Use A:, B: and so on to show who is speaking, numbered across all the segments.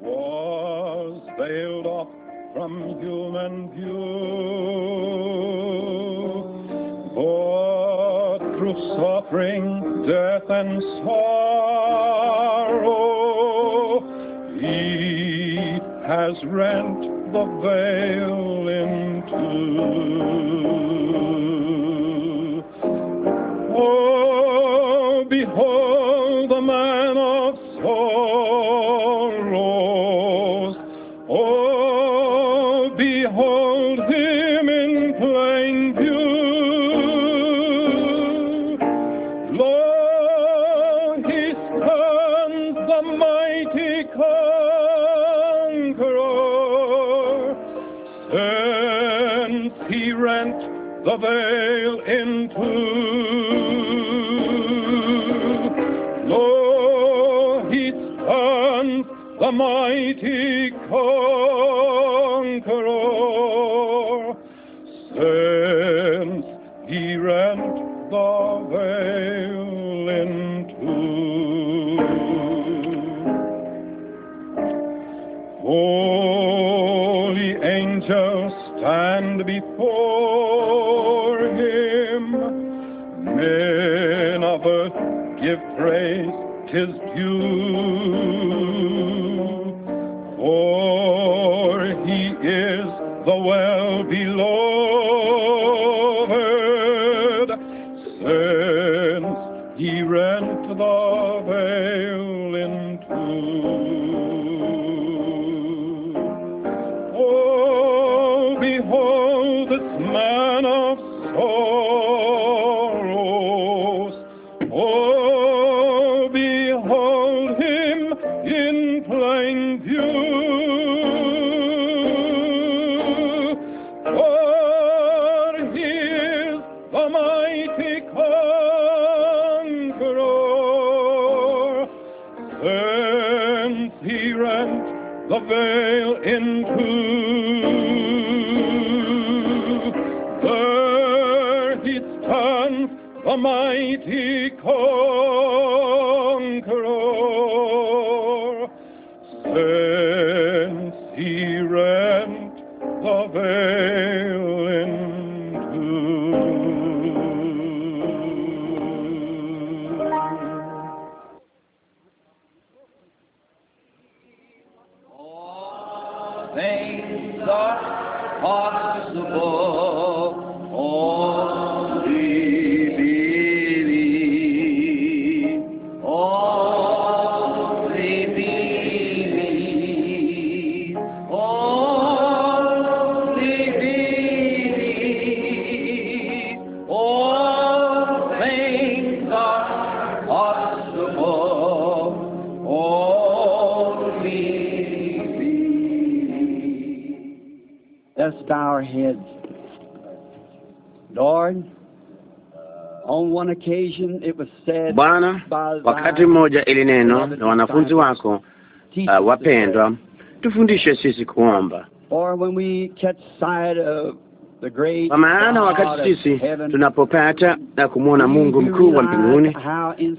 A: was veiled off from human view. But through suffering, death, and sorrow, he has rent the veil in two.
B: Wakati mmoja ili neno na wanafunzi
C: wako uh, wapendwa, tufundishe sisi kuomba,
B: kwa maana wakati sisi
C: tunapopata na kumwona Mungu mkuu wa mbinguni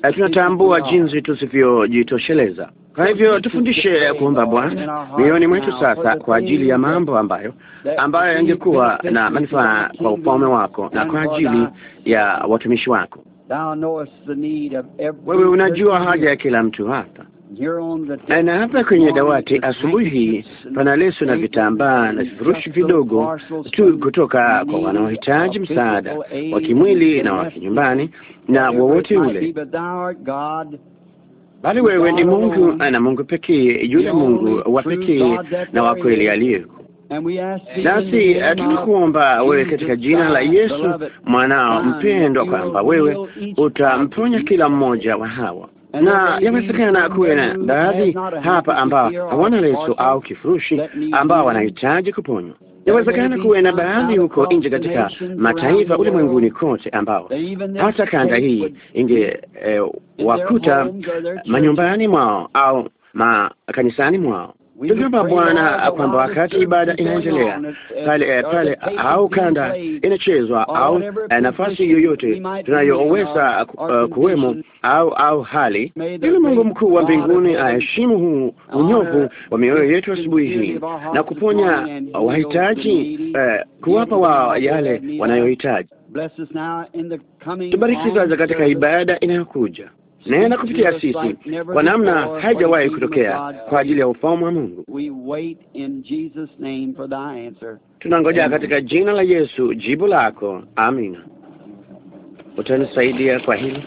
B: uh, tunatambua
C: jinsi tusivyojitosheleza. Kwa hivyo tufundishe kuomba Bwana mioyoni mwetu sasa kwa ajili ya mambo ambayo ambayo yangekuwa na manufaa kwa ufalme wako na kwa ajili ya watumishi wako.
B: Wewe unajua
C: haja ya kila mtu hapa na hapa kwenye dawati asubuhi hii pana leso na vitambaa na vifurushi vidogo tu kutoka kwa wanaohitaji msaada wa kimwili na wa kinyumbani na wowote ule. Bali wewe ni Mungu na Mungu pekee, yule Mungu wa pekee na wa kweli aliyeko
B: Nasi eh,
C: tunakuomba wewe katika jina la Yesu mwanao mpendwa, kwamba wewe utamponya kila mmoja wa hawa na yawezekana kuwe na baadhi hapa ambao hawana leso au kifurushi ambao wanahitaji kuponywa. Yawezekana kuwe na baadhi huko nje katika mataifa ulimwenguni kote ambao hata kanda hii inge eh, wakuta manyumbani mwao au makanisani mwao Tuliomba Bwana kwamba wakati ibada inaendelea pale eh, pale, au kanda inachezwa au eh, nafasi yoyote tunayoweza eh, kuwemo au au hali, ili Mungu mkuu wa mbinguni aheshimu huu unyofu wa mioyo yetu asubuhi hii na kuponya wahitaji, kuwapa wa yale wanayohitaji.
B: Tubariki sasa katika
C: ibada inayokuja nena kupitia sisi kwa namna haijawahi kutokea kwa ajili ya ufalme wa Mungu. Tunangoja katika jina la Yesu jibu lako. Amina. Utanisaidia kwa hili.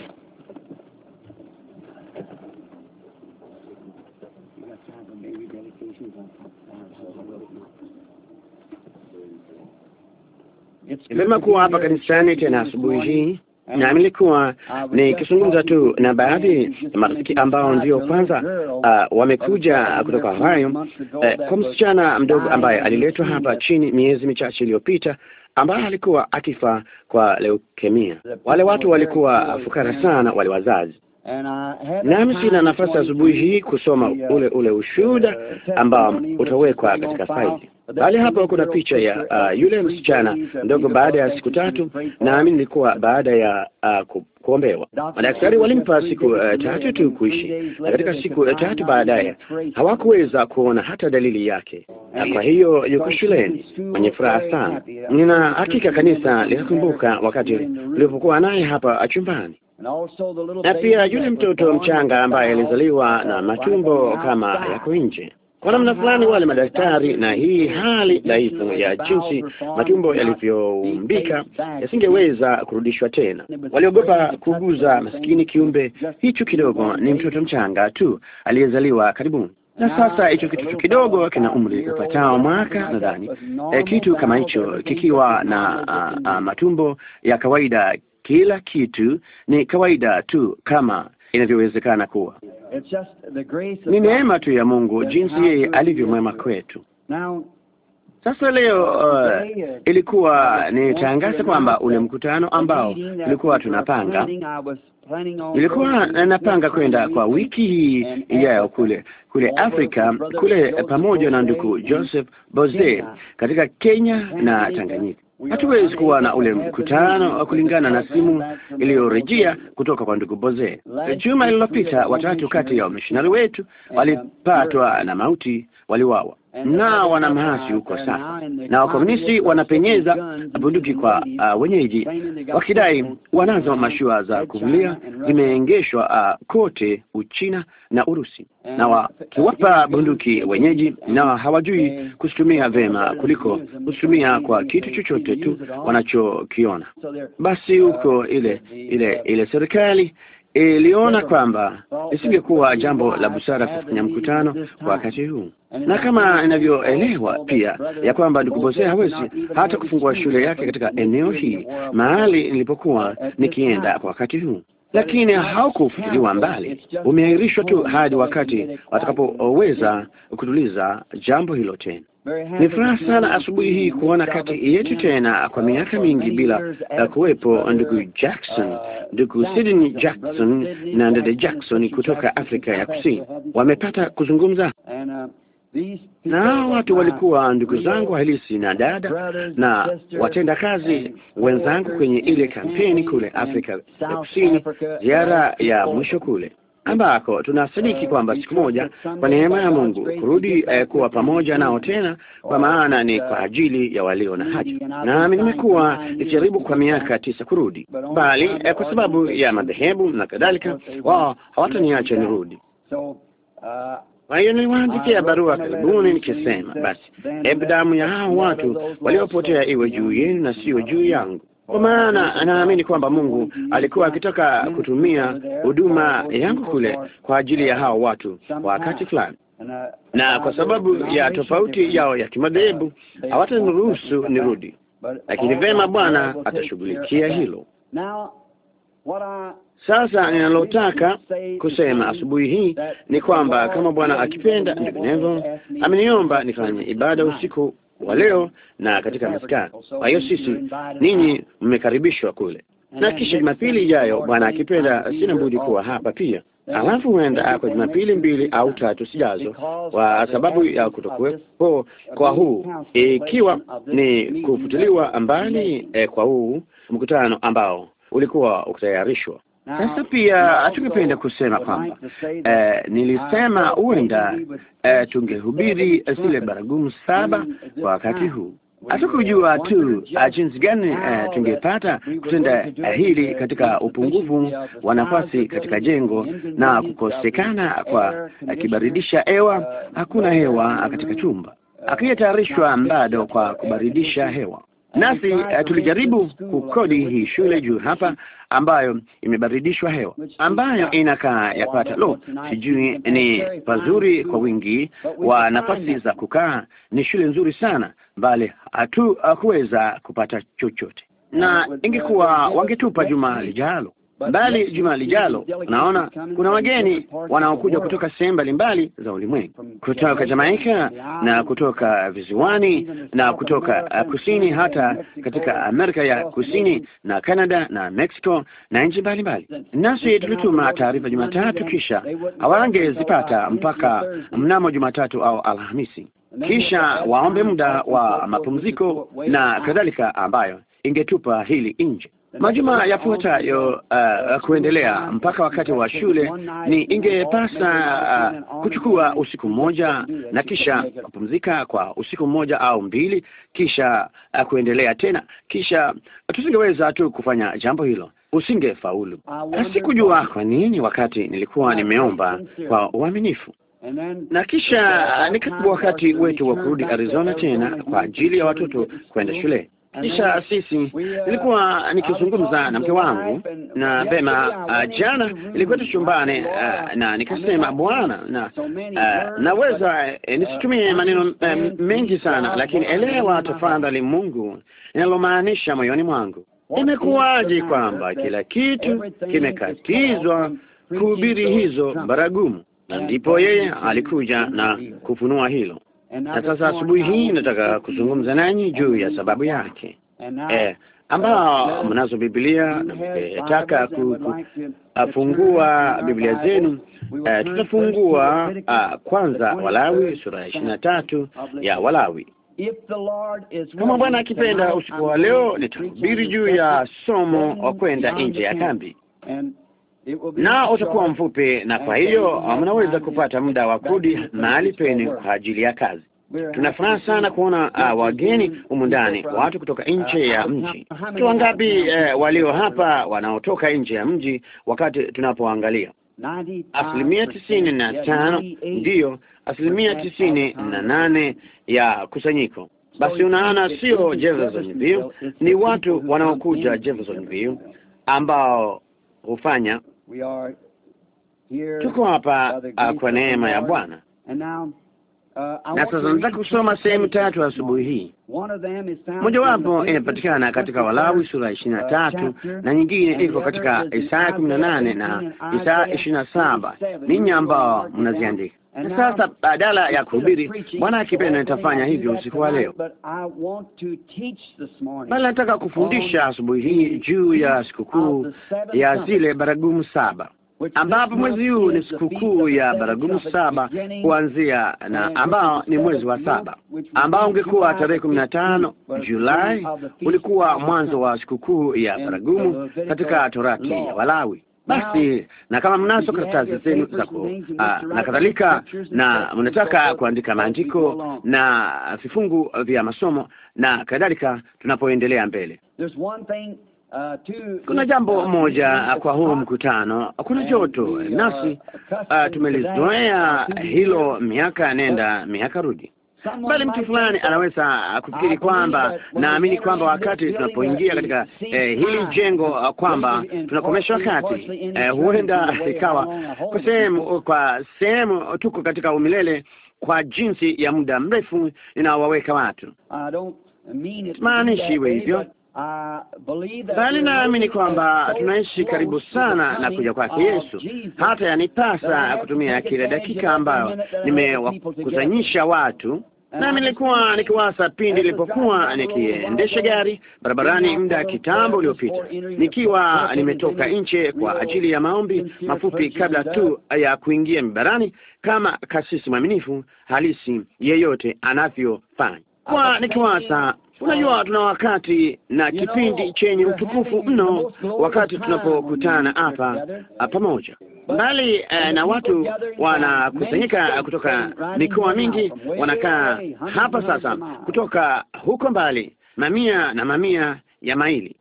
C: Ni vema kuwa hapa kanisani tena asubuhi hii na nilikuwa nikizungumza tu na baadhi ya marafiki ambao ndio kwanza uh, wamekuja kutoka Ohio uh, kwa msichana mdogo ambaye aliletwa hapa chini miezi michache iliyopita ambaye alikuwa akifa kwa leukemia. Wale watu walikuwa fukara sana, wale wazazi
B: nami sina
C: nafasi asubuhi hii kusoma ule ule ushuhuda ambao utawekwa katika faili, Bali hapo kuna picha ya uh, yule msichana mdogo baada ya siku tatu, naamini ilikuwa baada ya uh, kuombewa. Madaktari walimpa siku uh, tatu tu kuishi, na katika siku uh, tatu baadaye hawakuweza kuona hata dalili yake, na kwa hiyo yuko shuleni mwenye furaha sana. Nina hakika kanisa likakumbuka wakati ulipokuwa naye hapa chumbani na pia yule mtoto mchanga ambaye alizaliwa na matumbo kama yako nje. Kwa namna fulani wale madaktari na hii hali dhaifu ya jinsi matumbo yalivyoumbika yasingeweza kurudishwa tena, waliogopa kuguza maskini kiumbe hicho kidogo. Ni mtoto mchanga tu aliyezaliwa karibuni, na sasa hicho kitu kidogo kina umri upatao mwaka nadhani, e, kitu kama hicho kikiwa na a, a, matumbo ya kawaida, kila kitu ni kawaida tu kama inavyowezekana kuwa ni neema tu ya Mungu jinsi yeye alivyo mwema kwetu. Sasa leo uh, ilikuwa nitangaza kwamba ule mkutano ambao ulikuwa tunapanga,
B: nilikuwa napanga kwenda
C: kwa wiki hii ijayo kule kule Afrika kule pamoja na ndugu Joseph Boze katika Kenya na Tanganyika. Hatuwezi kuwa na ule mkutano wa kulingana na simu iliyorejea kutoka kwa ndugu Boze juma lililopita. Watatu kati ya wamishinari wetu walipatwa na mauti, waliwawa na wana maasi huko sasa, na wakomunisti wanapenyeza bunduki kwa uh, wenyeji wakidai wanazo mashua za kuvulia zimeengeshwa uh, kote Uchina na Urusi, na wakiwapa uh, bunduki wenyeji, na hawajui kusitumia vema kuliko kusitumia kwa kitu chochote tu wanachokiona. Basi uh, huko ile ile ile serikali iliona kwamba isingekuwa jambo la busara kufanya mkutano kwa wakati huu, na kama inavyoelewa pia ya kwamba ndugu Bose hawezi hata kufungua shule yake katika eneo hii mahali nilipokuwa nikienda kwa wakati huu, lakini haukufutiliwa mbali, umeahirishwa tu hadi wakati watakapoweza kutuliza jambo hilo tena. Ni furaha sana asubuhi hii kuona kati yetu tena kwa miaka mingi bila ya kuwepo ndugu Jackson, ndugu Sidney Jackson na dada Jackson kutoka Afrika ya Kusini. Wamepata kuzungumza na watu walikuwa ndugu zangu halisi na dada
D: na watenda
C: kazi wenzangu kwenye ile kampeni kule Afrika ya
D: Kusini, ziara
C: ya mwisho kule ambako tunasadiki kwamba siku moja kwa neema ya Mungu kurudi eh, kuwa pamoja nao tena, kwa maana ni kwa ajili ya walio na haja. Nami nimekuwa nikijaribu kwa miaka tisa kurudi, bali eh, kwa sababu ya madhehebu na kadhalika, wao hawataniacha nirudi. Kwa hiyo niliwaandikia barua karibuni nikisema, basi hebu damu ya hao watu waliopotea iwe juu yenu na sio juu yangu kwa maana naamini kwamba Mungu alikuwa akitaka kutumia huduma yangu kule kwa ajili ya hao watu wakati fulani, na kwa sababu ya tofauti yao ya kimadhehebu hawataniruhusu nirudi, lakini vema, Bwana atashughulikia hilo. Sasa ninalotaka kusema asubuhi hii ni kwamba kama Bwana akipenda, ndivyo ameniomba nifanye ibada usiku wa leo na katika maskani. Kwa hiyo sisi, ninyi mmekaribishwa kule, na kisha Jumapili ijayo, Bwana akipenda, sina budi kuwa hapa pia. Alafu huenda kwa Jumapili mbili au tatu sijazo, kwa sababu ya kutokuwepo kwa huu, ikiwa ni kufutiliwa mbali e, kwa huu mkutano ambao ulikuwa ukitayarishwa sasa pia tungependa kusema kwamba eh, uh, nilisema huenda eh, tungehubiri zile eh, baragumu saba kwa wakati huu hatukujua tu ah, jinsi gani uh, tungepata kutenda eh, hili katika upungufu wa nafasi katika jengo na kukosekana kwa uh, kibaridisha hewa. Hakuna hewa katika chumba, uh, akiyetayarishwa bado kwa kubaridisha hewa. Nasi uh, tulijaribu kukodi hii shule juu hapa ambayo imebaridishwa hewa, ambayo inakaa yapata lo, sijui ni pazuri kwa wingi wa nafasi za kukaa. Ni shule nzuri sana, bali hatu hakuweza kupata chochote, na ingekuwa wangetupa juma lijalo bali juma lijalo. Unaona, kuna wageni wanaokuja kutoka sehemu mbalimbali za ulimwengu, kutoka Jamaika na kutoka viziwani na kutoka kusini, hata katika Amerika ya Kusini na Canada na Mexico na nchi mbalimbali. Nasi tulituma taarifa Jumatatu, kisha hawangezipata mpaka mnamo Jumatatu au Alhamisi, kisha waombe muda wa mapumziko na kadhalika, ambayo ingetupa hili nje majuma yafuatayo uh, kuendelea mpaka wakati wa shule, ni ingepasa uh, kuchukua usiku mmoja na kisha kupumzika kwa usiku mmoja au mbili, kisha uh, kuendelea tena, kisha tusingeweza tu kufanya jambo hilo, usingefaulu. Sikujua kwa nini, wakati nilikuwa nimeomba kwa uaminifu na kisha uh, nikakubwa wakati wetu wa kurudi Arizona tena kwa ajili ya watoto kwenda shule kisha sisi uh, nilikuwa nikizungumza na mke wangu na bema uh, jana nilikuwa chumbani uh, na nikasema bwana, na uh, naweza eh, uh, nisitumie maneno uh, mengi sana, lakini elewa tafadhali, Mungu inalomaanisha moyoni mwangu.
D: Imekuwaje
C: kwamba kila kitu kimekatizwa kuhubiri hizo baragumu? Na ndipo yeye alikuja na kufunua hilo
D: na sasa asubuhi hii
C: nataka kuzungumza nanyi juu ya sababu yake eh, ambao mnazo Biblia nataka eh, kufungua Biblia zenu eh, tutafungua uh, kwanza Walawi sura ya ishirini na tatu ya Walawi
B: kama Bwana akipenda, usiku wa leo nitahubiri juu
C: ya somo wa kwenda nje ya kambi,
B: na utakuwa
C: mfupi, na kwa hiyo mnaweza kupata muda wa kurudi mahali penu kwa ajili ya kazi.
D: Tunafuraha sana
C: kuona uh, wageni humu ndani, watu kutoka ah, nje ya mji.
D: Ni wangapi
C: uh, walio hapa wanaotoka nje ya mji? Wakati tunapoangalia
B: asilimia tisini na tano
C: ndiyo asilimia tisini na nane ya kusanyiko. Basi unaona, sio Jeffersonville, ni watu wanaokuja Jeffersonville ambao hufanya tuko hapa uh, kwa neema ya Bwana.
B: Uh, na sasa nataka kusoma
C: sehemu tatu asubuhi hii.
B: Mojawapo
C: inapatikana katika Walawi sura ishirini na uh, tatu na nyingine iko katika Isaya kumi na nane na Isaya ishirini na saba ninyi ambao mnaziandika na sasa badala ya kuhubiri, Bwana akipenda nitafanya hivyo usiku wa leo,
B: bali nataka kufundisha
C: asubuhi hii juu ya sikukuu ya zile baragumu saba, ambapo mwezi huu ni sikukuu ya baragumu saba kuanzia na ambao ni mwezi wa saba
D: ambao ungekuwa tarehe
C: kumi na tano Julai,
D: ulikuwa mwanzo
C: wa sikukuu ya baragumu katika Torati ya Walawi. Basi na kama mnazo karatasi zenu za ku ah, na kadhalika, na mnataka kuandika maandiko na vifungu vya masomo na kadhalika, tunapoendelea mbele,
B: uh, kuna jambo uh, moja
C: kwa huu mkutano, kuna joto, nasi uh, tumelizoea uh, hilo miaka nenda miaka rudi bali mtu fulani anaweza kufikiri kwamba, naamini kwamba wakati tunapoingia katika eh, hili jengo uh, kwamba tunakomesha wakati eh, huenda ikawa kwa sehemu kwa sehemu tuko katika umilele kwa jinsi ya muda mrefu inaowaweka watu.
B: Maanishi iwe hivyo, Uh, bali naamini kwamba tunaishi karibu sana na kuja kwake Yesu,
C: hata yanipasa kutumia kila dakika ambayo nimewakusanyisha watu nami nilikuwa nikiwasa pindi nilipokuwa nikiendesha gari barabarani muda kitambo uliopita, nikiwa nimetoka nje kwa ajili ya maombi mafupi kabla tu ya kuingia mibarani, kama kasisi mwaminifu halisi yeyote anavyofanya, kwa nikiwasa Unajua, tuna wakati na kipindi chenye utukufu mno wakati tunapokutana hapa uh, pamoja, mbali eh, na watu wanakusanyika kutoka mikoa mingi, wanakaa hapa sasa, kutoka huko mbali, mamia na mamia ya maili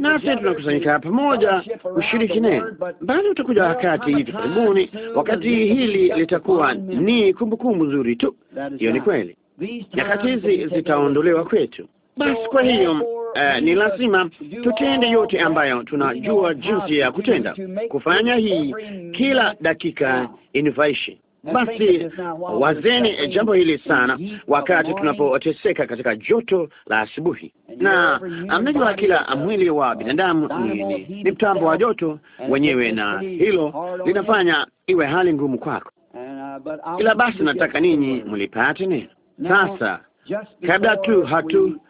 C: nasi tunakusanyika pamoja ushiriki neno, bali utakuja wakati hivi karibuni, wakati hili litakuwa ni kumbukumbu nzuri tu. Hiyo ni kweli nyakati hizi zitaondolewa kwetu. Basi kwa hiyo uh, ni lazima tutende yote ambayo tunajua jinsi ya kutenda, kufanya hii kila dakika inufaishi. Basi
D: wazeni jambo hili
C: sana, wakati tunapoteseka katika joto la asubuhi. Na amnajua kila mwili wa binadamu ni, ni mtambo wa joto wenyewe, na hilo linafanya iwe hali ngumu kwako,
B: uh, ila basi nataka
C: ninyi mlipate neno sasa kabla tu hatu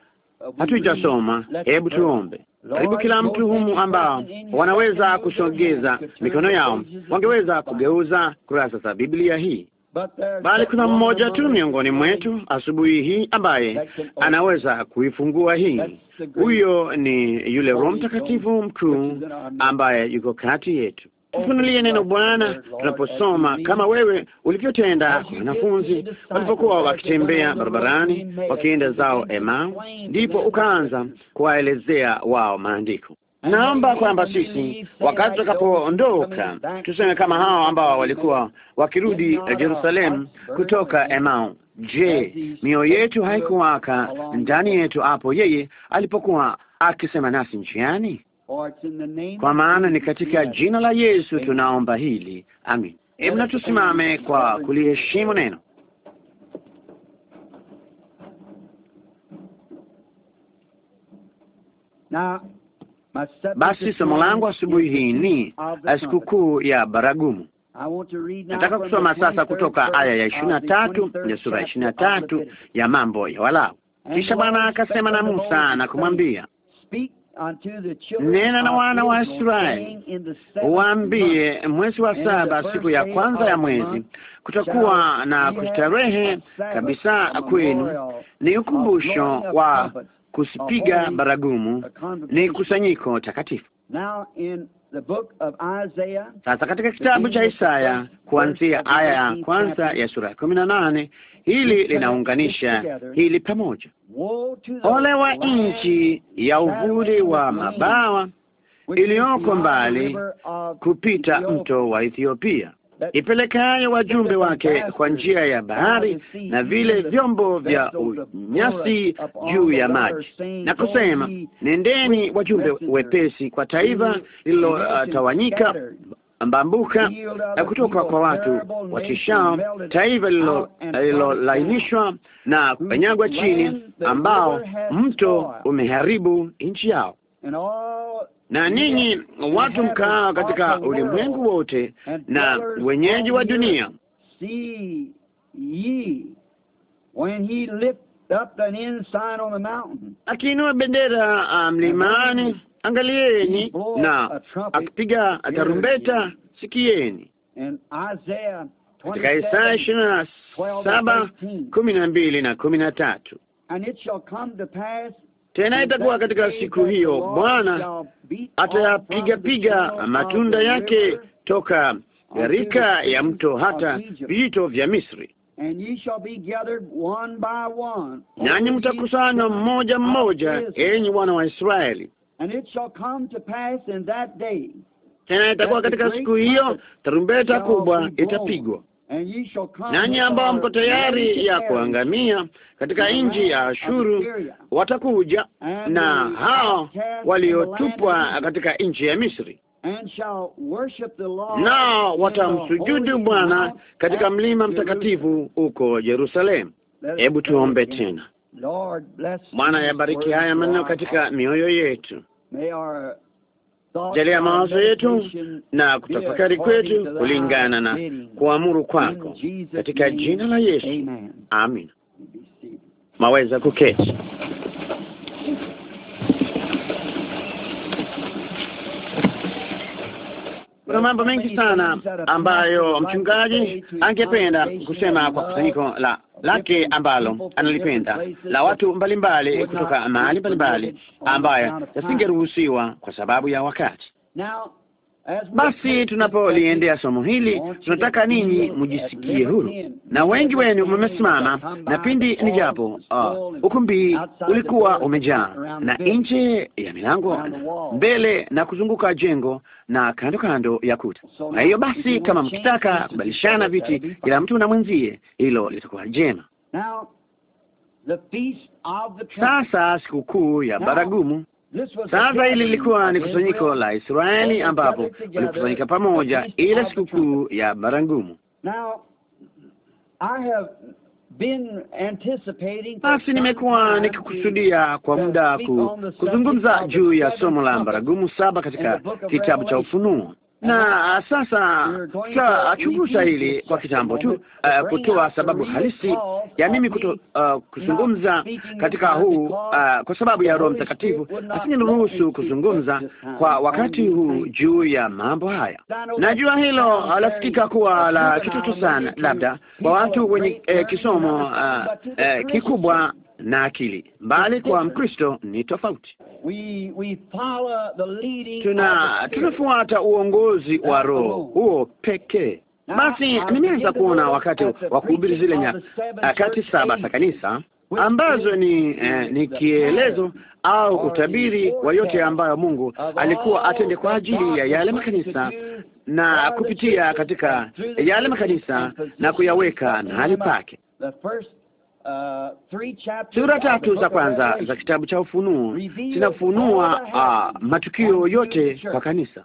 C: uh, hatujasoma, hebu tuombe. Karibu kila mtu humu ambao wanaweza kusogeza mikono yao wangeweza kugeuza kurasa za Biblia hii, bali kuna mmoja tu miongoni mwetu asubuhi hii ambaye anaweza kuifungua hii. Huyo ni yule Roho Mtakatifu mkuu ambaye yuko kati yetu. Tufunulie neno Bwana, tunaposoma kama wewe ulivyotenda wanafunzi walipokuwa wakitembea barabarani wakienda zao Emau, ndipo ukaanza kuwaelezea wao maandiko. Naomba kwamba sisi wakati tutakapoondoka tuseme kama hao ambao walikuwa wakirudi jerusalemu kutoka Emau. Je, mioyo yetu haikuwaka ndani yetu hapo yeye alipokuwa akisema nasi njiani?
B: Kwa maana ni
C: katika jina la Yesu tunaomba hili, amin. Hebu na tusimame kwa kuliheshimu neno. Basi somo langu asubuhi hii ni
B: sikukuu
C: ya baragumu.
B: Nataka kusoma sasa kutoka aya ya ishirini na tatu ya sura ya ishirini na
C: tatu ya Mambo ya Walawi. Kisha Bwana akasema na Musa na kumwambia,
B: Nena na wana wa Israeli waambie, mwezi
C: wa saba, siku ya kwanza ya mwezi, kutakuwa na kustarehe kabisa kwenu. Ni ukumbusho wa kusipiga baragumu, ni kusanyiko takatifu. Sasa katika kitabu cha Isaya kuanzia aya ya kwanza ya sura ya kumi na nane hili linaunganisha hili pamoja. Ole wa nchi ya uvuli wa mabawa
B: iliyoko mbali kupita
C: mto wa Ethiopia, ipelekayo wajumbe wake kwa njia ya bahari na vile vyombo vya unyasi juu ya maji, na kusema, nendeni wajumbe wepesi kwa taifa lililotawanyika, mbambuka na kutoka kwa watu watishao taifa lililolainishwa na kukanyagwa chini, ambao mto umeharibu nchi yao.
B: Na ninyi watu mkaao katika ulimwengu
C: wote na wenyeji wa dunia, akiinua bendera ah, mlimani angalieni, na akipiga tarumbeta sikieni.
B: Katika Isaya ishirini na saba
C: kumi na mbili na kumi na tatu tena itakuwa katika siku hiyo, Bwana atayapigapiga matunda yake toka gharika ya mto hata vijito vya Misri, nanyi mtakusanywa mmoja mmoja, enyi wana wa Israeli, tena itakuwa katika siku hiyo, tarumbeta kubwa itapigwa,
B: nanyi ambao mko tayari ya
C: kuangamia katika nchi ya Ashuru watakuja, na hao
B: waliotupwa
C: katika nchi ya Misri
B: nao watamsujudu Bwana katika mlima
C: mtakatifu huko Yerusalemu. Hebu tuombe tena.
B: Bwana, yabariki haya maneno katika mioyo yetu, jalia mawazo yetu na kutafakari kwetu
C: kulingana na kuamuru kwako, katika jina la Yesu, amin. Maweza kuketi. Kuna mambo mengi sana ambayo mchungaji angependa kusema kwa kusanyiko la lake ambalo analipenda la watu mbalimbali kutoka mahali mbalimbali ambayo yasingeruhusiwa kwa sababu ya wakati. Basi tunapoliendea somo hili, tunataka ninyi mjisikie huru, na wengi wenu mmesimama, na pindi ni japo uh, ah, ukumbi ulikuwa umejaa, na nje ya milango mbele na kuzunguka jengo na kando kando ya kuta. Na hiyo basi, kama mkitaka kubadilishana viti, kila mtu na mwenzie, hilo litakuwa jema. Sasa sikukuu ya baragumu
B: sasa hili lilikuwa ni kusanyiko la Israeli ambapo walikusanyika pamoja ile
C: sikukuu ya Barangumu.
B: Basi nimekuwa nikikusudia
C: kwa muda ku, kuzungumza juu ya somo la baragumu saba katika kitabu cha Ufunuo. Na sasa tutachunguza hili kwa kitambo tu, uh, kutoa sababu halisi ya mimi kuto, uh, kuzungumza katika huu uh, kwa sababu ya Roho Mtakatifu niruhusu kuzungumza kwa wakati huu juu ya mambo haya. Najua hilo alasikika kuwa la kitoto sana, labda kwa watu wenye eh, kisomo uh,
B: eh, kikubwa
C: na akili, bali kwa Mkristo ni tofauti. Tuna tunafuata uongozi wa Roho huo pekee. Basi nimeanza kuona wakati wa kuhubiri zile nyakati eh, saba za kanisa ambazo ni eh, ni kielezo au utabiri wa yote ambayo Mungu alikuwa atende kwa ajili ya yale makanisa na kupitia katika yale makanisa na kuyaweka mahali pake
B: sura tatu za kwanza
C: za kitabu cha Ufunuo zinafunua uh, matukio yote kwa kanisa.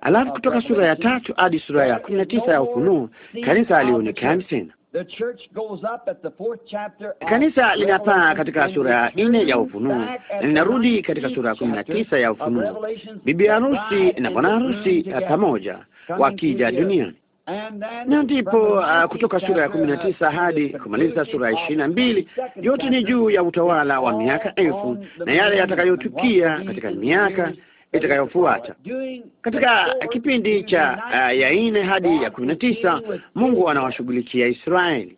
B: Alafu kutoka sura ya
C: tatu hadi sura ya kumi na tisa ya Ufunuo
B: kanisa alionekani
C: tena. Kanisa linapaa katika sura ya nne ya Ufunuo na linarudi katika sura ya kumi na tisa ya Ufunuo, bibi harusi na bwana harusi pamoja wakija duniani na ndipo uh, kutoka sura ya kumi na tisa hadi kumaliza sura ya ishirini na mbili yote ni juu ya utawala wa miaka elfu na yale yatakayotukia katika miaka itakayofuata. Katika kipindi cha uh, ya nne hadi ya kumi na tisa Mungu anawashughulikia Israeli.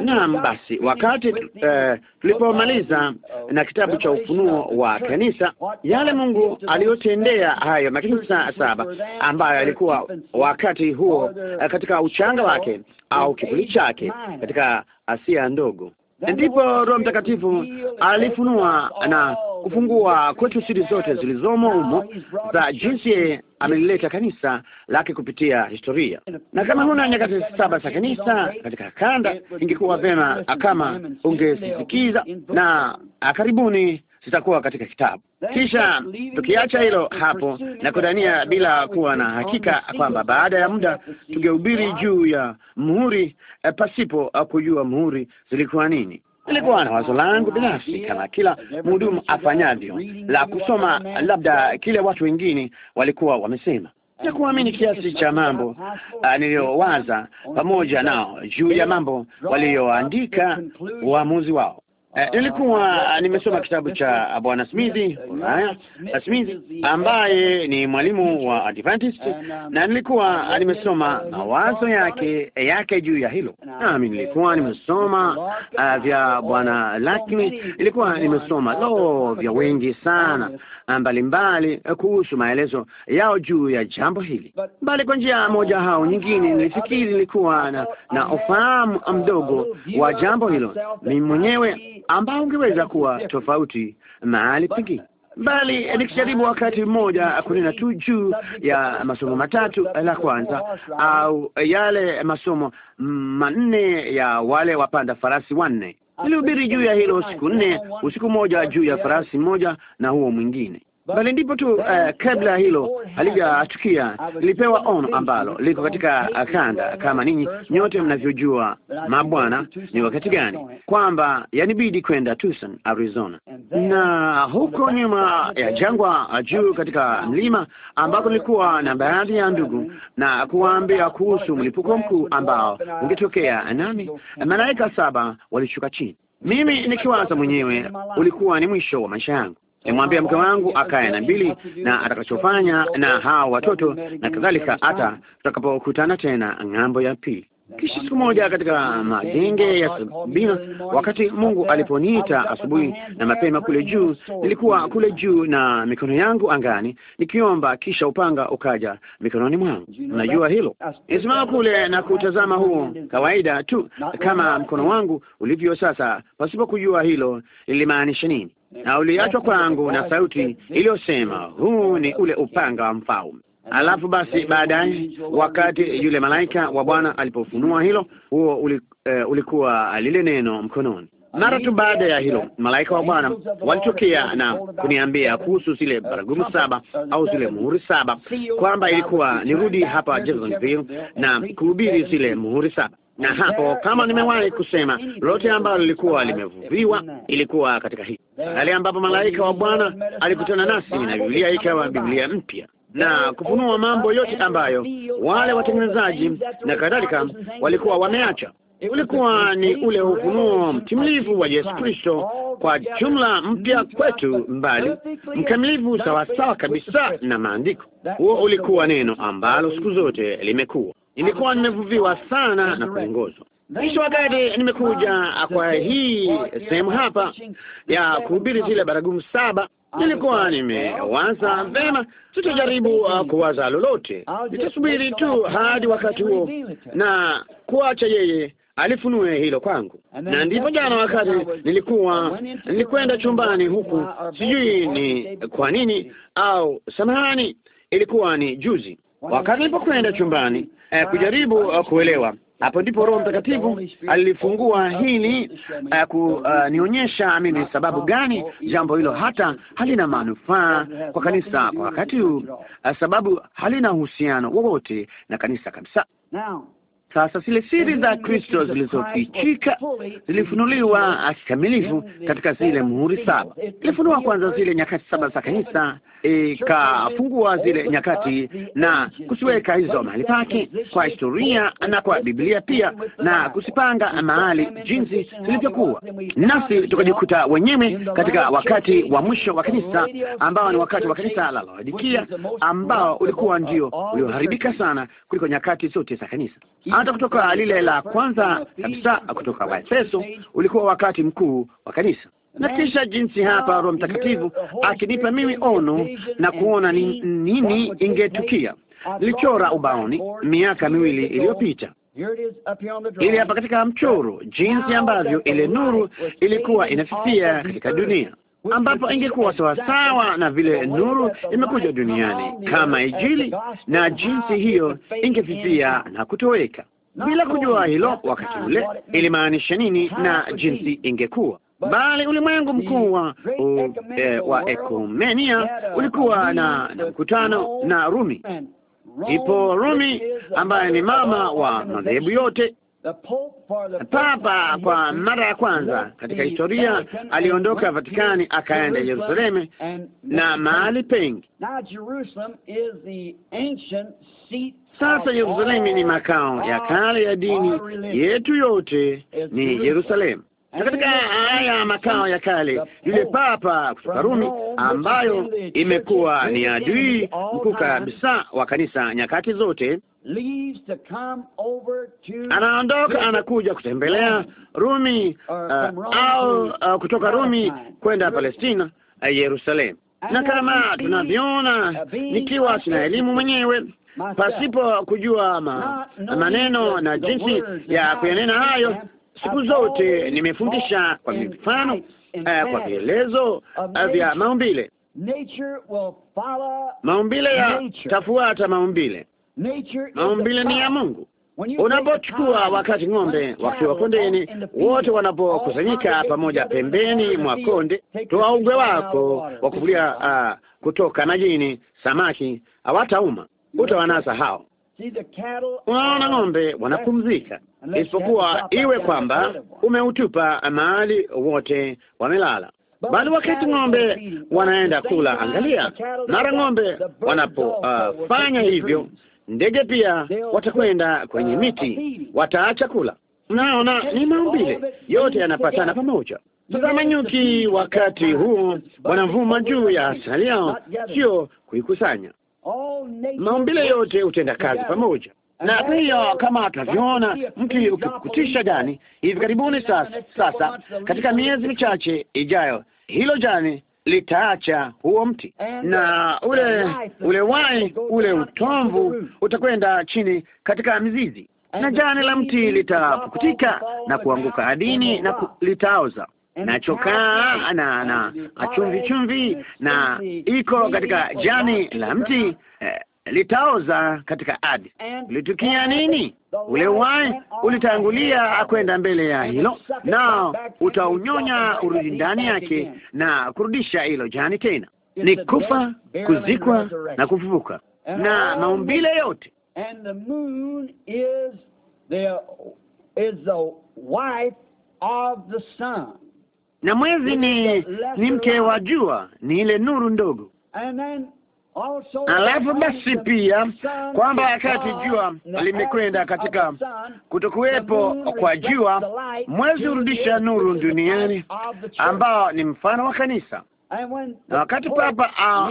B: Naam, basi
C: wakati uh, tulipomaliza na eh, kitabu cha Ufunuo wa Kanisa, yale Mungu aliyotendea hayo makanisa saba ambayo uh, alikuwa wakati huo eh, katika uchanga wake au kivuli chake katika Asia ndogo ndipo Roho Mtakatifu alifunua na kufungua kwetu siri zote zilizomo humo za jinsi amelileta kanisa lake kupitia historia. Na kama huna nyakati saba za kanisa katika kanda, ingekuwa vema kama ungesikiza na karibuni sitakuwa katika kitabu. Kisha tukiacha hilo hapo na kudhania bila kuwa na hakika kwamba baada ya muda tungehubiri juu ya muhuri eh, pasipo eh, kujua muhuri zilikuwa nini. Nilikuwa na wazo langu binafsi kama kila mhudumu afanyavyo, la kusoma labda kile watu wengine walikuwa wamesema na kuamini kiasi cha mambo eh, niliyowaza pamoja nao juu ya mambo waliyoandika uamuzi wao. Uh, nilikuwa nimesoma kitabu cha Bwana Smithi Ulaya Smithi, ambaye ni mwalimu wa Adventist, na nilikuwa nimesoma mawazo yake eh, yake juu ya hilo, nami nilikuwa nimesoma uh, vya Bwana, lakini nilikuwa nimesoma lo vya wengi sana mbalimbali ah, eh, kuhusu maelezo yao juu ya jambo hili, bali kwa njia moja au nyingine nilifikiri nilikuwa na, na ufahamu mdogo wa jambo hilo mimi mwenyewe ambao ungeweza kuwa tofauti mahali pengine bali eh, nikijaribu wakati mmoja kunena tu juu ya masomo matatu eh, la kwanza au yale masomo mm, manne ya wale wapanda farasi wanne Nilihubiri juu ya hilo siku nne, usiku mmoja juu ya farasi mmoja na huo mwingine bali ndipo tu uh, kabla hilo halijatukia nilipewa ono ambalo liko katika eh, kanda, kama ninyi nyote mnavyojua, mabwana, ni wakati gani, kwamba yanibidi kwenda Tucson, Arizona, na huko nyuma ya jangwa juu katika mlima ambako nilikuwa na baadhi ya ndugu na kuwaambia kuhusu mlipuko mkuu ambao ungetokea, nami malaika saba walishuka chini, mimi nikiwaza mwenyewe ulikuwa ni mwisho wa maisha yangu nimwambia mke wangu akae na mbili na atakachofanya na hawa watoto na kadhalika, hata tutakapokutana tena ng'ambo ya pili. Kisha siku moja katika magenge ya Sabina, wakati Mungu aliponiita asubuhi na mapema kule juu, nilikuwa kule juu na mikono yangu angani nikiomba, kisha upanga ukaja mikononi mwangu. Najua hilo, nisimama kule na kutazama huo kawaida tu, kama mkono wangu ulivyo sasa, pasipo kujua hilo lilimaanisha nini na uliachwa kwangu na sauti iliyosema, huu ni ule upanga wa mfalme. Alafu basi baadaye, wakati yule malaika wa Bwana alipofunua hilo, huo uli, uh, ulikuwa lile neno mkononi. Mara tu baada ya hilo, malaika wa Bwana walitokea na kuniambia kuhusu zile baragumu saba au zile muhuri saba, kwamba ilikuwa nirudi hapa Jacksonville na kuhubiri zile muhuri saba na hapo, kama nimewahi kusema, lote ambalo lilikuwa limevuviwa ilikuwa katika hii hali ambapo malaika wa Bwana alikutana nasi na Biblia ikawa Biblia mpya na kufunua mambo yote ambayo wale watengenezaji na kadhalika walikuwa wameacha. Ulikuwa ni ule ufunuo mtimilifu wa Yesu Kristo kwa jumla mpya kwetu, mbali mkamilifu, sawasawa kabisa na maandiko. Huo ulikuwa neno ambalo siku zote limekuwa nilikuwa nimevuviwa sana na kuongozwa. Kisha wakati nimekuja kwa hii sehemu hapa ya kuhubiri zile baragumu saba, nilikuwa nimewaza vema, sitajaribu uh, kuwaza lolote, nitasubiri tu hadi wakati huo na kuacha yeye alifunue hilo kwangu. Na ndipo jana wakati nilikuwa nilikwenda chumbani huku, sijui ni kwa nini au samahani, ilikuwa ni juzi wakati nilipokwenda chumbani eh, kujaribu eh, kuelewa. Hapo ndipo Roho Mtakatifu alifungua hili uh, eh, kunionyesha eh, uh, mimi sababu gani jambo hilo hata halina manufaa kwa kanisa kwa wakati huu, uh, sababu halina uhusiano wowote na kanisa kabisa. Sasa zile siri za Kristo zilizofichika
B: zilifunuliwa
C: kikamilifu katika zile muhuri saba. Ilifunua kwanza zile nyakati saba za kanisa, ikafungua zile nyakati na kusiweka hizo mahali pake kwa historia na kwa Biblia pia, na kuzipanga mahali jinsi zilivyokuwa, nasi tukajikuta wenyewe katika wakati wa mwisho wa kanisa, ambao ni wakati wa kanisa la Laodikia, ambao ulikuwa ndio ulioharibika sana kuliko nyakati zote za kanisa hata kutoka lile la kwanza kabisa kutoka Waefeso, ulikuwa wakati mkuu wa kanisa na kisha jinsi hapa Roho Mtakatifu akinipa mimi ono na kuona ni nini ingetukia.
B: Nilichora ubaoni
C: miaka miwili iliyopita,
B: ili hapa katika
C: mchoro, jinsi ambavyo ile nuru ilikuwa inafifia katika dunia ambapo ingekuwa sawasawa na vile nuru imekuja duniani kama ijili na jinsi hiyo ingefifia na kutoweka. Bila kujua hilo wakati ule ilimaanisha nini na jinsi ingekuwa bali ulimwengu mkuu wa e, wa ekumenia ulikuwa na, na mkutano na Rumi. Ipo Rumi ambaye ni mama wa madhehebu yote Papa kwa mara ya kwanza katika historia aliondoka Vatikani akaenda Yerusalemu na mahali pengi. Sasa Yerusalemu ni makao ya kale ya dini yetu, yote ni Yerusalemu. Na katika haya makao ya kale, yule papa kutoka Rumi ambayo imekuwa ni adui mkuu kabisa wa kanisa nyakati zote
B: anaondoka
C: anakuja kutembelea Rumi uh, au uh, kutoka Rumi kwenda Palestina, uh, Yerusalemu. Na kama tunavyoona, nikiwa sina elimu mwenyewe
B: pasipo
C: kujua ma, maneno na jinsi ya kuyanena hayo, siku zote nimefundisha kwa mifano uh, kwa vielezo uh, vya maumbile. Maumbile ya tafuata maumbile Maumbile ni ya Mungu. Unapochukua wakati ng'ombe wakiwa kondeni, wote wanapokusanyika pamoja pembeni mwa konde, toa ugwe wako wa kuvulia uh, ah, kutoka majini, samaki hawatauma, utawanasa hao.
B: Unaona, ng'ombe wanapumzika,
C: isipokuwa iwe kwamba umeutupa mahali, wote wamelala. Bali wakati ng'ombe wanaenda kula, angalia, mara ng'ombe wanapofanya ah, uh, hivyo Ndege pia watakwenda kwenye miti, wataacha kula. Mnaona, ni maumbile yote yanapatana pamoja. Tazama nyuki, wakati huo wanavuma juu ya asali yao, sio kuikusanya. Maumbile yote hutenda kazi pamoja, na kwa hiyo kama tunavyoona mti ukikutisha jani hivi karibuni. Sasa sasa, katika miezi michache ijayo, hilo jani litaacha huo mti na ule ule wai ule utomvu utakwenda chini katika mizizi, na jani la mti litapukutika na kuanguka adini na ku, litaoza
D: na chokaa na na chumvi
C: chumvi na iko katika jani la mti eh, litaoza katika adi. Ulitukia nini? Ule uwai ulitangulia kwenda mbele ya hilo, nao utaunyonya urudi ndani yake na kurudisha hilo jani tena. Ni kufa, kuzikwa na kufufuka, na maumbile yote na mwezi ni ni mke wa jua, ni ile nuru ndogo
B: Alafu basi
C: pia kwamba wakati jua limekwenda katika kutokuwepo kwa jua, mwezi hurudisha nuru duniani, ambao ni mfano wa kanisa.
B: Na wakati papa a,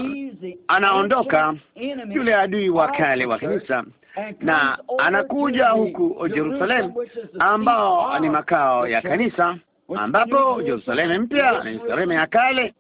C: anaondoka
D: yule adui wa kale wa kanisa na anakuja
C: huku Jerusalemu, ambao ni makao ya kanisa, ambapo Jerusalemu mpya na Yerusalemu ya kale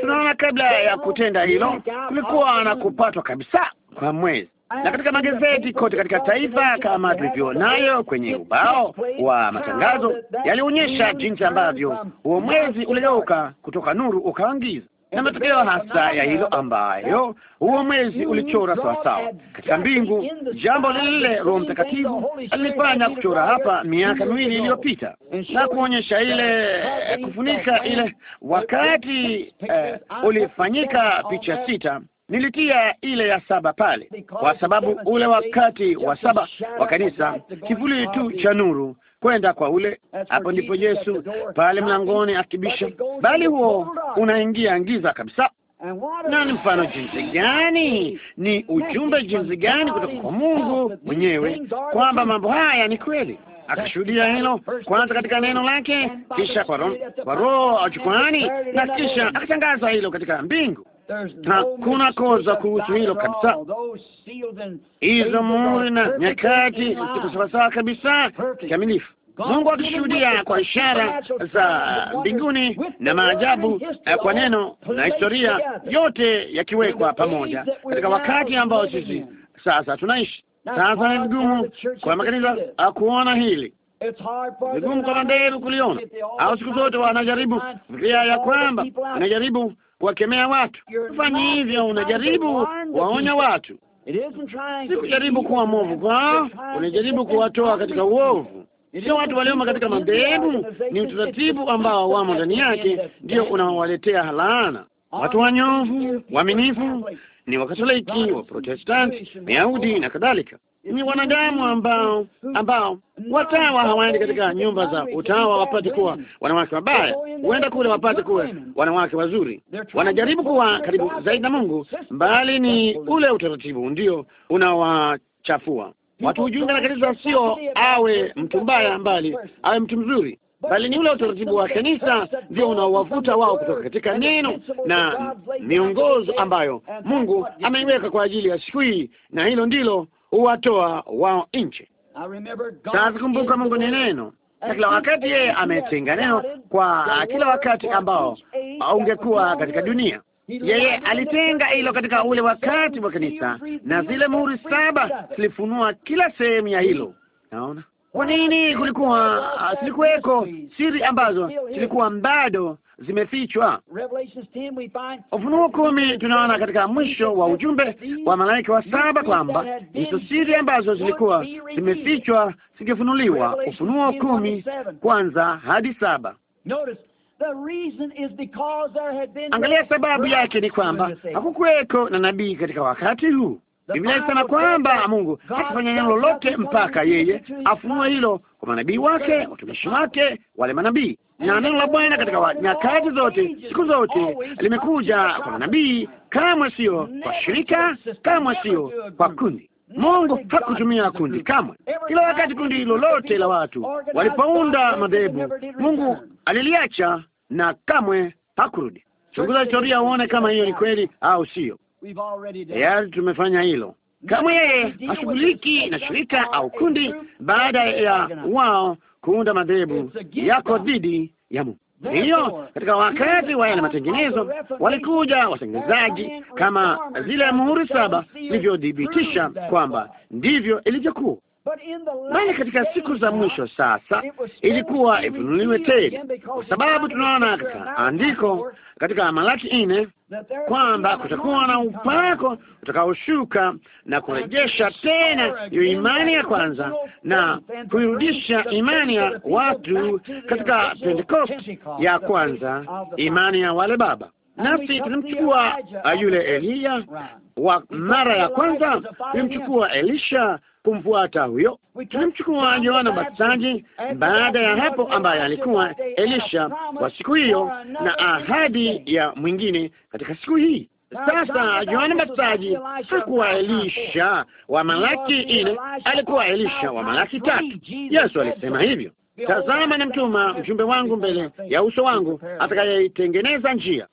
C: tunaona kabla ya kutenda hilo kulikuwa na kupatwa kabisa kwa mwezi, na katika magazeti kote katika taifa, kama tulivyonayo kwenye ubao wa matangazo, yalionyesha jinsi ambavyo huo mwezi uligeuka kutoka nuru ukaangiza na matokeo hasa ya hilo ambayo huo mwezi ulichora sawasawa katika mbingu, jambo lile Roho Mtakatifu alilifanya kuchora hapa miaka miwili iliyopita na kuonyesha ile eh, kufunika ile wakati uh, ulifanyika picha sita nilitia ile ya saba pale, kwa sababu ule wakati wa saba wa kanisa kivuli tu cha nuru kwenda kwa ule. Hapo ndipo Yesu pale mlangoni akibisha, bali huo unaingia ngiza kabisa. Na ni mfano jinsi gani, ni ujumbe jinsi gani kutoka kwa Mungu mwenyewe kwamba mambo haya ni kweli. Akashuhudia hilo kwanza katika neno lake, kisha kwa roho kwa roho achukwani, na kisha akatangaza hilo katika mbingu. Hakuna koza kuhusu hilo kabisa.
B: Hizo muhuri na nyakati ziko
C: sawasawa kabisa, kamilifu. Mungu akishuhudia kwa ishara za mbinguni na maajabu kwa neno na historia yote yakiwekwa pamoja katika wakati ambao sisi sasa tunaishi.
B: Sasa ni
C: vigumu kwa makanisa kuona hili, vigumu kwa madhehebu kuliona, au siku zote wanajaribu fikiria ya kwamba wanajaribu kuwakemea watu. Fanya hivyo, unajaribu waonya watu, si kujaribu kuwa mwovu kwao, unajaribu kuwatoa katika uovu sio watu waliomo katika madhehebu, ni utaratibu ambao wamo ndani yake ndio unaowaletea halana Watu wanyofu, waaminifu ni Wakatoliki, Waprotestanti, Wayahudi na kadhalika, ni wanadamu ambao ambao watawa hawaendi katika nyumba za utawa wapate kuwa wanawake wabaya, huenda kule wapate kuwa wanawake wazuri.
E: Wanajaribu kuwa karibu zaidi na Mungu, bali ni
C: ule utaratibu ndio unawachafua. Watu hujiunga na kanisa, sio awe mtu mbaya, mbali awe mtu mzuri, bali ni ule utaratibu wa kanisa ndio unaowavuta wao kutoka katika neno na miongozo ambayo Mungu ameiweka kwa ajili ya siku hii, na hilo ndilo huwatoa wao nje. Sasa kumbuka, Mungu ni neno na kila wakati yeye ametenga neno kwa kila wakati ambao ungekuwa katika dunia. Yeye alitenga hilo katika ule wakati wa kanisa, na zile muhuri saba zilifunua kila sehemu ya hilo. Naona kwa nini kulikuwa ah, zilikuweko siri ambazo zilikuwa bado zimefichwa. Ufunuo kumi tunaona katika mwisho wa ujumbe wa malaika wa saba kwamba hizo siri ambazo zilikuwa zimefichwa zikifunuliwa. Ufunuo kumi kwanza hadi saba.
B: Angalia, sababu yake ni kwamba
C: hakukuweko na nabii katika wakati huu. Biblia inasema kwamba Mungu hakufanya neno lolote mpaka yeye afunue hilo kwa manabii wake, watumishi wake, wale manabii. Na neno la Bwana katika nyakati zote, siku zote, limekuja kwa manabii, kamwe sio kwa shirika, kamwe sio kwa kundi. Mungu hakutumia kundi kamwe. Kila wakati kundi lolote la watu walipounda madhehebu, Mungu aliliacha na kamwe hakurudi. Chunguza historia uone kama hiyo ni kweli au sio. Tayari tumefanya hilo. Kamwe yeye hashughuliki na shirika au kundi baada ya wao kuunda madhehebu yako dhidi ya Mungu. Hiyo katika wakati wa yale matengenezo walikuja watengenezaji kama zile muhuri saba ilivyodhibitisha kwamba ndivyo ilivyokuwa bali katika siku za mwisho sasa ilikuwa ifunuliwe tena,
B: kwa sababu tunaona katika andiko
C: katika Malaki nne kwamba kutakuwa na upako utakaoshuka na kurejesha tena hiyo imani ya kwanza na kuirudisha imani ya watu katika Pentekoste ya kwanza, imani ya wale baba Nasi tulimchukua ah, yule Eliya wa mara ya kwanza, tulimchukua Elisha kumfuata huyo. Tulimchukua Yohana Mbatizaji baada ya hapo, ambaye alikuwa Elisha wa siku hiyo na ahadi ya mwingine katika siku hii. Sasa Yohana Mbatizaji hakuwa Elisha wa Malaki nne, alikuwa Elisha wa Malaki tatu. Yesu alisema hivyo, tazama, namtuma mjumbe wangu mbele ya uso wangu, atakayeitengeneza njia.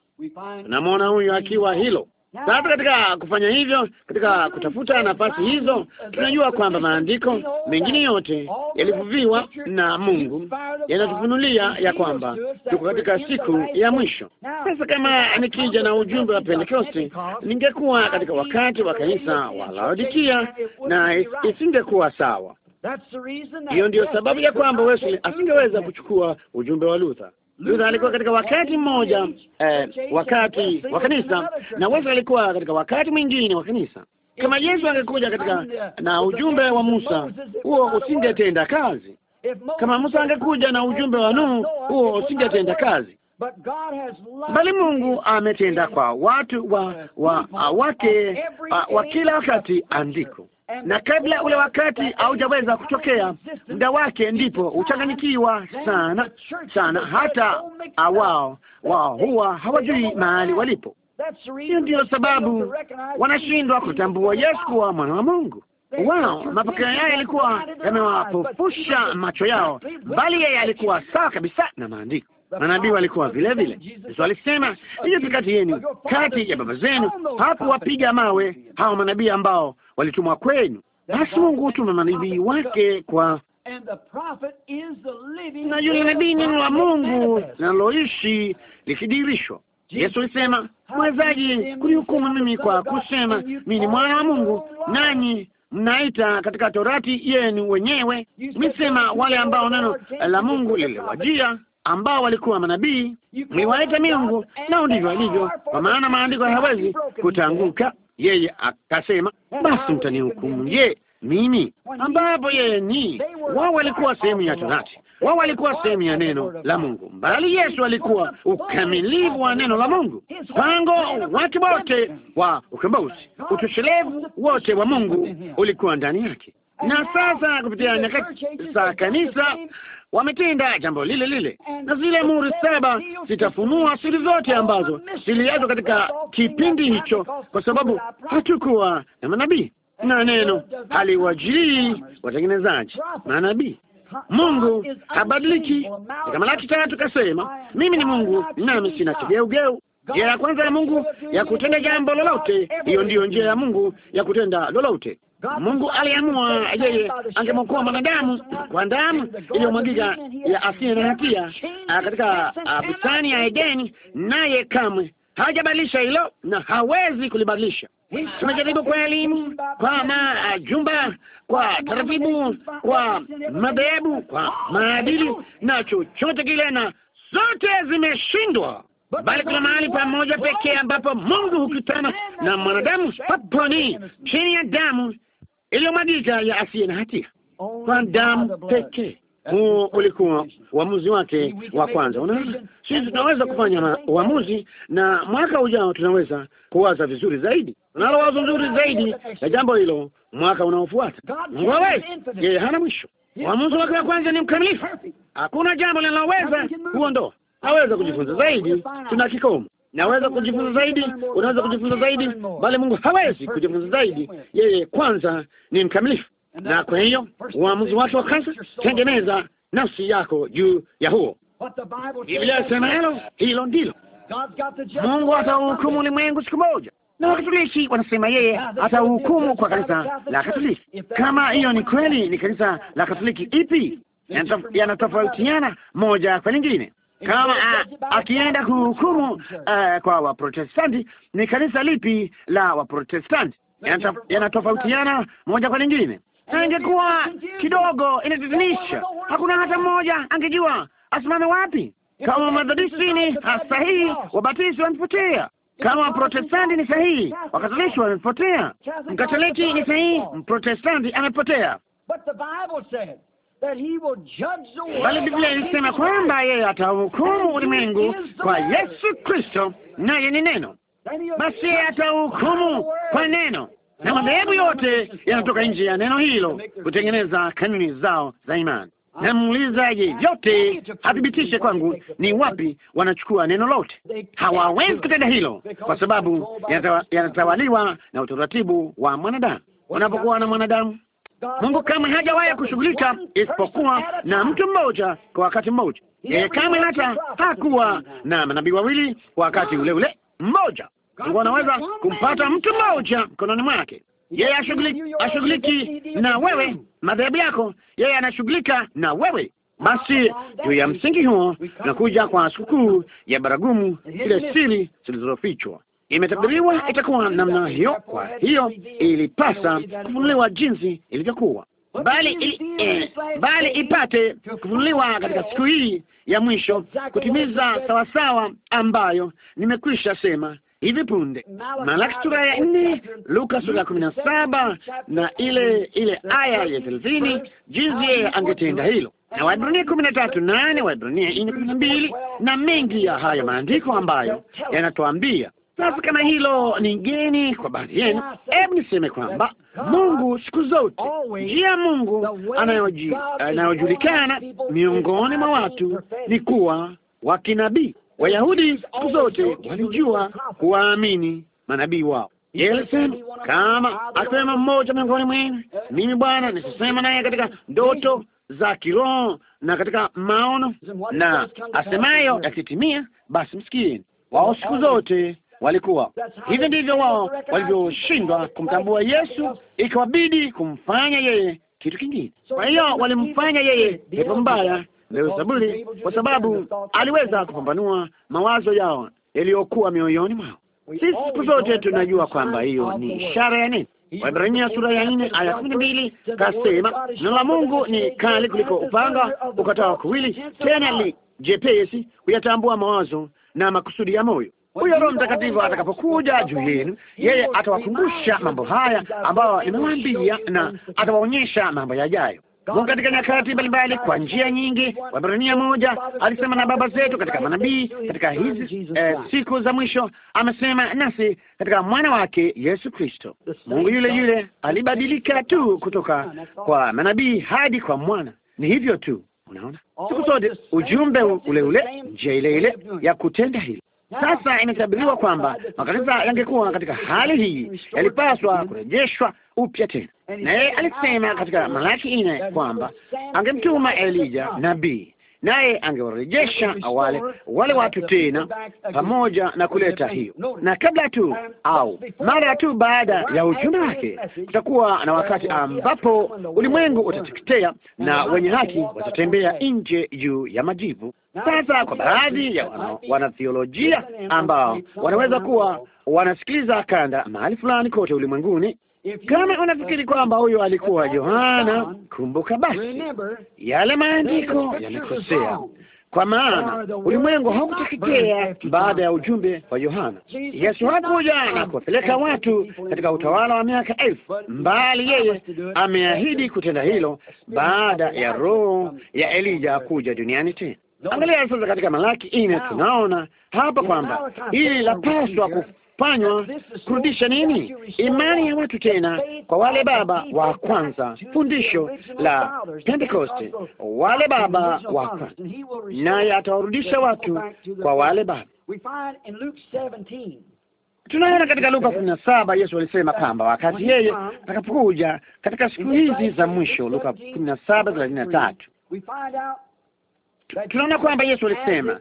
C: Tunamwona huyo akiwa hilo sasa katika kufanya hivyo, katika kutafuta nafasi hizo, tunajua kwamba maandiko mengine yote yalivuviwa na Mungu, yanatufunulia ya kwamba tuko katika siku ya mwisho. Sasa kama nikija na ujumbe wa Pentekoste, ningekuwa katika wakati wa kanisa wa Laodikia na isingekuwa sawa.
D: Hiyo ndiyo sababu ya kwamba Wesley
C: asingeweza kuchukua ujumbe wa Luther. Luther alikuwa katika wakati mmoja eh, wakati wa kanisa, na Wesley alikuwa katika wakati mwingine wa kanisa. Kama Yesu angekuja katika na ujumbe wa Musa, huo usingetenda kazi. Kama Musa angekuja na ujumbe wa Nuhu, huo usingetenda kazi, bali Mungu ametenda kwa watu wa, wa, wa, wake wa, wa kila wakati andiko na kabla ule wakati haujaweza kutokea muda wake, ndipo huchanganyikiwa sana sana, hata wao wao huwa hawajui mahali walipo. Hiyo ndiyo sababu wanashindwa kutambua Yesu kuwa mwana wa Mungu. Wao mapokeo yao yalikuwa yamewapofusha macho yao, bali yeye alikuwa sawa kabisa na maandiko manabii walikuwa vile vile. Yesu alisema hiyo kati yenu, kati ya baba zenu, hapo wapiga mawe hao manabii ambao walitumwa kwenu. Basi Mungu hutuma manabii wake kwa na yule nabii, neno la Mungu linaloishi likidirishwa. Yesu alisema, mwezaji kunihukumu mimi kwa kusema mimi ni mwana wa Mungu, nanyi mnaita katika torati yenu wenyewe msema, wale ambao neno la Mungu liliwajia ambao walikuwa manabii, mliwaita miungu, nao ndivyo alivyo, kwa maana maandiko hayawezi kutanguka. Yeye akasema basi mtanihukumu je mimi? Ambapo yeye ni wao, walikuwa sehemu ya Torati, wao walikuwa sehemu ya neno la Mungu, bali Yesu alikuwa ukamilifu wa neno la Mungu,
E: mpango wake
C: wote wa ukombozi, utoshelevu wote wa Mungu ulikuwa ndani yake. Na sasa kupitia nyakati za kanisa wametenda jambo lile lile, na zile muhuri saba zitafunua siri zote ambazo ziliachwa katika kipindi hicho, kwa sababu hatukuwa na manabii na neno haliwajirii watengenezaji manabii. Mungu habadiliki. Katika Malaki tatu kasema, mimi ni Mungu nami sina kigeugeu. Njia ya kwanza ya Mungu ya kutenda jambo lolote, hiyo ndiyo njia ya Mungu ya kutenda lolote. Mungu aliamua yeye angemwokoa mwanadamu kwa damu iliyomwagika ya asiye na hatia ah, katika ah, bustani ya Edeni, naye kamwe hajabadilisha hilo na hawezi kulibadilisha. Tumejaribu kwa elimu, kwa majumba, ah, kwa taratibu, kwa madhehebu, kwa oh, maadili na chochote kile, na zote zimeshindwa bali kuna mahali pamoja pekee ambapo Mungu hukutana na mwanadamu, papo ni chini ya damu iliyomwagika ya asiye na hatia
E: kwa damu pekee.
C: Huo ulikuwa uamuzi wake wa kwanza. Unaona, sisi tunaweza kufanya uamuzi, na mwaka ujao tunaweza kuwaza vizuri zaidi. Tunalo wazo nzuri zaidi ya jambo hilo mwaka unaofuata. Mungu hawezi, yeye hana mwisho. Uamuzi wake wa kwanza ni mkamilifu, hakuna jambo linaloweza kuondoa. Aweza kujifunza zaidi, tuna kikomo naweza kujifunza zaidi, unaweza kujifunza zaidi, bali Mungu hawezi kujifunza zaidi. Yeye kwanza ni mkamilifu, na kwa hiyo uamuzi wake wa kwanza, tengeneza nafsi yako juu ya huo. Biblia isemalo hilo ndilo Mungu atauhukumu ulimwengu siku moja, na Wakatoliki wanasema yeye atahukumu kwa kanisa la Katoliki.
D: Kama hiyo
C: ni kweli, ni kanisa la Katoliki ipi? Yanatofautiana moja kwa lingine kama akienda kuhukumu uh, kwa Waprotestanti, ni kanisa lipi la Waprotestanti? Yanatofautiana moja kwa lingine, na ingekuwa kidogo inatatanisha. Hakuna hata mmoja angejua asimame wapi. Kama Methodisti ni sahihi, Wabatisi wamepotea. Kama Waprotestanti ni sahihi, Wakatoliki wamepotea. Mkatoliki ni sahihi, Mprotestanti amepotea
B: bali Biblia inasema
C: kwamba yeye atahukumu ulimwengu kwa Yesu Kristo, naye ni neno. Basi yeye atahukumu kwa neno, na madhehebu yote yanatoka nje ya neno hilo kutengeneza kanuni zao za imani. je vyote athibitishe kwangu ni wapi wanachukua neno lote.
D: Hawawezi kutenda hilo, kwa sababu
C: yanatawaliwa na utaratibu wa mwanadamu. wanapokuwa na mwanadamu Mungu kama hajawahi kushughulika isipokuwa na mtu mmoja kwa wakati mmoja. Yeye kama hata hakuwa na manabii wawili kwa wakati ule ule mmoja. Mungu anaweza kumpata mtu mmoja mkononi mwake. Yeye ashughuliki na wewe, madhehebu yako, yeye anashughulika na wewe. Basi juu ya msingi huo, nakuja kwa sikukuu ya baragumu, zile siri zilizofichwa imetabiriwa itakuwa namna hiyo. Kwa hiyo ilipasa kufunuliwa jinsi ilivyokuwa,
E: bali ili, eh, bali ipate
C: kufunuliwa katika siku hii ya mwisho kutimiza sawasawa ambayo nimekwisha sema hivi punde. Malaki sura ya nne, Luka sura ya kumi na saba na ile ile aya ya thelathini, jinsi yeye angetenda hilo, na Waebrania kumi na tatu nane Waebrania nne kumi na mbili na mengi ya hayo maandiko ambayo yanatuambia sasa kama hilo ni geni kwa baadhi yenu, hebu niseme kwamba Mungu siku zote, njia ya Mungu anayojulikana miongoni mwa watu ni kuwa wa kinabii. Wayahudi siku zote walijua kuwaamini manabii wao. Yeye alisema kama akisema mmoja miongoni mwenu, mimi Bwana nisisema naye katika ndoto za kiroho na katika maono, na asemayo yakitimia, basi msikieni. Wao siku zote walikuwa hivi. Ndivyo wao walivyoshindwa kumtambua Yesu, ikawabidi kumfanya yeye kitu kingine. Kwa hiyo walimfanya yeye pepo mbaya, Beelzebuli, kwa sababu aliweza kupambanua mawazo yao yaliyokuwa mioyoni mwao. Sisi siku zote tunajua kwamba hiyo ni ishara ya nini? Waebrania sura ya nne aya kumi na mbili kasema neno la Mungu ni kali kuliko upanga ukatao kuwili, tena li jepesi kuyatambua mawazo na makusudi ya moyo. Huyo Roho Mtakatifu atakapokuja juu yenu, yeye atawakumbusha mambo haya ambayo nimewaambia na atawaonyesha mambo yajayo. Mungu katika nyakati mbalimbali kwa njia nyingi, Waebrania moja alisema na baba zetu katika manabii, katika hizi eh, siku za mwisho amesema nasi katika mwana wake Yesu Kristo. Mungu yule yule alibadilika tu kutoka kwa manabii hadi kwa mwana. Ni hivyo tu, unaona, siku zote ujumbe ule ule, njia ile ile ya kutenda hili. Sasa imetabiriwa kwamba makanisa yangekuwa katika hali hii, yalipaswa kurejeshwa upya tena, na alisema katika Malaki nne kwamba angemtuma Elija nabii naye angewarejesha wale wale watu tena pamoja na kuleta hiyo, na kabla tu au mara tu baada ya ujumbe wake, kutakuwa na wakati ambapo ulimwengu utateketea na wenye haki watatembea nje juu ya majivu. Sasa kwa baadhi ya wanathiolojia ambao wanaweza kuwa wanasikiliza kanda mahali fulani kote ulimwenguni
D: kama unafikiri
C: kwamba huyo alikuwa Yohana, kumbuka basi yale maandiko yalikosea, kwa maana ulimwengu haukuteketea baada ya ujumbe wa Yohana.
D: Yesu hakuja na kuwapeleka
C: watu katika utawala wa miaka elfu, mbali yeye ameahidi kutenda hilo baada ya roho ya Elija kuja duniani tena. Angalia sasa katika Malaki ine tunaona hapa kwamba ili lapaswa kufanywa kurudisha nini? Imani ya watu tena, kwa wale baba wa kwanza, fundisho la Pentekoste, wale baba wa kwanza,
B: naye atawarudisha watu kwa wale baba.
C: Tunaona katika Luka kumi na saba Yesu alisema kwamba wakati yeye atakapokuja katika siku hizi za mwisho, Luka kumi na saba thelathini na tatu tunaona kwamba Yesu alisema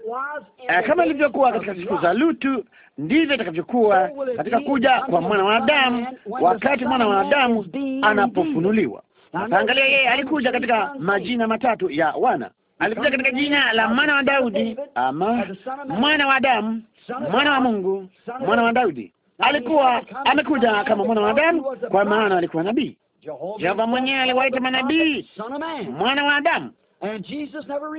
C: eh, kama ilivyokuwa katika siku za Lutu ndivyo itakavyokuwa katika kuja kwa mwana wa Adamu, wakati mwana wa Adamu anapofunuliwa. angalia, yeye alikuja katika majina matatu ya wana. Alikuja katika jina la mwana wa Daudi, ama mwana wa Adamu, mwana wa Mungu, mwana wa Daudi. Alikuwa amekuja kama mwana wa Adamu, kwa maana alikuwa nabii.
B: Jehova mwenyewe aliwaita manabii mwana wa Adamu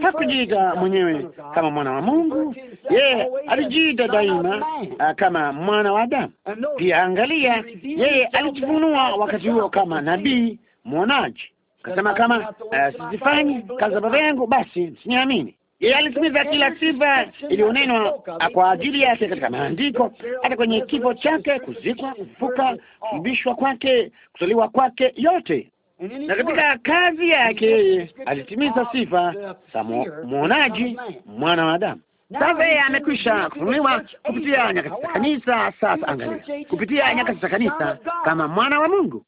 B: hakujiita mwenyewe
C: kama mwana wa Mungu, yeye alijiita daima kama mwana wa Adamu. Pia angalia, yeye alijifunua wakati huo kama nabii mwonaji, kasema kama uh, sizifanyi kazi za baba yangu, basi siniamini Yeye alitimiza kila sifa iliyonenwa kwa ajili yake katika maandiko, hata kwenye kifo chake, kuzikwa, kufuka, kusumbishwa kwake, kuzaliwa kwake, yote
E: na katika
C: kazi yake yeye alitimiza sifa za mwonaji mwana wa Adamu. Sasa yeye amekwisha kufunuliwa kupitia nyakati za kanisa. Sasa angalia, kupitia nyakati za kanisa kama mwana wa Mungu,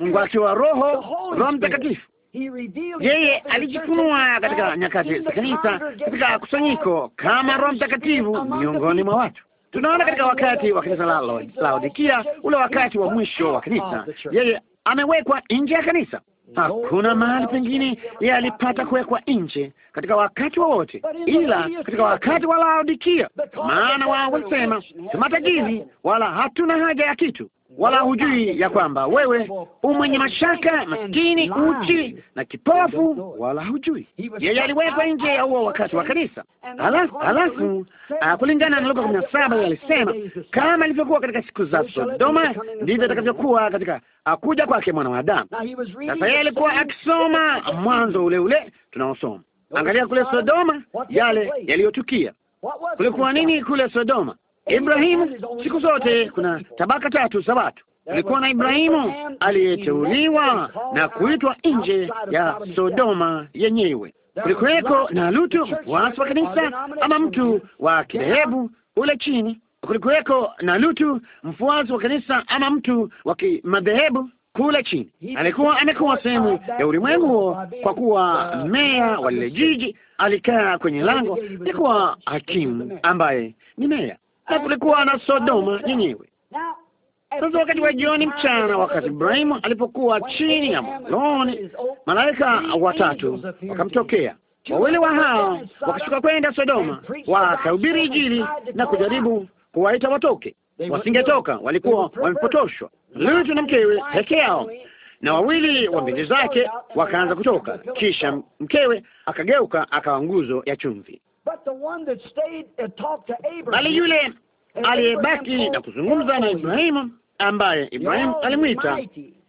C: Mungu akiwa Roho, Roho Mtakatifu.
D: Yeye alijifunua katika nyakati za kanisa, katika kusanyiko
C: kama Roho Mtakatifu miongoni mwa watu. Tunaona katika wakati wa kanisa la Laodikia, ule wakati wa mwisho wa kanisa, yeye amewekwa nje ya kanisa. Hakuna mahali pengine yeye alipata kuwekwa nje katika wakati wowote wa ila katika wakati wa Laodikia, maana wao walisema si wala hatuna haja ya kitu, wala hujui ya kwamba wewe umwenye mashaka, maskini, uchi na kipofu, wala hujui. Yeye aliwekwa nje ya huo wakati wa kanisa. Halafu, ah, kulingana na Luka kumi na saba alisema kama ilivyokuwa katika siku za Sodoma ndivyo atakavyokuwa katika akuja ah, kwake mwana wa Adamu.
D: Sasa yeye alikuwa akisoma mwanzo
C: ule ule tunaosoma. Angalia kule Sodoma, yale yaliyotukia. Kulikuwa nini kule Sodoma? Ibrahimu, siku zote kuna tabaka tatu za watu. Kulikuwa na Ibrahimu aliyeteuliwa na kuitwa nje ya Sodoma yenyewe. Kulikuweko na Lutu, mfuasi wa kanisa ama mtu wa kidhehebu ule chini. Kulikuweko na Lutu, mfuasi wa kanisa ama mtu wa kimadhehebu kule chini. Alikuwa amekuwa sehemu ya ulimwengu huo, kwa kuwa meya wa lile jiji alikaa kwenye lango. Alikuwa hakimu ambaye ni meya na kulikuwa na Sodoma yenyewe. Sasa wakati wa jioni, mchana, wakati Ibrahimu alipokuwa chini ya mloni malaika watatu wakamtokea. Wawili wa hao wakashuka kwenda Sodoma, wakahubiri Injili na kujaribu kuwaita watoke. Wasingetoka, walikuwa wamepotoshwa. Lutu na mkewe peke yao, na wawili wa mbele zake wakaanza kutoka, kisha mkewe akageuka akawa nguzo ya chumvi
B: bali yule
C: aliyebaki na kuzungumza na Ibrahimu, ambaye Ibrahimu alimwita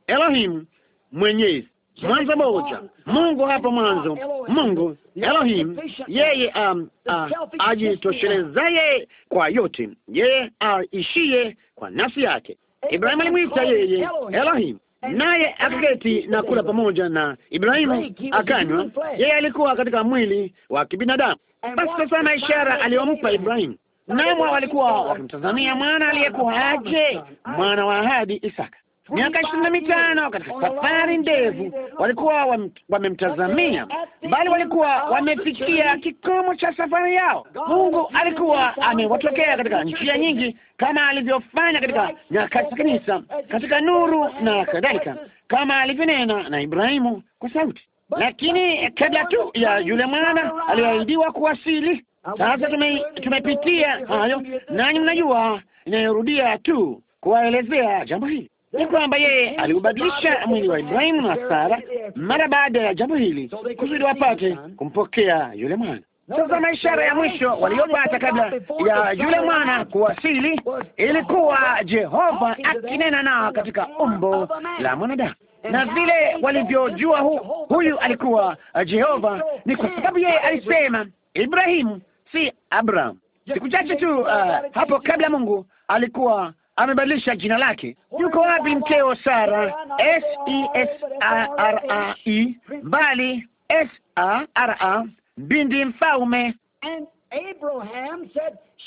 C: Elohimu mwenyezi, mwanzo moja, Mungu hapo mwanzo, Mungu Elohim, yeye um, uh, ajitoshelezaye kwa yote, yeye aishie uh, kwa nafsi yake. Ibrahimu alimwita yeye Elohim, naye akaketi na kula pamoja na Ibrahimu, akanywa. Yeye alikuwa katika mwili wa kibinadamu. Basi tazama ishara aliyompa Ibrahimu. Namwa walikuwa wakimtazamia mwana aliyekuwa aje, mwana wa ahadi Isaka. Miaka ishirini na mitano katika safari ndefu walikuwa wamemtazamia, bali walikuwa wamefikia kikomo cha safari yao. Mungu alikuwa amewatokea katika njia nyingi, kama alivyofanya katika nyakati za kanisa, katika nuru na kadhalika, kama alivyonena na Ibrahimu kwa sauti lakini kabla tu ya yule mwana aliyeahidiwa kuwasili. Sasa tumepitia hayo, nanyi mnajua, inayorudia tu kuwaelezea jambo hili ni kwamba yeye aliubadilisha mwili wa Ibrahimu na Sara mara baada ya jambo hili kusudi wapate kumpokea yule mwana. Sasa maishara ya mwisho waliyopata kabla ya yule mwana kuwasili ilikuwa Jehova akinena nao katika umbo la mwanadamu na vile walivyojua hu, huyu alikuwa uh, Jehova ni kwa sababu yeye alisema Ibrahimu, si Abraham. Siku chache tu uh, hapo kabla Mungu alikuwa amebadilisha jina lake. Yuko wapi mkeo Sara? S E S A R A I, bali S A R A, binti mfalme.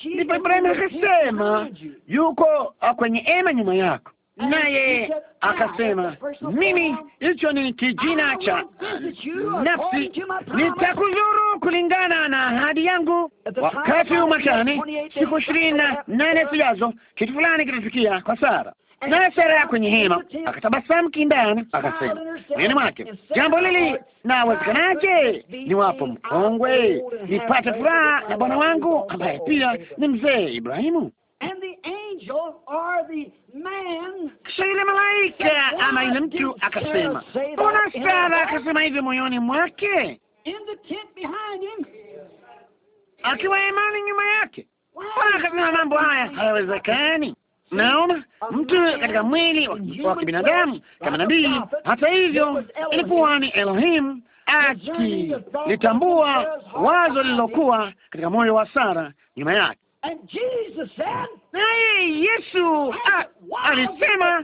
C: Ndipo Ibrahimu akasema yuko uh, kwenye ema nyuma yako naye akasema, mimi hicho ni kijina cha nafsi, nitakuzuru kulingana na ahadi yangu. Wakati umakani, siku ishirini na nane zijazo, uh, kitu fulani kilifikia kwa Sara naye Sara ya kwenye hema akatabasamu kindani, akasema nini mwake, jambo lili nawezekanaje? Ni wapo mkongwe nipate furaha na bwana wangu ambaye pia ni mzee Ibrahimu.
B: Kisha malaika ama yule mtu akasema, mbona Sara akasema
C: hivyo moyoni mwake, akiwa imani nyuma yake, mbona akasema mambo haya? Hayawezekani. Naona mtu katika mwili wa kibinadamu kama nabii. Hata hivyo, ilikuwa ni Elohim akilitambua wazo lililokuwa katika moyo wa Sara nyuma yake naye Yesu ah, alisema,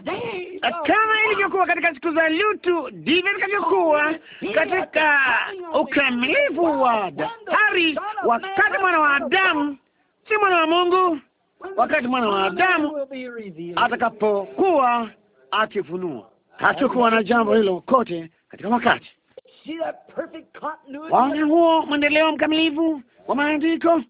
C: kama ilivyokuwa katika siku za Lutu, ndivyo itakavyokuwa katika ukamilifu wa dahari, wakati mwana wa Adamu, si mwana wa Mungu, wakati mwana wa Adamu atakapokuwa akifunua. Hatukuwa na jambo hilo kote katika wakati. Waona huo mwendeleo mkamilifu wa maandiko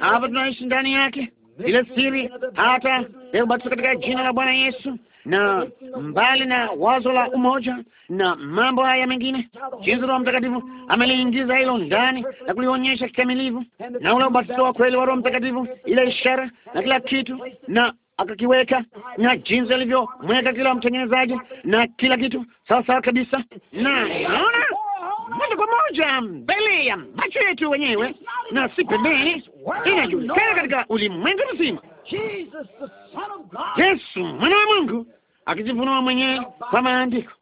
C: hapa tunaishi ndani yake ile siri, hata yakubatizwa katika jina la Bwana Yesu, na mbali na wazo la umoja na mambo haya mengine, jinsi Roho Mtakatifu ameliingiza hilo ndani na kulionyesha kikamilifu, na ule ubatizo wa kweli wa Roho Mtakatifu, ile ishara na kila kitu, na akakiweka na jinsi alivyomweka kila mtengenezaji na kila kitu sawa sawa kabisa, na naona moja kwa moja mbele ya macho yetu wenyewe, na si pembeni. Inajulikana katika ulimwengu mzima. Yesu mwana wa Mungu akijifunua mwenyewe kwa maandiko,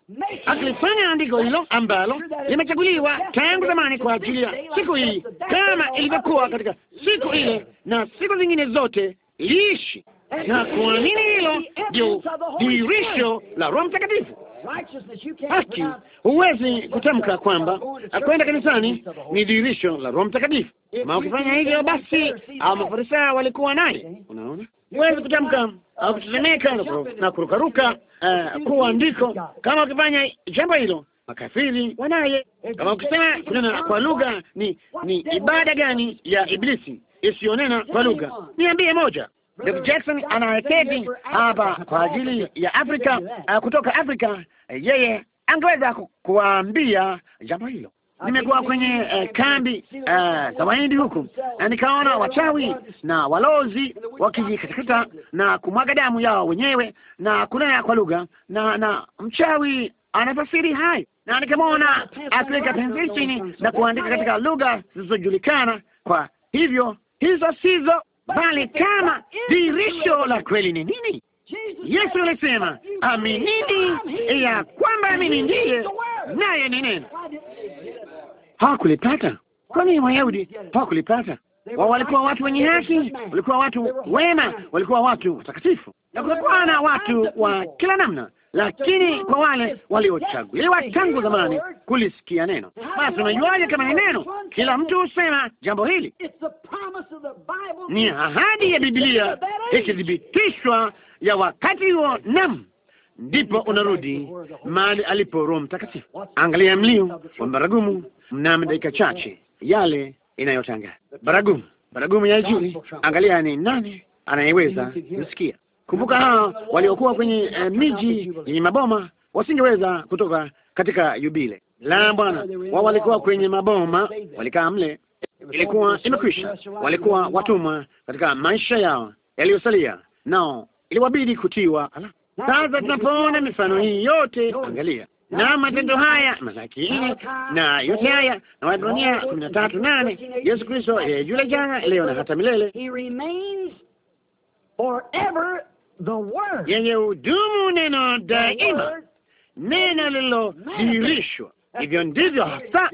C: akilifanya andiko hilo ambalo limechaguliwa tangu zamani kwa ajili ya siku hii, kama ilivyokuwa katika siku ile na siku zingine zote liishi. Na kuamini hilo ndio dirisho la Roho Mtakatifu haki, huwezi kutamka kwamba kwenda kanisani ni dhihirisho la Roho Mtakatifu. Kama ukifanya hivyo, basi au Mafarisayo walikuwa naye. Unaona, huwezi kutamka au uh, uh, kutetemeka na kurukaruka uh, kuwa ndiko. Kama ukifanya jambo hilo makafiri wanaye. Kama ukisema kunena kwa lugha, ni ni ibada gani ya Iblisi isiyonena kwa lugha? Niambie moja Ndugu Jackson anayeketi hapa kwa ajili ya Afrika uh, kutoka Afrika, eh, yeye angeweza kuwaambia jambo hilo. Nimekuwa kwenye uh, kambi uh, za Wahindi huku na nikaona wachawi na walozi wakijikatakata na kumwaga damu yao wenyewe na kunena kwa lugha na, na mchawi anafasiri hai, na nikamwona akiweka penzi chini na kuandika katika lugha zisizojulikana. Kwa hivyo hizo sizo bali kama dirisho la kweli ni nini? Yesu alisema aminini ya kwamba mimi ndiye, naye ni neno. Hawakulipata. Kwa nini Wayahudi hawakulipata? Wao walikuwa watu wenye haki, walikuwa watu wema, walikuwa watu watakatifu, na kulikuwa na watu wa kila namna lakini kwa wale waliochaguliwa tangu zamani kulisikia neno. Basi unajuaje kama ni neno? Kila mtu husema jambo hili
B: ni ahadi ya Biblia
C: ikithibitishwa ya wakati huo, nam ndipo unarudi mahali alipo Roho Mtakatifu. Angalia mlio wa baragumu mnamo dakika chache, yale inayotangaza baragumu, baragumu ya juu. Angalia ni nani anayeweza kusikia Kumbuka hao waliokuwa kwenye eh, miji yenye maboma wasingeweza kutoka katika yubile la Bwana. Wao walikuwa kwenye maboma, walikaa mle,
E: ilikuwa imekwisha. Walikuwa
C: watumwa katika maisha yao yaliyosalia, nao iliwabidi kutiwa. Sasa tunapoona mifano hii yote, angalia na matendo haya malakini na yote haya na Waebrania kumi na tatu nane Yesu Kristo eh, yule jana, leo na hata milele yenye hudumu neno daima, neno lililodirishwa. Hivyo ndivyo hasa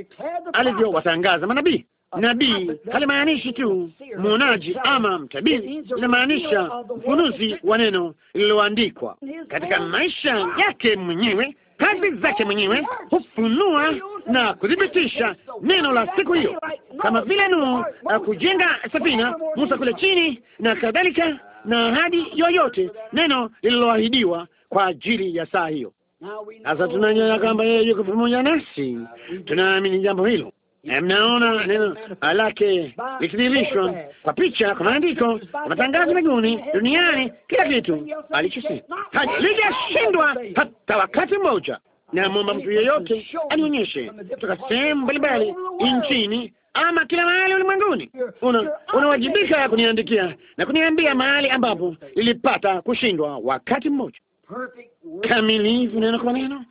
C: alivyowatangaza manabii. Nabii halimaanishi tu mwonaji ama mtabiri, linamaanisha mfunuzi wa neno lililoandikwa katika maisha ah! yake mwenyewe. Kazi zake mwenyewe hufunua na kuthibitisha neno la siku hiyo, kama vile Nuhu kujenga safina, Musa kule chini na kadhalika na ahadi yoyote, neno lililoahidiwa kwa ajili ya saa hiyo.
D: Sasa tunajua kwamba
C: yeye yuko pamoja nasi, tunaamini jambo hilo. Mnaona neno lake likidhihirishwa kwa picha, kwa maandiko, kwa matangazo mbinguni, duniani, kila kitu alichosema halijashindwa hata wakati mmoja. Namwomba mtu yeyote anionyeshe kutoka sehemu mbalimbali nchini ama kila mahali ulimwenguni. Una, unawajibika kuniandikia na kuniambia mahali ambapo ilipata kushindwa wakati mmoja
D: kamilifu,
C: neno kwa neno.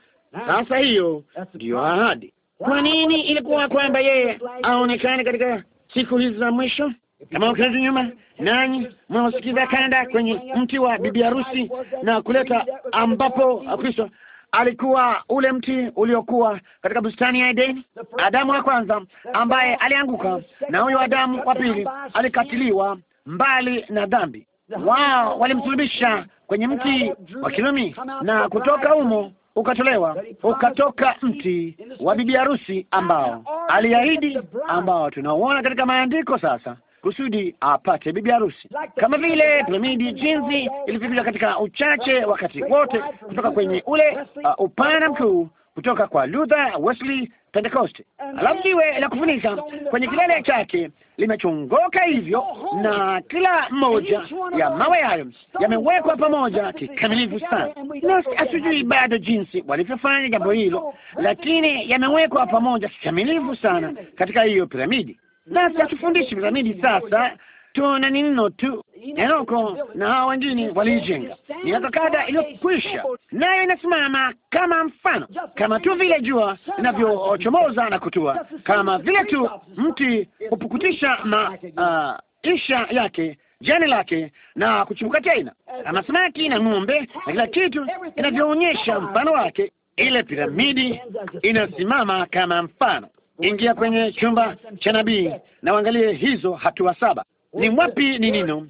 C: Sasa hiyo ndiyo ahadi.
D: Kwa nini ilikuwa kwamba yeye
C: aonekane katika siku hizi za mwisho? Kama ukirudi nyuma, nanyi mnaosikiza kanda kwenye mti wa bibi harusi na kuleta ambapo Kristo alikuwa ule mti uliokuwa katika bustani ya Edeni, Adamu wa kwanza ambaye alianguka, na huyo Adamu wa pili alikatiliwa mbali na dhambi. Wao walimsulubisha kwenye mti wa Kirumi, na kutoka humo ukatolewa ukatoka mti wa bibi harusi ambao aliahidi, ambao tunauona katika maandiko sasa kusudi apate bibi harusi, kama vile piramidi jinsi ilivyopiga katika uchache wakati wote, kutoka kwenye ule uh, upana mkuu kutoka kwa Luther, Wesley, Pentecost. Alafu jiwe la kufunika kwenye kilele chake limechongoka hivyo, na kila mmoja ya mawe hayo yamewekwa pamoja kikamilifu sana, na hatujui bado jinsi walivyofanya jambo hilo, lakini yamewekwa pamoja kikamilifu sana katika hiyo piramidi. Basi hatufundishi mdhamini sasa, tuna nino tu. Enoko na hao wengine waliijenga miaka kadha iliyokwisha, naye inasimama kama mfano, kama tu vile jua linavyochomoza na kutua, kama vile tu mti hupukutisha maisha ah, uh, yake jani lake na kuchimbuka tena, kama samaki na ng'ombe na kila kitu inavyoonyesha mfano wake. Ile piramidi inasimama kama mfano ingia kwenye chumba cha nabii na uangalie hizo hatua saba. Ni wapi ni nino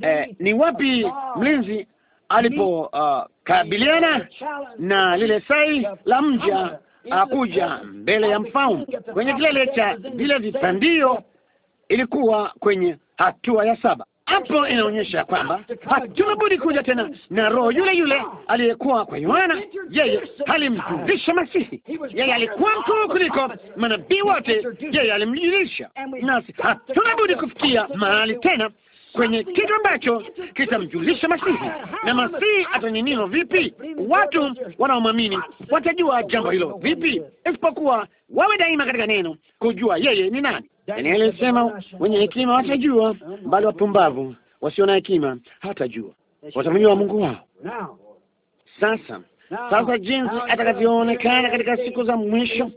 C: eh, ni wapi mlinzi alipokabiliana uh, na lile sai la mja akuja uh, mbele ya mfalme kwenye kilele cha vile vipandio, ilikuwa kwenye hatua ya saba hapo inaonyesha ya kwamba budi kuja tena na roho yule yule aliyekuwa kwa Yohana. Yeye alimjulisha Masihi, yeye alikuwa mkuu kuliko manabii wote, yeye alimjulisha, nasi budi kufikia mahali tena kwenye kitu ambacho kitamjulisha Masihi. Na Masihi ataninio vipi? Watu wanaomwamini watajua jambo hilo vipi, isipokuwa wawe daima katika neno kujua yeye ni nani? Danieli alisema wenye hekima watajua, bali wapumbavu wasio na hekima hawatajua, watamjua Mungu wao. Sasa sasa jinsi atakavyoonekana katika siku za mwisho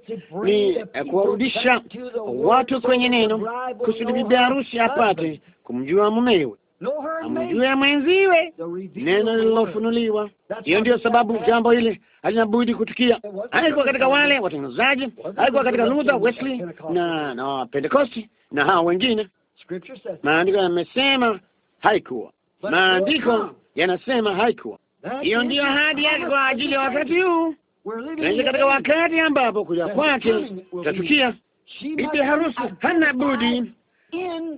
C: ni eh, kuwarudisha watu kwenye neno, kusudi bibi harusi apate kumjua mumewe
B: amjue
C: ya mwenziwe, neno lililofunuliwa. Hiyo ndiyo sababu jambo hili budi kutukia. Haikuwa katika wale watengenezaji haikuwa katika Luther, Wesley na na Pentecosti na hao wengine. Maandiko yamesema haikuwa, maandiko yanasema haikuwa.
D: Hiyo ndiyo ahadi yake kwa ajili ya wakati huu. Tunaishi yaani
C: katika wakati ambapo kuja kwake tatukia. Bibi harusi hana budi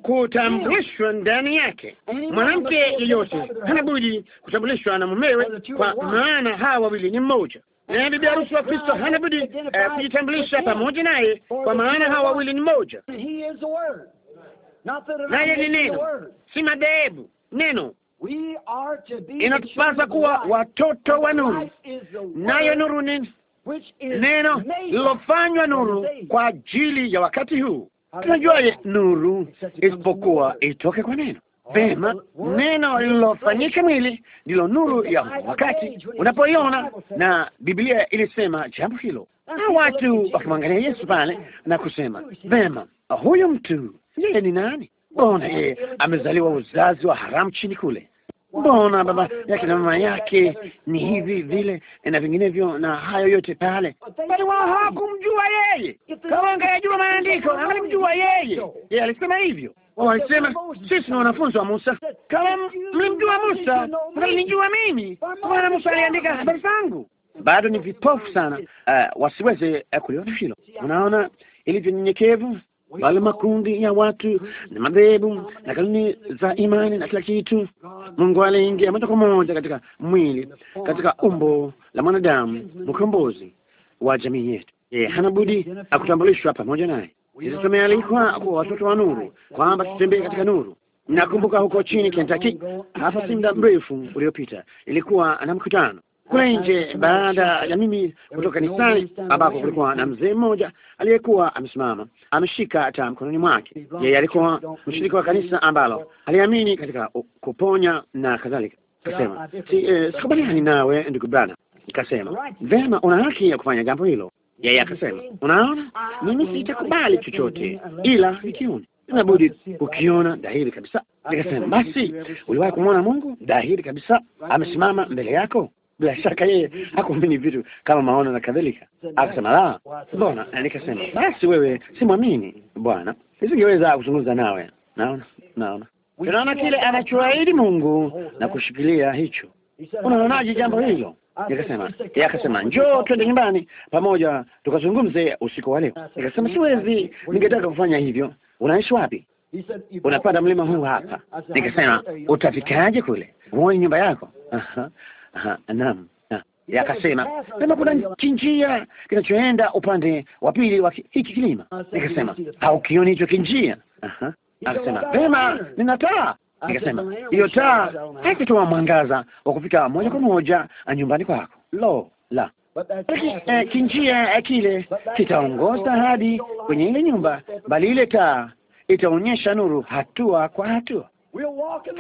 D: kutambulishwa
C: ndani yake. Mwanamke yeyote hana budi kutambulishwa na mumewe, kwa maana hawa wawili ni mmoja na bibi harusi wa Kristo hana budi eh, kujitambulisha pamoja naye, kwa maana hawa wawili ni mmoja.
B: Naye ni neno,
C: si madhehebu. Neno
B: inatupasa kuwa watoto wa nuru, nayo nuru
C: ni neno lilofanywa nuru kwa ajili ya wakati huu tunajuaje nuru isipokuwa itoke kwa neno? Vema, neno lililofanyika mwili ndilo nuru ya wakati unapoiona, na Biblia ilisema jambo hilo, na watu wakimwangalia Yesu pale na kusema vema, huyu mtu yeye ni nani? Bona yeye amezaliwa uzazi wa haramu chini kule mbona baba yake na mama yake ni hivi vile na vinginevyo na hayo yote pale, bali wao hawakumjua yeye. Kama angejua maandiko angalimjua yeye. Yeye alisema hivyo, wao walisema sisi ni wanafunzi wa Musa. Kama mlimjua Musa mngalinijua mimi, maana Musa aliandika habari zangu. Bado ni vipofu sana, uh, wasiweze eh, kuliona hilo. Unaona ilivyo nyenyekevu bali makundi ya watu na madhehebu na kanuni za imani na kila kitu. Mungu aliingia moja kwa moja katika mwili, katika umbo la mwanadamu, mkombozi wa jamii yetu. Yeye hana budi akutambulishwa pamoja naye. Sisi tumealikwa kuwa watoto wa nuru, kwamba tutembee katika nuru. Nakumbuka huko chini Kentucky, hapa si muda mrefu uliopita, ilikuwa na mkutano kule nje baada ya mimi kutoka nisani, ambapo kulikuwa na mzee mmoja aliyekuwa amesimama ameshika taa mkononi mwake. Yeye alikuwa mshiriki wa kanisa ambalo aliamini katika kuponya na kadhalika.
D: Kasema si, eh, sikubaliani
C: nawe ndugu bana. Nikasema, vema, una haki ya kufanya jambo hilo. Yeye akasema, unaona, mimi sitakubali chochote ila nikiona inabudi kukiona dhahiri kabisa. Nikasema, basi uliwahi kumwona Mungu dhahiri kabisa amesimama mbele yako? bila shaka yeye hakuamini vitu kama maono na kadhalika, akasema la, ah, mbona? Nikasema basi wewe si mwamini Bwana, nisingeweza kuzungumza nawe. Naona, naona tunaona kile anachoahidi Mungu na kushikilia hicho.
D: Unaonaje jambo hilo?
C: Nikasema yeye akasema, njoo twende nyumbani pamoja tukazungumze usiku wa leo. Nikasema siwezi, ningetaka kufanya hivyo. Unaishi wapi? Unapanda mlima huu hapa. Nikasema utafikaje kule? Uone nyumba yako naam Akasema kama kuna kinjia kinachoenda upande wa pili wa hiki kilima. Nikasema haukioni hicho kinjia? Akasema vema, nina taa. Nikasema hiyo taa haitatoa mwangaza wa kufika moja kwa moja nyumbani kwako, lo la, eh, kinjia eh, kile kitaongoza hadi kwenye ile nyumba, bali ile taa itaonyesha nuru hatua kwa hatua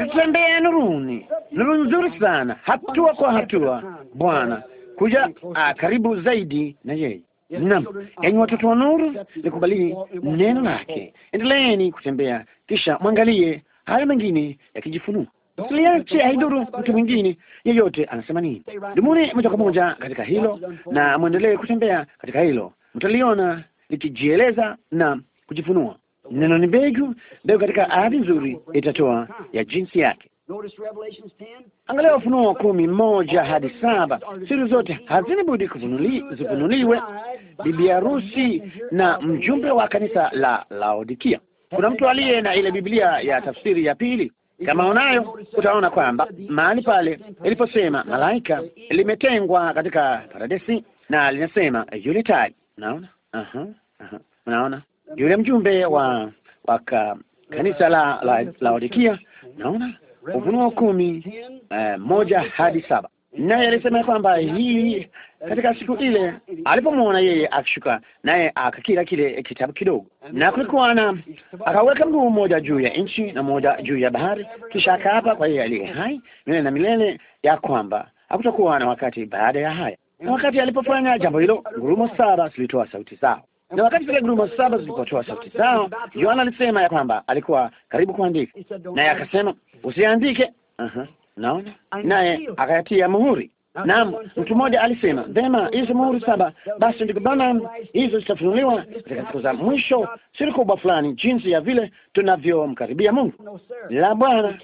C: tutembea nuruni, nuru nzuri sana, hatua kwa hatua, Bwana kuja ah, karibu zaidi na yeye. Naam, enyi watoto wa nuru, likubalini neno lake, endeleeni kutembea, kisha mwangalie haya mengine yakijifunua. Siliache haidhuru mtu mwingine yeyote anasema nini. Dumuni moja kwa moja katika hilo na mwendelee kutembea katika hilo, mtaliona likijieleza na kujifunua neno ni mbegu. Mbegu katika ardhi nzuri itatoa ya jinsi yake. Angalia Ufunuo kumi moja hadi saba. Siri zote hazini budi zifunuliwe bibi harusi na mjumbe wa kanisa la Laodikia. Kuna mtu aliye na ile Biblia ya tafsiri ya pili. Kama unayo utaona kwamba mahali pale iliposema malaika limetengwa katika paradesi na linasema yule taji. Unaona, unaona yule mjumbe wa wa kanisa la la Laodikia, naona Ufunuo kumi uh, moja hadi saba, naye alisema kwamba hii katika siku ile alipomwona yeye akishuka naye akakila kile kitabu kidogo, na kulikuwa na akaweka mguu mmoja juu ya nchi na mmoja juu ya bahari, kisha akaapa kwa yeye aliye hai milele na milele ya kwamba hakutakuwa na wakati baada ya haya. Na wakati alipofanya jambo hilo, ngurumo saba zilitoa sauti zao. Na wakati zile guruma saba zilipotoa sauti zao, Yohana alisema ya kwamba alikuwa karibu kuandika, naye akasema usiandike. Uh-huh. Naona naye akayatia muhuri. Naam, mtu mmoja alisema vema, hizo muhuri saba basi ndiko bana, hizo zitafunuliwa katika siku za mwisho, siri kubwa fulani, jinsi ya vile tunavyomkaribia Mungu.
D: La, Bwana,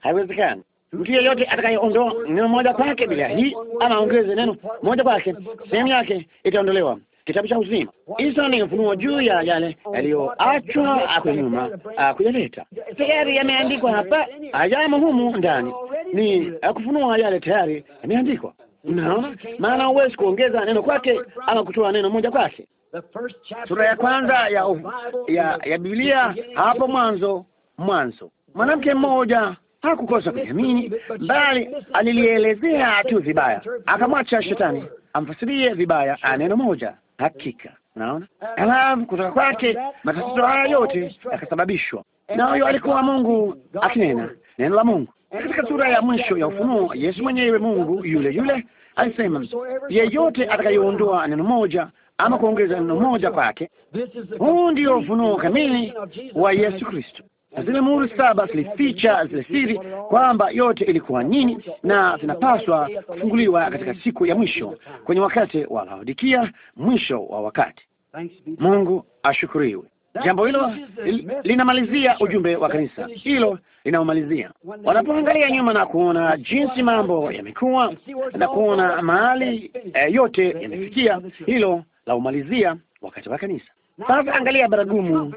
C: haiwezekani. Mtu yeyote atakayeondoa neno moja kwake bila hii, ama ongeze neno moja kwake, sehemu yake itaondolewa kitabu cha uzima. Hizo ni juu ya yale oh, yaliyoachwa hapo nyuma kuyaleta, tayari yameandikwa hapa, hayamo humu ndani, ni kufunua yale tayari yameandikwa. Naona maana huwezi kuongeza neno kwake ama kutoa neno moja kwake.
B: Sura ya kwanza ya, ya,
C: ya Biblia hapo mwanzo mwanzo, mwanamke mmoja hakukosa kujiamini, bali alilielezea tu vibaya, akamwacha shetani amfasirie vibaya neno moja. Hakika naona alafu kutoka kwake matatizo haya yote yakasababishwa, na huyo alikuwa Mungu akinena neno la Mungu katika sura ya mwisho ya Ufunuo. Yesu mwenyewe Mungu yule yule alisema, yeyote atakayeondoa neno moja ama kuongeza neno moja kwake, huu ndio ufunuo kamili wa Yesu Kristo na zile muhuri saba zilificha zile siri kwamba yote ilikuwa nini, na zinapaswa kufunguliwa katika siku ya mwisho kwenye wakati wa Laodikia, mwisho wa wakati. Mungu ashukuriwe. Jambo hilo linamalizia ujumbe wa kanisa hilo, linaomalizia wanapoangalia nyuma na kuona jinsi mambo yamekuwa na kuona mahali eh, yote yamefikia. Hilo la umalizia wakati wa kanisa. Sasa angalia, baragumu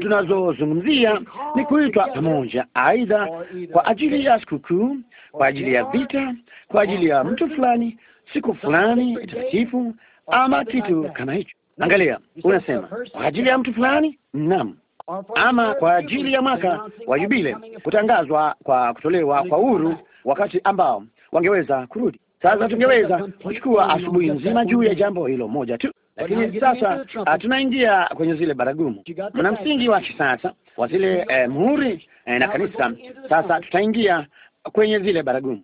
C: tunazozungumzia ni kuitwa pamoja, aidha kwa ajili ya sikukuu, kwa ajili ya vita, kwa ajili ya mtu fulani, siku fulani takatifu, ama kitu kama hicho. Angalia, unasema kwa ajili ya mtu fulani, naam, ama kwa ajili ya mwaka wa Yubile, kutangazwa kwa kutolewa kwa uhuru, wakati ambao wangeweza kurudi. Sasa tungeweza kuchukua asubuhi nzima juu ya jambo hilo moja tu lakini sasa tunaingia kwenye zile baragumu na msingi wa kisasa wa zile eh, muhuri eh, na kanisa. Sasa tutaingia kwenye zile baragumu.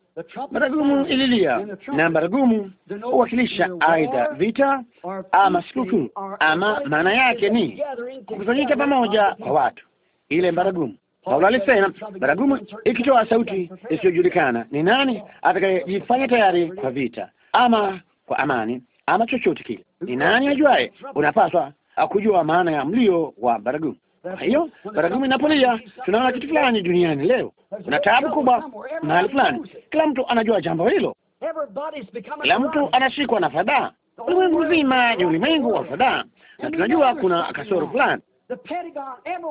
C: Baragumu ililia na baragumu huwakilisha aidha vita ama sikukuu, ama maana yake ni kukusanyika pamoja kwa watu. Ile baragumu, Paulo alisema baragumu ikitoa sauti isiyojulikana, ni nani atakayejifanya tayari kwa vita ama kwa amani ama chochote kile. Ni nani ajuae? Unapaswa akujua maana ya mlio wa baragumu. Kwa hiyo baragumu inapolia, tunaona kitu fulani duniani leo. Kuna taabu kubwa mahali fulani, kila mtu anajua jambo hilo. Kila mtu anashikwa na fadhaa Ulimwengu mzima ni ulimwengu wa fadhaa na tunajua kuna kasoro fulani.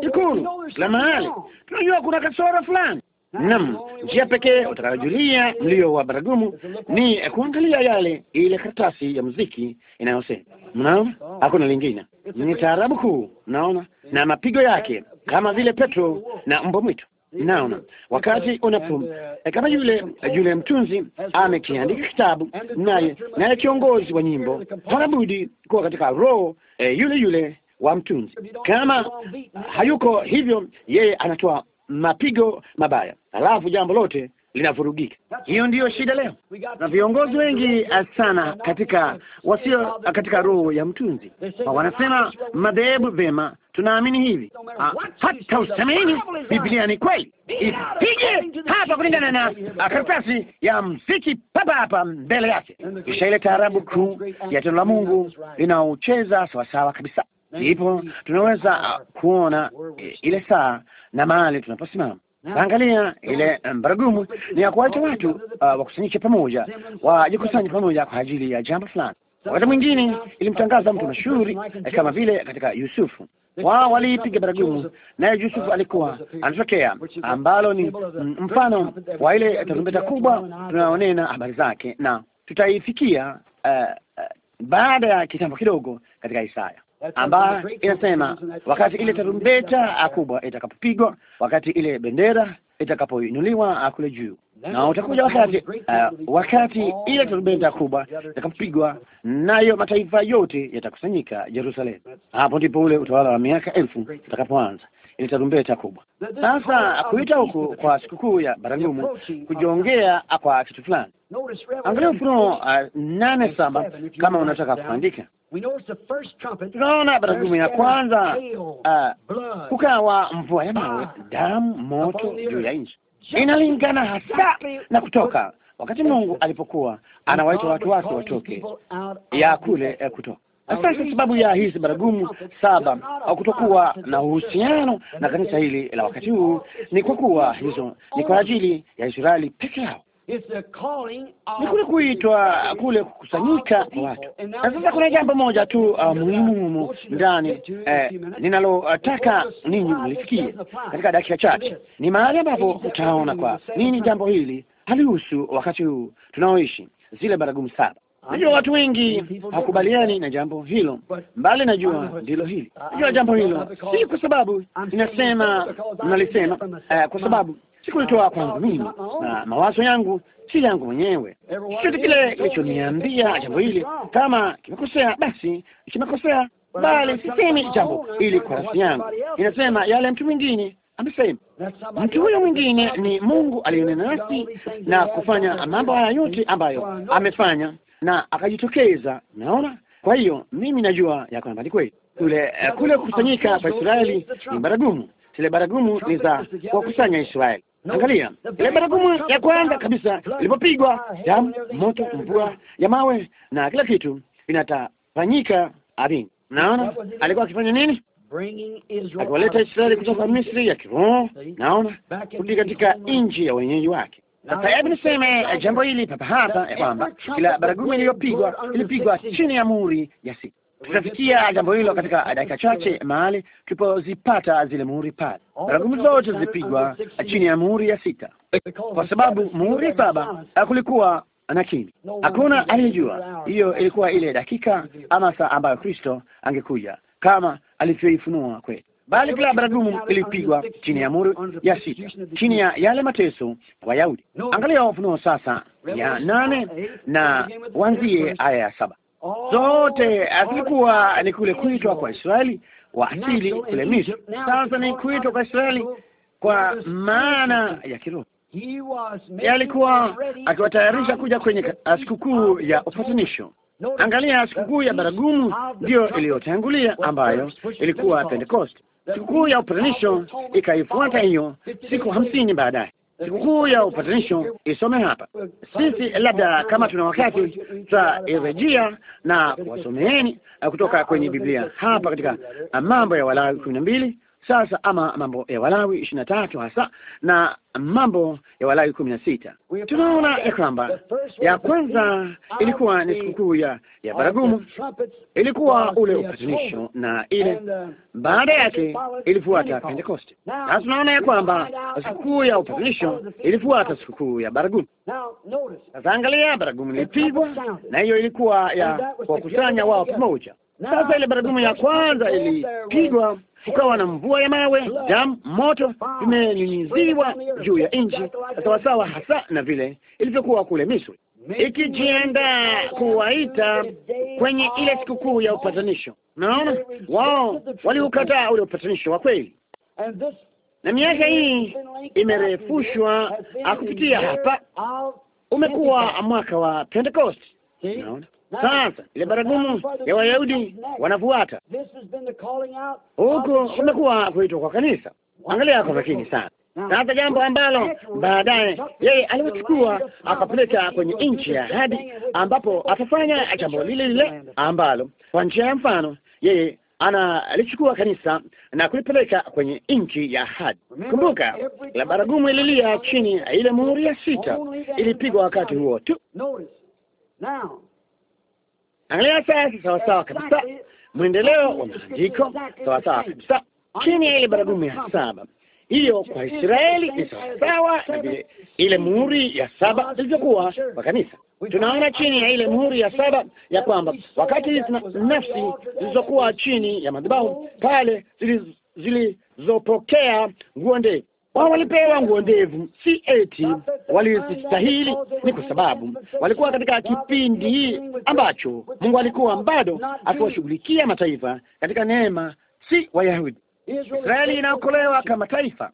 B: Ikulu la mahali
C: tunajua kuna kasoro fulani. Naam, njia pekee utakayojulia mlio wa baragumu ni kuangalia yale ile karatasi ya muziki inayosema. Mnaona, hakuna lingine, ni taarabu kuu. Naona na mapigo yake kama vile Petro na mbwa mwitu. Naona wakati unapo e, kama yule yule mtunzi amekiandika kitabu, naye naye kiongozi wa nyimbo harabudi kuwa katika roho e, yule yule wa mtunzi. Kama hayuko hivyo, yeye anatoa mapigo mabaya halafu jambo lote linavurugika. Hiyo ndiyo shida leo, na viongozi wengi sana katika wasio katika roho ya mtunzi wanasema madhehebu, vema, tunaamini hivi. Ah, hata usemeni Biblia ni kweli, ipige hapa kulingana na karatasi ya mziki papa hapa mbele yake, kisha ile taarabu kuu ya tendo la Mungu linaocheza sawasawa kabisa. Ndipo tunaweza kuona ile saa na mahali tunaposimama
D: Angalia ile
C: eh, mbaragumu ni ya kuwaita watu uh, wakusanyike pamoja, wajikusanye pamoja kwa ajili ya jambo fulani. Wakati mwingine ilimtangaza mtu mashuhuri eh, kama vile katika Yusufu, wao waliipiga baragumu, naye Yusufu alikuwa anatokea, ambalo ni mm, mfano wa ile tarumbeta kubwa tunaonena habari zake, na tutaifikia uh, uh, baada ya kitambo kidogo katika Isaya
D: ambayo inasema wakati ile tarumbeta kubwa
C: itakapopigwa, wakati ile bendera itakapoinuliwa kule juu,
D: na utakuja wakati uh,
C: wakati ile tarumbeta kubwa itakapopigwa, nayo mataifa yote yatakusanyika Yerusalemu. Hapo ndipo ule utawala wa miaka elfu utakapoanza ile tarumbeta kubwa. Sasa kuita huku kwa sikukuu ya Barangumu, kujiongea kwa kitu fulani.
B: Angalia Ufunuo uh,
C: nane saba kama unataka kuandika
B: tunaona baragumu ya kwanza,
C: uh, kukawa mvua ya mawe, damu, moto juu ya nchi. Inalingana hasa na Kutoka, wakati Mungu alipokuwa anawaita watu wake watoke ya kule eh, ya Kutoka. Sasa sababu ya hizi baragumu saba au kutokuwa na uhusiano na kanisa hili la wakati huu ni kwa kuwa hizo ni oh, kwa ajili ya Israeli peke yao ni kule kuitwa kule kukusanyika watu. Na sasa kuna jambo moja tu uh, muhimu humo ndani eh, ninalotaka uh, ninyi mlifikie katika dakika chache, ni mahali ambapo utaona kwa nini jambo hili halihusu wakati huu tunaoishi, zile baragumu saba. Najua watu wengi hawakubaliani na jambo hilo, mbali najua ndilo hili. Najua jambo hilo si kwa sababu inasema mnalisema uh, kwa sababu sikulitoa kwangu mimi, na mawazo yangu si yangu mwenyewe.
B: Chochote kile kilichoniambia jambo hili,
C: kama kimekosea, basi kimekosea, bali sisemi jambo ili kwa nafsi yangu, inasema yale mtu mwingine amesema. Mtu huyo mwingine ni Mungu aliyenena nasi na kufanya mambo haya yote ambayo amefanya na akajitokeza. Naona, kwa hiyo mimi najua ya kwamba ni kweli kule eh, kule kukusanyika kwa Israeli ni baragumu. Zile baragumu ni za kuwakusanya Israeli. Angalia ile baragumu ya kwanza kabisa ilipopigwa, damu, moto, mvua ya mawe na kila kitu inatafanyika ardhini. Naona alikuwa akifanya nini?
B: Akiwaleta Israeli kutoka Misri
C: ya kiroho, naona kurudi katika nchi ya wenyeji wake. Sasa hebu niseme jambo hili papa hapa ya kwamba kila baragumu iliyopigwa ilipigwa chini ya muhuri ya sita tutafikia jambo hilo katika dakika chache, mahali tulipozipata zile muhuri pale. Baragumu zote zilipigwa chini ya muhuri ya sita, kwa sababu muhuri saba kulikuwa na kini Hakuna aliyejua hiyo ilikuwa ile dakika ama saa ambayo Kristo angekuja kama alivyoifunua kwetu, bali kila baragumu ilipigwa chini ya muhuri ya sita, chini ya yale mateso Wayahudi. Angalia Ufunuo sasa ya nane na wanzie aya ya saba zote oh, oh, akilikuwa ni kule kuitwa kwa Israeli wa asili kule Misri, sasa ni kuitwa kwa Israeli kwa maana ya kiroho.
B: Alikuwa
C: akiwatayarisha kuja kwenye sikukuu ya upatanisho. Angalia, sikukuu ya baragumu ndiyo iliyotangulia ambayo ilikuwa Pentecost. Sikukuu ya upatanisho ikaifuata hiyo siku hamsini baadaye sikukuu ya upatanisho isome hapa. Sisi labda kama tuna wakati tutarejea na wasomeeni eh, kutoka kwenye Biblia hapa katika eh, mambo ya Walawi kumi na mbili sasa ama mambo ya Walawi ishirini na tatu hasa na mambo ya Walawi kumi na sita tunaona ya kwamba ya kwanza ilikuwa ni sikukuu ya ya baragumu, ilikuwa ule upatanisho, na ile
D: baada yake ilifuata Pentekoste. Sasa
C: tunaona ya kwamba sikukuu ya upatanisho ilifuata sikukuu ya baragumu. Sasa angalia, baragumu ilipigwa, na hiyo ilikuwa ya kuwakusanya wao pamoja. Sasa ile baragumu ya kwanza ilipigwa kukawa na mvua ya mawe, damu, moto vimenyunyiziwa juu ya nchi, sawasawa hasa na vile ilivyokuwa kule Misri, ikijiandaa kuwaita kwenye ile sikukuu ya upatanisho. Naona wao waliukataa ule upatanisho wa kweli, na miaka hii imerefushwa kupitia hapa,
B: umekuwa
C: mwaka wa Pentecost. Naona sasa ile baragumu ya Wayahudi wanafuata huku, kumekuwa kuitwa kwa kanisa. Angalia kwa makini sana sasa, jambo ambalo baadaye yeye aliwachukua akapeleka kwenye nchi ya ahadi, ambapo atafanya jambo lile lile ambalo kwa njia ya mfano yeye analichukua kanisa na kulipeleka kwenye nchi ya ahadi. Kumbuka, la baragumu ililia chini, ile muhuri ya sita ilipigwa wakati huo tu. Angalia sasa, sawasawa kabisa, mwendeleo wa maandiko sawasawa kabisa, chini ya ile baragumu ya saba hiyo kwa Israeli ni sawasawa na vile ile muhuri ya saba ilizokuwa kwa kanisa. Tunaona chini ya ile muhuri ya saba ya kwamba wakati nafsi zilizokuwa chini ya madhabahu pale zilizopokea zili nguo ndefu wao walipewa nguo ndevu, si eti walistahili, ni kwa sababu walikuwa katika kipindi ambacho Mungu alikuwa bado akiwashughulikia mataifa katika neema, si Wayahudi. Israeli inaokolewa kama taifa.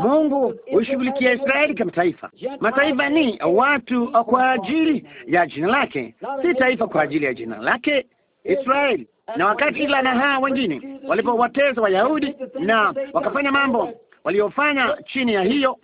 C: Mungu huishughulikia Israeli kama taifa. Mataifa ni watu kwa ajili ya jina lake, si taifa kwa ajili ya jina lake Israeli. Na wakati la nahaa wengine walipowateza Wayahudi na wakafanya mambo waliofanya chini ya hiyo.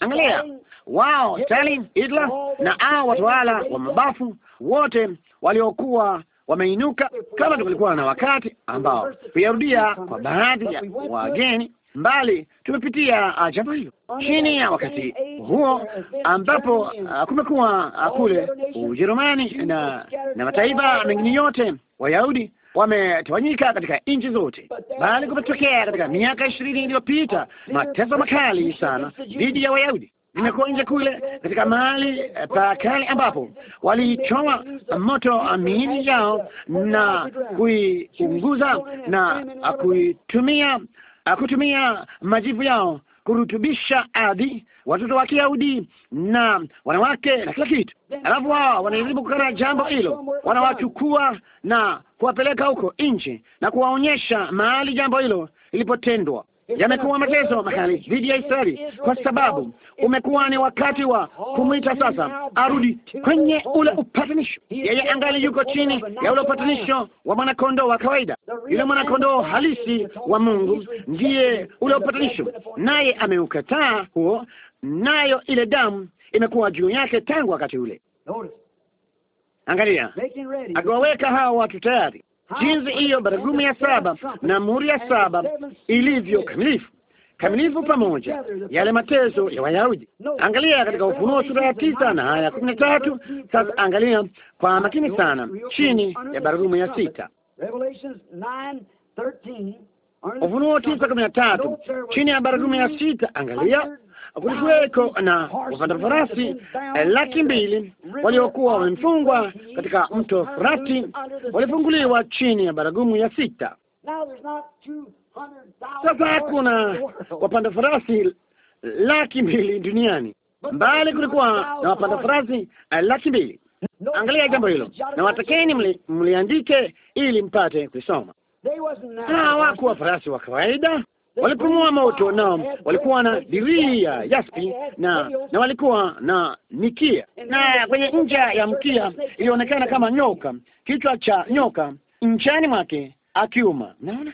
C: Angalia wao, Stalin, Hitler na hao watawala wa mabafu wote waliokuwa wameinuka. Kama tulikuwa na wakati ambao tuyarudia kwa baadhi ya wageni mbali, tumepitia ah, jambo hilo chini ya wakati huo ambapo uh, kumekuwa ah, kule Ujerumani na na mataifa mengine yote Wayahudi wametawanyika katika nchi zote, bali kumetokea katika miaka ishirini iliyopita mateso makali sana dhidi ya Wayahudi. Nimekuwa nje kule katika mahali eh, pa kale ambapo waliichoma moto miili yao na kuiunguza na kuitumia kutumia majivu yao kurutubisha ardhi, watoto wa Kiyahudi na wanawake na kila kitu. Alafu wao wanajaribu kukana jambo hilo, wanawachukua na kuwapeleka huko nje na kuwaonyesha mahali jambo hilo ilipotendwa yamekuwa mateso mahali dhidi ya Israeli kwa sababu umekuwa ni wakati wa kumwita sasa arudi kwenye ule upatanisho. Yeye angali yuko chini ya ule upatanisho wa mwanakondoo wa kawaida. Yule mwanakondoo halisi wa Mungu ndiye ule upatanisho, naye ameukataa huo, nayo ile damu imekuwa juu yake tangu wakati ule. Angalia, akiwaweka hawa watu tayari jinsi hiyo baragumu ya saba na muhuri ya saba ilivyo kamilifu kamilifu pamoja yale mateso ya Wayahudi. Angalia katika Ufunuo sura ya tisa na haya kumi na tatu. Sasa angalia kwa makini sana chini ya baragumu ya sita,
B: Ufunuo tisa
C: kumi na tatu, chini ya baragumu ya sita. Angalia kulikuweko na wapanda farasi eh, laki mbili waliokuwa wamefungwa katika mto Frati, walifunguliwa chini ya baragumu ya sita.
B: Sasa hakuna wapanda
C: farasi laki mbili duniani, mbali kulikuwa na wapanda farasi eh, laki mbili. Angalia jambo hilo na watakeni mliandike ili mpate kuisoma.
B: Hawakuwa
C: farasi wa kawaida,
B: walipumua moto, na walikuwa
C: na diria yaspi na na walikuwa na mikia, na kwenye nja ya mkia ilionekana kama nyoka, kichwa cha nyoka nchani mwake akiuma. Naona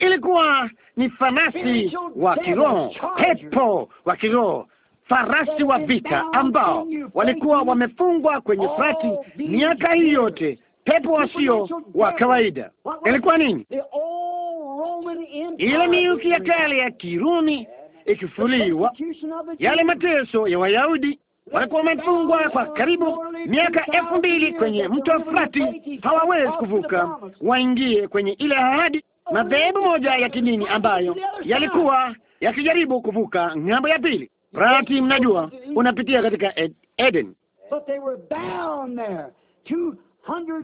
C: ilikuwa ni farasi wa kiroho, pepo wa kiroho, farasi wa vita ambao walikuwa wamefungwa kwenye frati miaka hii yote, pepo wasio wa kawaida. Ilikuwa nini?
B: ile miuki ya kale
C: ya Kirumi ikifuliwa, yale mateso ya Wayahudi walikuwa wamefungwa kwa karibu miaka elfu mbili kwenye mto Frati, hawawezi kuvuka waingie kwenye ile ahadi. Madhehebu moja ya kidini ambayo yalikuwa yakijaribu kuvuka ng'ambo ya pili Frati, mnajua unapitia katika Ed Eden,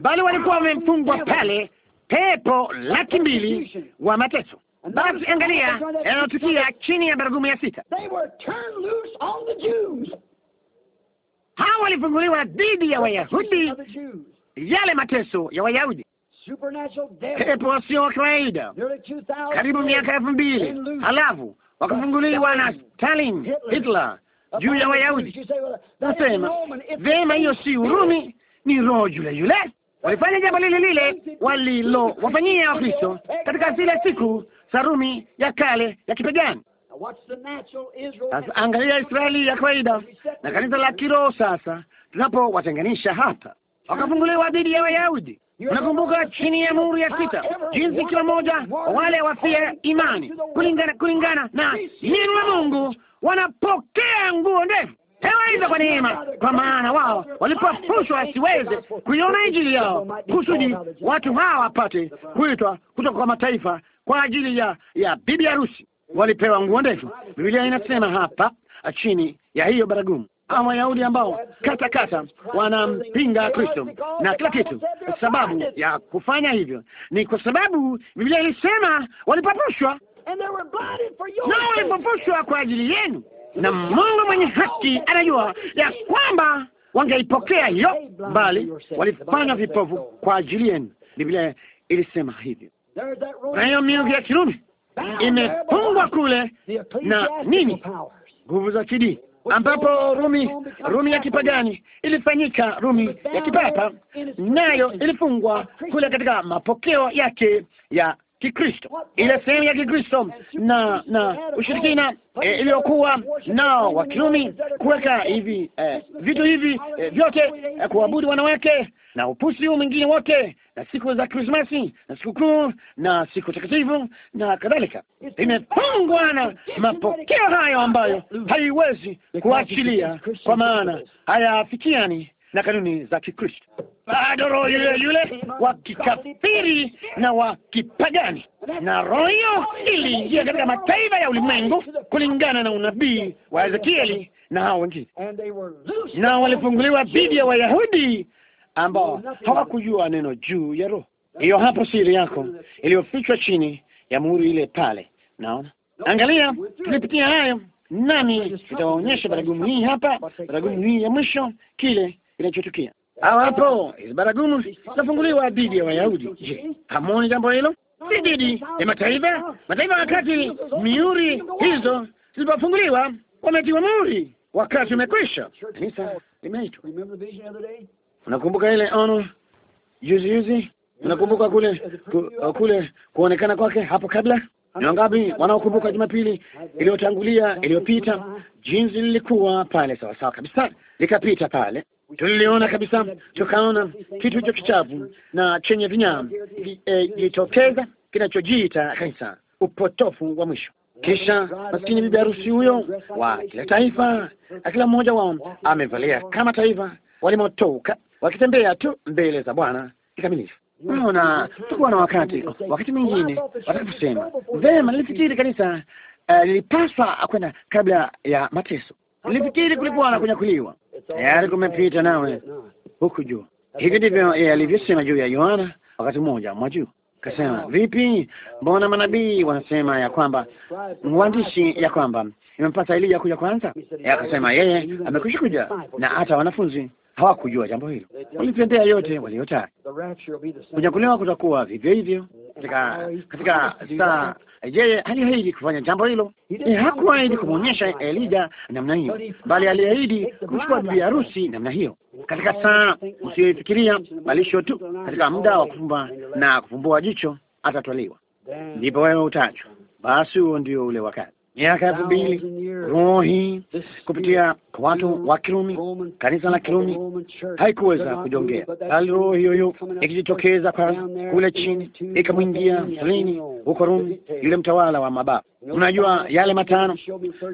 B: bali walikuwa wamefungwa pale
C: pepo laki mbili wa mateso. Basi angalia yanayotukia chini ya baragumu ya sita. Hawa walifunguliwa dhidi ya Wayahudi, yale mateso ya Wayahudi, pepo sio kawaida,
B: karibu miaka elfu mbili. Halafu
C: wakafunguliwa na Stalin, Hitler juu ya Wayahudi.
B: Nasema vema, hiyo si Urumi,
C: ni roho yule yule walifanya jambo lile lile walilowafanyia Wakristo katika zile siku za Rumi ya kale ya kipagani. Sasa angalia Israeli ya kawaida na kanisa la kiroho. Sasa tunapowatenganisha hapa, wakafunguliwa dhidi ya Wayahudi. Unakumbuka chini ya muhuri ya sita, jinsi kila mmoja wale wafia imani kulingana kulingana na neno la Mungu wanapokea nguo ndefu taweza kwa neema, kwa maana wao walipofushwa asiweze kuiona injili yao, kusudi watu hawa wapate kuitwa kutoka kwa mataifa kwa ajili ya ya bibi harusi. Walipewa nguo ndefu. Biblia inasema hapa chini ya hiyo baragumu kama Wayahudi ambao kata kata wanampinga Kristo na kila kitu. Sababu ya kufanya hivyo ni kwa sababu Biblia ilisema walipapushwa, na walipapushwa kwa ajili yenu na Mungu mwenye haki anajua ya kwamba wangeipokea hiyo, bali walifanya vipofu kwa ajili yenu. Biblia ilisema hivyo, na hiyo miungu ya Kirumi imefungwa kule na nini, nguvu za kidi, ambapo Rumi Rumi ya kipagani ilifanyika Rumi ya kipapa, nayo ilifungwa kule katika mapokeo yake ya Kikristo, ile sehemu ya Kikristo na na ushirikina e, iliyokuwa nao wa Kirumi, kuweka hivi e, vitu hivi e, vyote e, kuabudu wanawake na upusi huu mwingine wote na siku za Krismasi na sikukuu na siku takatifu na kadhalika, imepangwa na mapokeo hayo ambayo haiwezi kuachilia, kwa maana hayafikiani na kanuni za Kikristo,
D: bado roho yule yule
C: wa kikafiri na wa kipagani, na roho hiyo iliingia katika mataifa ya ulimwengu kulingana na unabii wa Ezekieli na hao wengine, na walifunguliwa dhidi ya Wayahudi ambao hawakujua neno juu ya roho hiyo. Hapo siri yako iliyofichwa chini ya muhuri ile pale. Naona, angalia, tulipitia hayo nami nitawaonyesha baragumu hii hapa, baragumu hii ya mwisho, kile kinachotukia. hapo. hizi baragumu zitafunguliwa dhidi ya Wayahudi. Je, hamwoni jambo hilo? Si dhidi ya mataifa mataifa? Wakati miuri hizo zilipofunguliwa, wametiwa muri, wakati umekwisha,
B: kanisa limeitwa.
C: Unakumbuka ile ono juzi juzi? Unakumbuka kule ku, uh, kule kuonekana kwake hapo kabla? Ni wangapi wanaokumbuka Jumapili iliyotangulia iliyopita, jinsi lilikuwa pale? Sawasawa kabisa, likapita pale
D: Tuliliona kabisa, tukaona kitu hicho kichafu
C: na chenye vinyama kilitokeza, eh, kinachojiita kanisa, upotofu wa mwisho. Kisha maskini bibi harusi huyo wa kila taifa, na kila mmoja wao amevalia kama taifa walimotoka, wakitembea tu mbele za Bwana kikamilifu. Naona tukuwa na wakati wakati mwingine watakaposema vema, nilifikiri kanisa eh, lilipaswa uh, kwenda kabla ya mateso. Nilifikiri kulikuwa na kunyakuliwa, tayari kumepita, nawe juu Hivi ndivyo yeye alivyosema juu ya Yohana wakati mmoja mwa juu, kasema vipi, mbona manabii wanasema ya kwamba mwandishi ya kwamba imempata Eliya kuja kwanza? Akasema yeye amekwisha kuja na hata wanafunzi hawakujua jambo hilo, walitendea yote waliotaka. Kunyakuliwa kutakuwa vivyo hivyo oh, katika katika saa. Yeye aliahidi kufanya jambo hilo. Eh, Hakuahidi kumwonyesha Elija namna hiyo, bali aliahidi kumchukua bibi harusi namna hiyo, katika saa usiyoifikiria, malisho tu, katika muda wa kufumba na kufumbua jicho atatwaliwa, ndipo wewe utachwa Basi huo ndio ule wakati miaka elfu mbili roho hii kupitia watu wa Kirumi, kanisa la Kirumi haikuweza kujongea, bali roho hiyo hiyo ikijitokeza kwa kule chini ikamwingia msalini huko Rumi, yule mtawala wa mababa. Unajua yale matano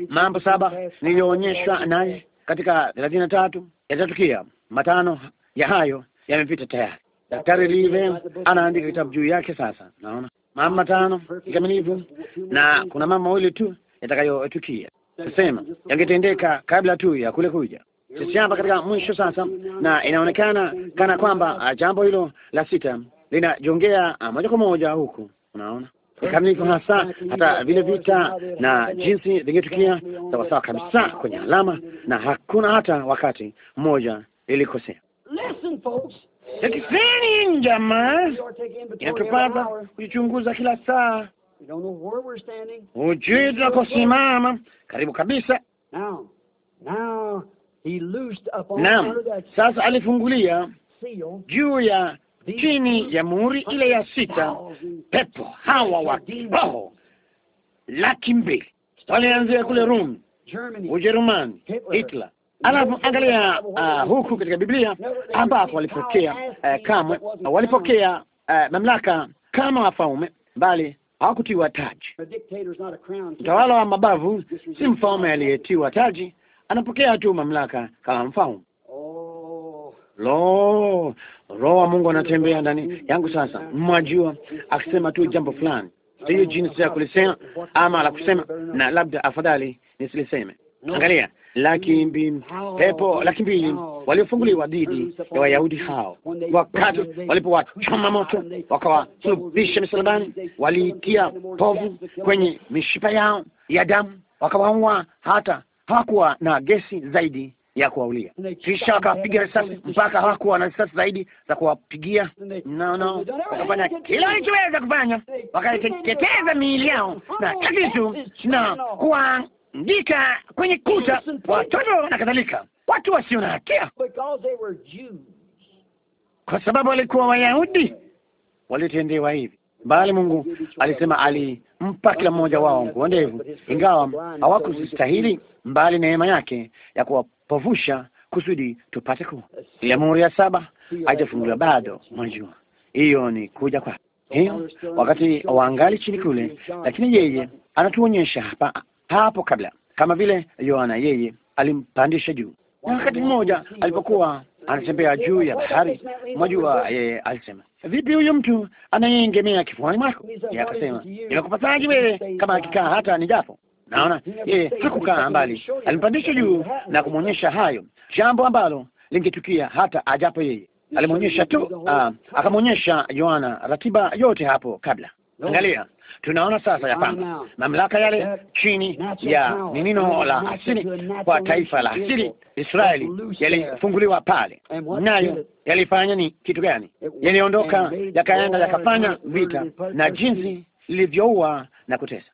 C: mambo saba niliyoonyeshwa naye katika thelathini na tatu yatatukia. Matano ya hayo yamepita tayari. Daktari Live anaandika kitabu juu yake. Sasa naona mambo matano kikamilifu, na kuna mambo mawili tu yatakayotukia. Nasema yangetendeka kabla tu ya kule kuja. Sisi hapa katika mwisho sasa, na inaonekana kana kwamba ah, jambo hilo la sita linajongea ah, moja kwa moja huku, unaona kamilifu hasa hata vile vita na jinsi vingetukia sawasawa kabisa kwenye alama, na hakuna hata wakati mmoja ilikosea. Sikizeni jamaa, inatupasa kujichunguza kila saa hujui tunakosimama, karibu kabisa. Naam, sasa alifungulia juu ya chini ya muhuri ile ya sita, pepo hawa wa kiroho laki mbili walianzia kule Rumi, Ujerumani, Hitler. Alafu angalia uh, huku katika Biblia ambapo walipokea uh, kamwe walipokea uh, mamlaka kama wafaume bali hakutiwa taji. Mtawala wa mabavu si mfalme aliyetiwa taji, anapokea tu mamlaka kama mfalme. Oh. Lo, Roho wa Mungu anatembea ndani yangu sasa. Mwajua, akisema tu jambo fulani, sijui jinsi ya kulisema ama la kusema, na labda afadhali nisiliseme. Angalia, laki mbili pepo laki mbili waliofunguliwa dhidi ya Wayahudi hao, wakati walipowachoma moto wakawasulubisha misalabani, waliitia povu kwenye mishipa yao ya damu, wakawaua hata hawakuwa na gesi zaidi ya kuwaulia. Kisha wakawapiga risasi mpaka hawakuwa na risasi zaidi za kuwapigia. No, wakafanya kila walichoweza kufanya, wakaiteketeza miili yao na kila kitu na kuwa andika kwenye kuta, watoto na kadhalika, watu wasio na hatia, kwa sababu walikuwa Wayahudi walitendewa hivi, bali Mungu alisema alimpa kila mmoja wao nguo ndevu, ingawa hawakustahili, mbali neema yake ya kuwapovusha kusudi tupate ku. Amri ya saba haijafunguliwa bado, mwajua hiyo ni kuja kwa hiyo, wakati waangali chini kule, lakini yeye anatuonyesha hapa hapo kabla, kama vile Yohana yeye alimpandisha juu. Na wakati mmoja alipokuwa anatembea juu ya bahari, mwajua, yeye alisema vipi, huyu mtu anayeengemea kifuani mwako? Yeye akasema nimekupasaje wewe kama akikaa hata ni japo
D: naona yeye hakukaa mbali,
C: alimpandisha juu na kumwonyesha hayo jambo ambalo lingetukia hata ajapo yeye. Alimwonyesha tu, ah, akamwonyesha Yohana ratiba yote hapo kabla. Angalia Tunaona sasa ya kwamba mamlaka yale chini ya ninino la asili kwa taifa la asili Israeli yalifunguliwa pale, nayo yalifanya ni kitu gani? Yaliondoka yakaenda yakafanya vita na jinsi lilivyoua na kutesa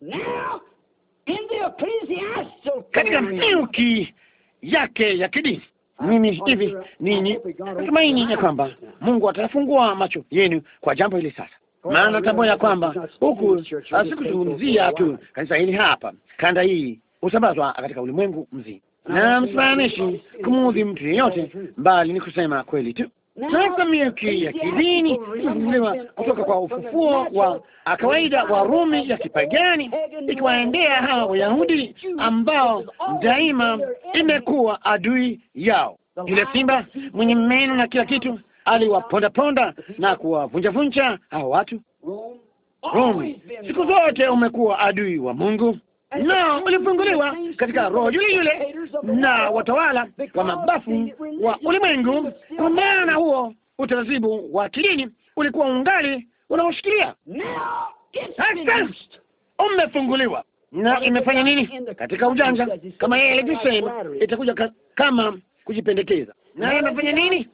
C: katika miuki yake ya kidini. Mimi hivi nini, natumaini ya kwamba Mungu atafungua macho yenu kwa jambo hili sasa maana tambua ya kwamba huku sikuzungumzia tu kanisa hili hapa, kanda hii husambazwa katika ulimwengu mzima, na msibaanishi kumuudhi mtu yeyote, bali ni kusema kweli tu. Sasa miaki ya kidini imefunguliwa kutoka kwa ufufuo wa kawaida wa Rumi ya kipagani, ikiwaendea hawa Wayahudi ambao daima imekuwa adui yao, ile simba mwenye meno na kila kitu aliwapondaponda na kuwavunjavunja hao watu.
D: Rumi siku
C: zote umekuwa adui wa Mungu
D: na ulifunguliwa katika roho yule yule na
C: watawala wa mabafu wa ulimwengu, kwa maana huo utaratibu wa kidini ulikuwa ungali unaoshikilia. Sasa umefunguliwa na imefanya nini katika ujanja, kama yeye alivyosema, itakuja kama kujipendekeza. Na imefanya nini?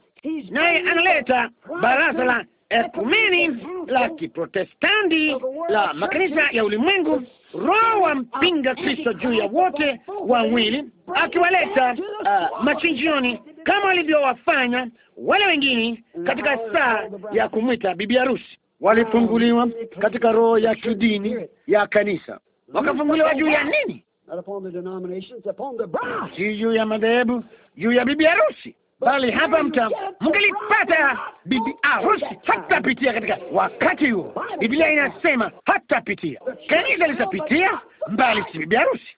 C: naye analeta baraza la ekumeni la Kiprotestanti la makanisa ya ulimwengu, roho wa mpinga Kristo juu ya wote wawili, akiwaleta uh, machinjioni kama walivyowafanya wale wengine katika saa ya kumwita bibi harusi. Walifunguliwa katika roho ya kidini ya kanisa. Wakafunguliwa juu ya nini? Si juu ya madhehebu, juu ya bibi harusi bali hapa mta mngelipata bibi arusi hatapitia katika wakati huo. Biblia inasema hatapitia, kanisa litapitia, mbali si bibi arusi.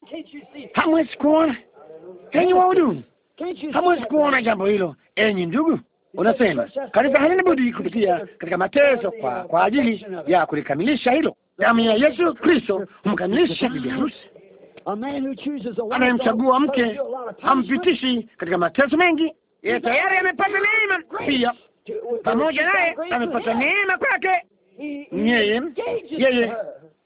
C: Hamwezi kuona enyi wahudumu, hamwezi kuona jambo hilo, enyi ndugu. Unasema kanisa halina budi kupitia katika mateso kwa, kwa ajili ya kulikamilisha hilo. Damu ya Yesu Kristo humkamilisha bibi harusi anayemchagua mke hampitishi katika mateso mengi yeye tayari amepata neema pia,
D: pamoja naye amepata neema kwake
C: yeye, yeye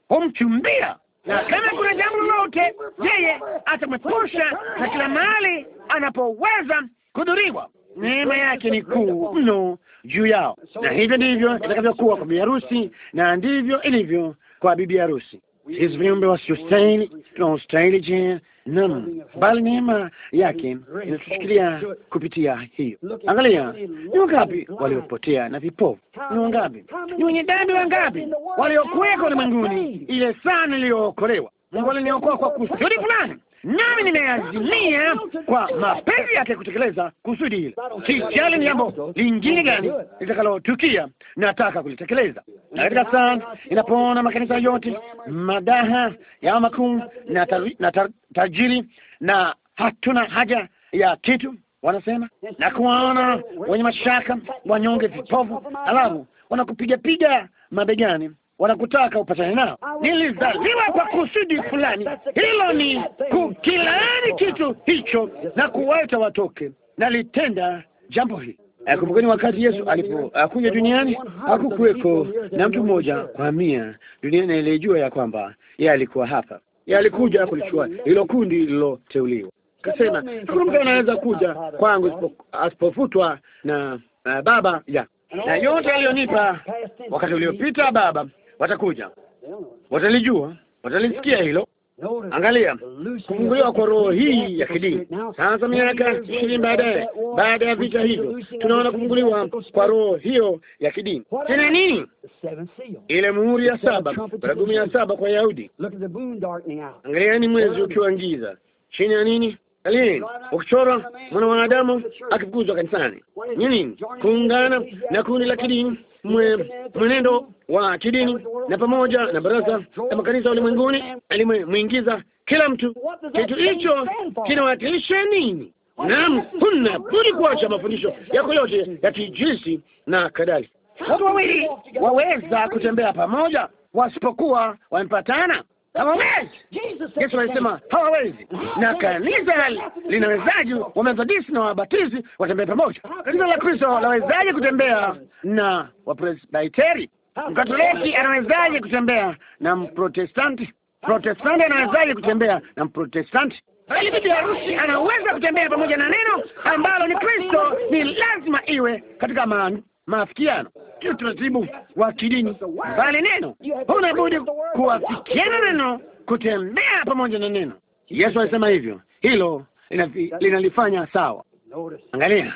D: humchumbia
C: na kama kuna jambo lolote, yeye atamwepusha na kila mahali anapoweza kudhuriwa.
D: Neema yake ni kuu
C: mno juu yao, na hivyo ndivyo itakavyokuwa kwa biharusi, na ndivyo ilivyo kwa bibi harusi. Sisi viumbe wasiyostahili tunaostahili je Naam, bali neema yake inatushikilia kupitia hiyo. Angalia, ni wangapi waliopotea na vipofu, ni wangapi, ni wenye dhambi wangapi waliokuweka ulimwenguni, ile sana iliyookolewa. Mungu aliniokoa kwa kusudi fulani nami nimeazimia kwa mapenzi yake kutekeleza kusudi hilo. Sijali ni jambo lingine gani litakalotukia, nataka kulitekeleza. Na katika saa inapoona makanisa yote madaha ya makuu na, tar, na tar, tajiri na hatuna haja ya kitu wanasema, na kuwaona wenye mashaka, wanyonge, vipofu, alafu wanakupiga piga mabegani wanakutaka upatane nao. Nilizaliwa kwa kusudi fulani, hilo ni kukilaani kitu hicho na kuwaita watoke. Nalitenda jambo hili. Kumbukeni wakati Yesu alipokuja uh, duniani, hakukuweko na mtu mmoja kwa mia duniani aliyejua ya kwamba yeye alikuwa hapa. Yeye alikuja kulichukua hilo kundi lililoteuliwa. akasema hakuna mtu anaweza kuja kwangu asipofutwa na uh, baba ya na yote aliyonipa
D: wakati uliopita
C: Baba watakuja, watalijua, watalisikia hilo. Angalia kufunguliwa kwa roho hii ya kidini sasa, miaka ishirini baadaye, baada ya vita hivyo, tunaona kufunguliwa kwa roho hiyo ya kidini tena. Nini ile muhuri ya saba, baragumu ya saba kwa Yahudi? Angalieni mwezi ukiwa chini ya nini alini ukichora mwana wanadamu akifukuzwa kanisani, ni nini? Kuungana na kundi la kidini mwenendo wa kidini na pamoja na baraza la makanisa ulimwenguni alimwingiza kila mtu. Kitu hicho kinawakilisha nini? Naam, huna budi kuacha mafundisho yako yote ya kijisi na kadhalika. Watu wawili waweza kutembea pamoja wasipokuwa wamepatana hawawezi. Yesu alisema hawawezi, na kanisa linawezaji Wamethodisti na wabatizi watembee pamoja? Kanisa la Kristo lawezaje kutembea na wapresbiteri? Mkatoliki anawezaje kutembea na mprotestanti? Protestanti anawezaje kutembea na mprotestanti?
D: Bali bibi harusi anaweza kutembea pamoja na neno ambalo ni Kristo, ni
C: lazima iwe katika maafikiano, si utaratibu wa kidini, bali neno. Huna budi kuafikiana neno, kutembea pamoja na neno. Yesu alisema hivyo, hilo linalifanya sawa. Angalia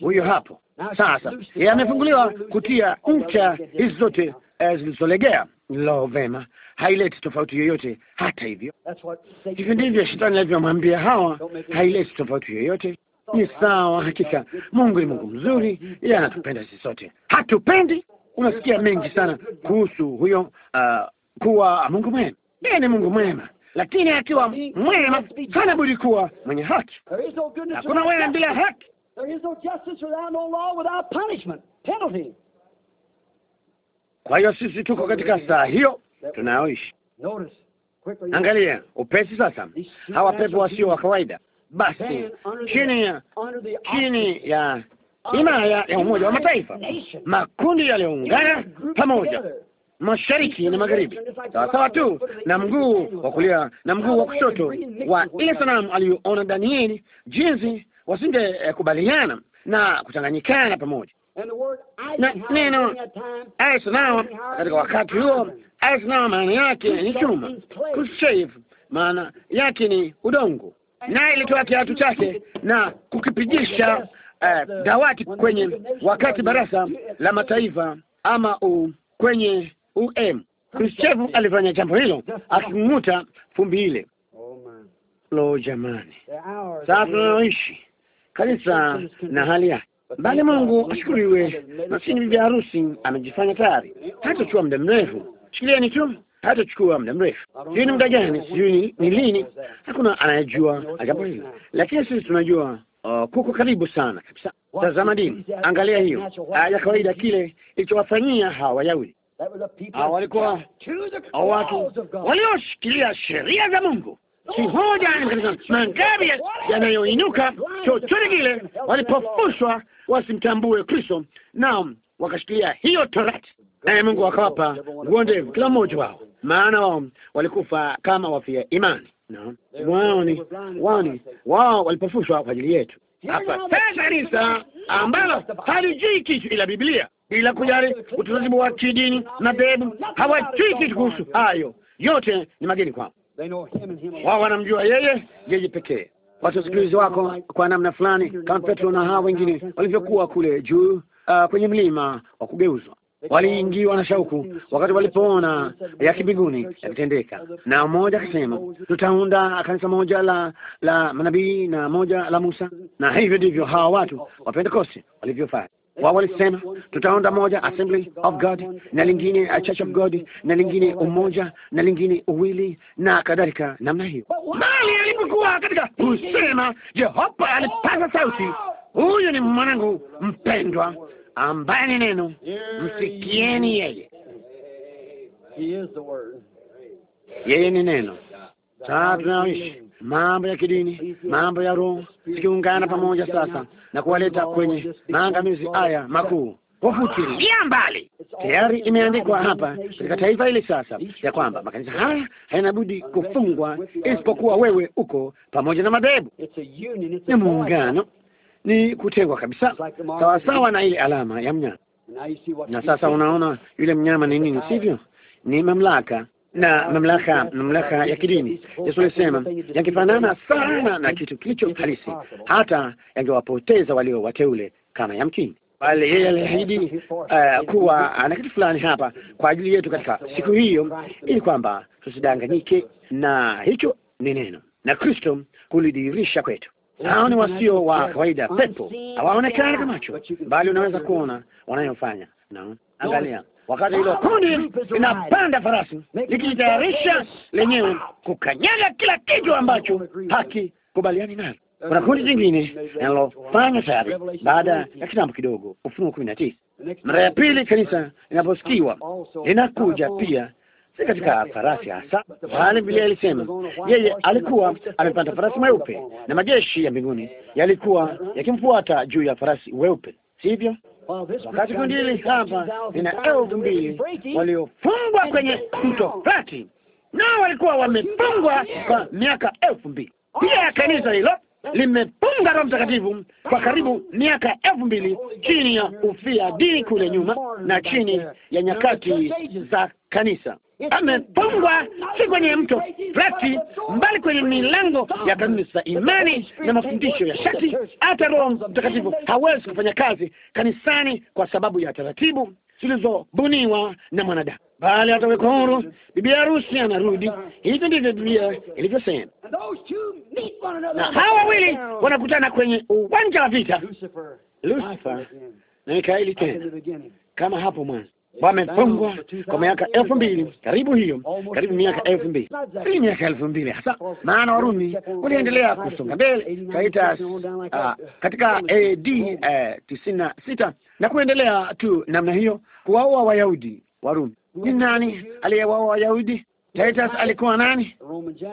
C: huyo hapo sasa, yeye amefunguliwa kutia ncha hizi zote eh, zilizolegea. Lo, vema, haileti tofauti yoyote. Hata hivyo, hivyo ndivyo shetani alivyomwambia Hawa, haileti tofauti yoyote ni sawa. Hakika Mungu ni Mungu mzuri, yeye anatupenda sisi sote, hatupendi. Unasikia mengi sana kuhusu huyo uh, kuwa Mungu mwema. Yeye ni Mungu mwema, lakini akiwa mwema hana budi kuwa mwenye haki. Hakuna wema bila haki. Kwa hiyo sisi tuko katika saa hiyo tunayoishi. Angalia upesi sasa, hawa pepo wasio wa kawaida basi chini ya chini ya himaya ya Umoja wa Mataifa, makundi yaliyoungana pamoja mashariki na magharibi, sawasawa tu na mguu wa kulia na mguu wa kushoto wa ile sanamu aliyoona Danieli, jinsi wasinge eh, na kuchanganyikana pamoja
B: na neno
C: aisanao katika wakati huo, aisanao maana yake ni chuma, maana yake ni udongo naye ilitoa kiatu chake na kukipigisha uh, dawati kwenye wakati baraza la mataifa ama u, kwenye UM. Khrushchev alifanya jambo hilo akimuta fumbi ile. Lo, jamani,
B: sasa tunaishi
C: kanisa na hali yake bali Mungu ashukuriwe, masini bibi harusi amejifanya tayari, hatachukua muda mrefu. Shikilieni tu Hatachukua muda mrefu.
D: hii ni muda gani,
C: sijui ni lini, hakuna anayejua jambo hilo, lakini sisi tunajua uh, kuko karibu sana kabisa. Tazama dini, angalia hiyo ya kawaida, kile ilichowafanyia hawa Wayahudi. Ah, walikuwa watu walioshikilia sheria za Mungu, si hoja katika mangabi yanayoinuka chochote kile. Walipofushwa wasimtambue Kristo, na wakashikilia hiyo torati, naye eh, Mungu akawapa nguo kila mmoja wao maana wao walikufa kama wafia imani. No, wao ni wao ni wao walipofushwa kwa ajili yetu hapa kanisa ambalo halijui kitu ila Biblia bila kujali utaratibu wa kidini madhehebu, hawajui kitu kuhusu hayo yote, ni mageni kwao. Wao wanamjua yeye yeye pekee. Watu wasikilizi wako kwa namna fulani, kama Petro na hao wengine walivyokuwa kule juu, uh, kwenye mlima wa kugeuzwa waliingiwa na shauku wakati walipoona ya kibinguni yakitendeka, na mmoja akasema, tutaunda kanisa moja la la manabii na moja la Musa. Na hivyo ndivyo hawa watu wa Pentekoste walivyofanya. Wao walisema tutaunda moja Assembly of God na lingine a uh, Church of God na lingine umoja na lingine uwili na kadhalika namna hiyo. Bali alipokuwa katika kusema, Jehova alipaza sauti, huyu ni mwanangu mpendwa ambaye ni neno, msikieni yeye.
B: Yeye ni neno. Sasa tunayoishi
C: mambo ya kidini, mambo ya roho, tukiungana pamoja sasa na kuwaleta kwenye maangamizi haya makuu. Hufutilia mbali, tayari imeandikwa hapa katika taifa hili sasa, ya kwamba makanisa haya hayana budi kufungwa, isipokuwa wewe uko pamoja na madhehebu. Ni muungano ni kutengwa kabisa, sawasawa na ile alama ya mnyama. Na sasa unaona yule mnyama ni nini, sivyo? Ni mamlaka na mamlaka, mamlaka ya kidini. Yesu alisema yangefanana sana na kitu kilicho halisi, hata yangewapoteza walio wateule kama yamkini bali yeye aliahidi uh, kuwa ana kitu fulani hapa kwa ajili yetu katika siku hiyo, ili kwamba tusidanganyike, na hicho ni neno na Kristo kulidhihirisha kwetu hao ni wasio wa kawaida, pepo, hawaonekani kwa macho, bali unaweza kuona wanayofanya. angalia wakati hilo kundi linapanda farasi likijitayarisha lenyewe kukanyaga kila kitu ambacho hakikubaliani nayo. Kuna kundi jingine linalofanya tayari baada ya kitambo kidogo, Ufunuo kumi na tisa. Mara ya pili kanisa linaposikiwa
D: linakuja pia si katika farasi
C: hasa, bali vile alisema yeye alikuwa amepanda farasi mweupe na majeshi ya mbinguni yalikuwa yakimfuata juu ya farasi weupe, sivyo? Wakati kundi hili hapa lina elfu mbili waliofungwa kwenye mto Frati, nao walikuwa wamefungwa kwa miaka elfu mbili Pia kanisa hilo limepunga Roho Mtakatifu kwa karibu miaka elfu mbili chini ya ufia dini kule nyuma na chini ya nyakati za kanisa amepungwa, si kwenye mto Frati, mbali kwenye milango ya kanuni za imani na mafundisho ya shati. Hata Roho Mtakatifu hawezi kufanya kazi kanisani kwa sababu ya taratibu zilizobuniwa na mwanadamu, bali atawekwa huru. Bibi harusi anarudi. Hivi ndivyo Biblia ilivyosema,
B: na hawa wawili
C: wanakutana kwenye uwanja wa vita, Lucifer na Mikaeli, tena kama hapo mwanzo wamefungwa
D: kwa miaka elfu
C: mbili karibu hiyo, karibu miaka elfu mbili si miaka elfu mbili hasa, maana Warumi waliendelea kusonga mbele kaita ah, katika AD eh, tisini na sita na kuendelea tu namna hiyo, kuwaua Wayahudi Warumi. Ni nani aliyewaua Wayahudi? Titus alikuwa nani?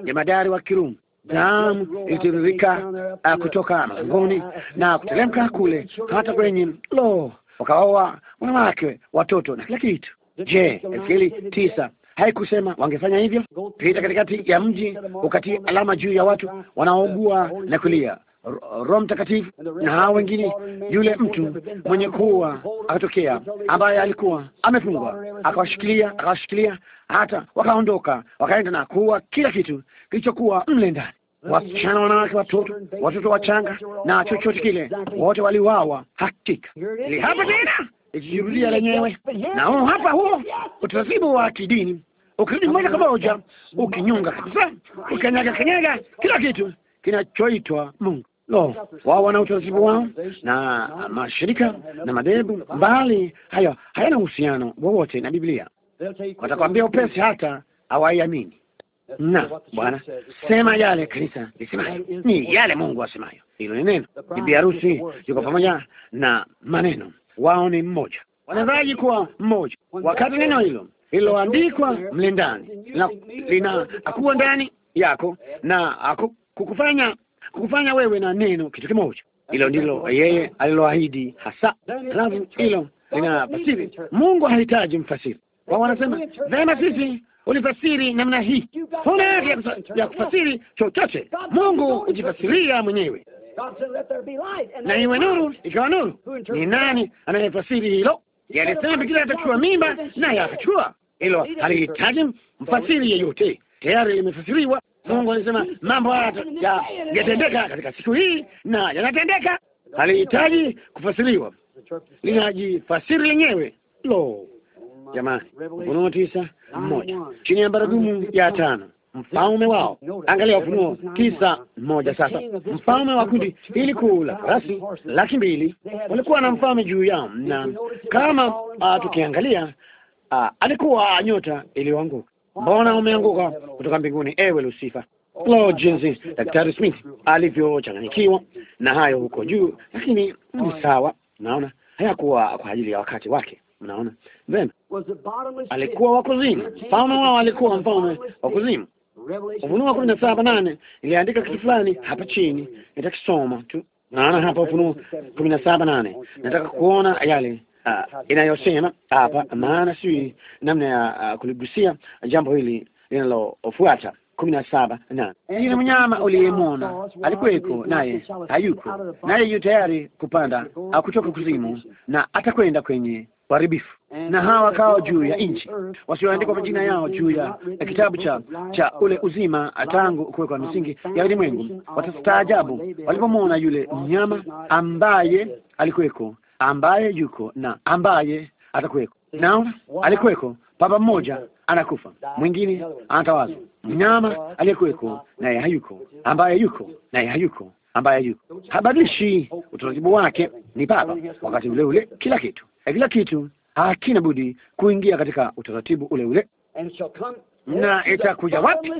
C: Jemadari wa Kirumi. Damu ilitiririka ah, kutoka mlangoni na kutelemka kule hata kwenye lo wakaoa wanawake, watoto na kila kitu. Je, Ezekieli tisa haikusema wangefanya hivyo? Pita katikati ya mji ukati alama juu ya watu wanaougua na kulia Roho Mtakatifu na hao wengine. Yule mtu mwenye kuwa akatokea, ambaye alikuwa amefungwa, akawashikilia, akawashikilia hata wakaondoka, wakaenda na kuua kila kitu kilichokuwa mle ndani wasichana, wanawake, watoto, watoto wachanga na chochote kile, wote waliwawa. Hakika ili hapa tena ikijirudia lenyewe, huu hapa huo utaratibu wa kidini ukirudi moja kwa moja, ukinyunga kabisa, ukanyaga kanyaga kila kitu kinachoitwa Mungu. Lo, wao wana utaratibu wao na mashirika na madhehebu mbali, hayo hayana uhusiano wowote na Biblia. Watakwambia upesi hata hawaiamini na Bwana sema yale kanisa lisemayo ni yale Mungu asemayo. Hilo ni neno. Bibi harusi yuko pamoja na maneno, wao ni mmoja, wanadhaji kuwa mmoja, wakati neno hilo lililoandikwa mle ndani lina akuwa ndani yako na aku, kukufanya kukufanya wewe na neno kitu kimoja. Hilo ndilo yeye aliloahidi hasa. Halafu hilo lina fasiri. Mungu hahitaji mfasiri. Wao wanasema vema, sisi ulifasiri namna hii. Huna haja ya kufasiri chochote. Mungu hujifasiria mwenyewe.
B: Na iwe nuru,
C: ikawa nuru. Ni nani anayefasiri hilo? Alisema bikira atachukua mimba, naye akachukua. Hilo halihitaji mfasiri yeyote, tayari limefasiriwa. Mungu alisema mambo haya yatendeka katika siku hii, na yanatendeka. Halihitaji kufasiriwa, linajifasiri lenyewe. Lo, jamani, Ufunuo tisa mmoja chini ya baragumu ya tano mfalme wao. Angalia Ufunuo tisa mmoja. Sasa mfalme wa kundi ili kuu la farasi laki mbili walikuwa na mfalme juu yao, na kama uh, tukiangalia uh, alikuwa nyota iliyoanguka.
D: Mbona umeanguka
C: kutoka mbinguni, ewe Lusifa? Lo, jinsi Daktari Smith alivyochanganyikiwa na hayo huko juu, lakini ni sawa. Naona hayakuwa kwa ajili ya wakati wake. Mnaona then alikuwa wa kuzimu. Mfalme wao alikuwa mfalme wa kuzimu. Ufunuo kumi na saba nane iliandika kitu fulani hapa chini, nitakisoma tu. Naona hapa Ufunuo kumi na saba nane nataka kuona yale uh, inayosema hapa, maana sijui namna ya uh, kuligusia jambo hili linalofuata kumi na saba na yule mnyama uliyemwona alikuweko, naye hayuko, naye yu tayari kupanda au ah, kutoka kuzimu, na atakwenda kwenye waharibifu na hawa wakao juu ya nchi,
D: wasioandikwa majina yao juu ya
C: kitabu cha cha ule uzima tangu kuwekwa misingi ya ulimwengu. Watastaajabu walipomwona yule mnyama ambaye alikuweko, ambaye yuko na ambaye atakuweko. Naona alikuweko papa mmoja anakufa, mwingine anatawazwa. Mnyama aliyekuweko naye hayuko, ambaye yuko naye hayuko, ambaye yuko, habadilishi utaratibu wake, ni papa wakati ule ule, kila kitu na eh, kila kitu hakina budi kuingia katika utaratibu ule ule
B: na itakuja wapi?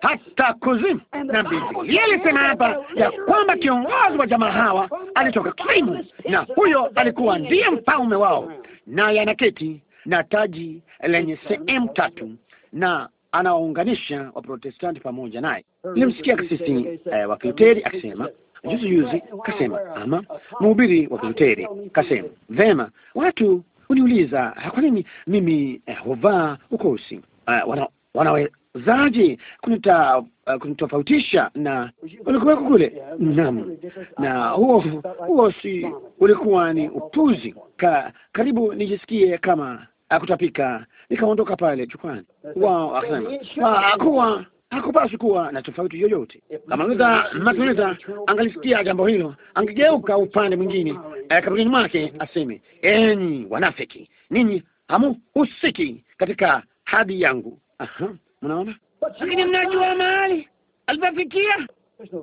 C: Hata kuzimu. Na Biblia ilisema hapa ya kwamba kiongozi wa jamaa hawa alitoka kuzimu, na huyo alikuwa ndiye mfalme wao, naye anaketi na taji lenye sehemu tatu, na anawaunganisha Waprotestanti pamoja naye. Nilimsikia kasisi eh, wa Kiluteri akisema juzi juzi, kasema ama uh, mhubiri wa Kiluteri kasema, vema, watu uniuliza ah, kwa nini mimi eh, huvaa eh, ukosi uh, wana, wanawezaje kunita ah, kunitofautisha na ulikuweko kule naam, na huo huo si ulikuwa ni upuzi ka, karibu nijisikie kama akutapika, nikaondoka pale chukwani. Wao akasema kuwa hakupaswi kuwa na tofauti yoyote.
D: Kama Martin Luther
C: angalisikia jambo hilo, angegeuka upande mwingine eh, kaburini mwake aseme, enyi wanafiki, ninyi hamuhusiki katika hadi yangu. Aha, mnaona. Lakini mnajua mahali alipofikia, kuna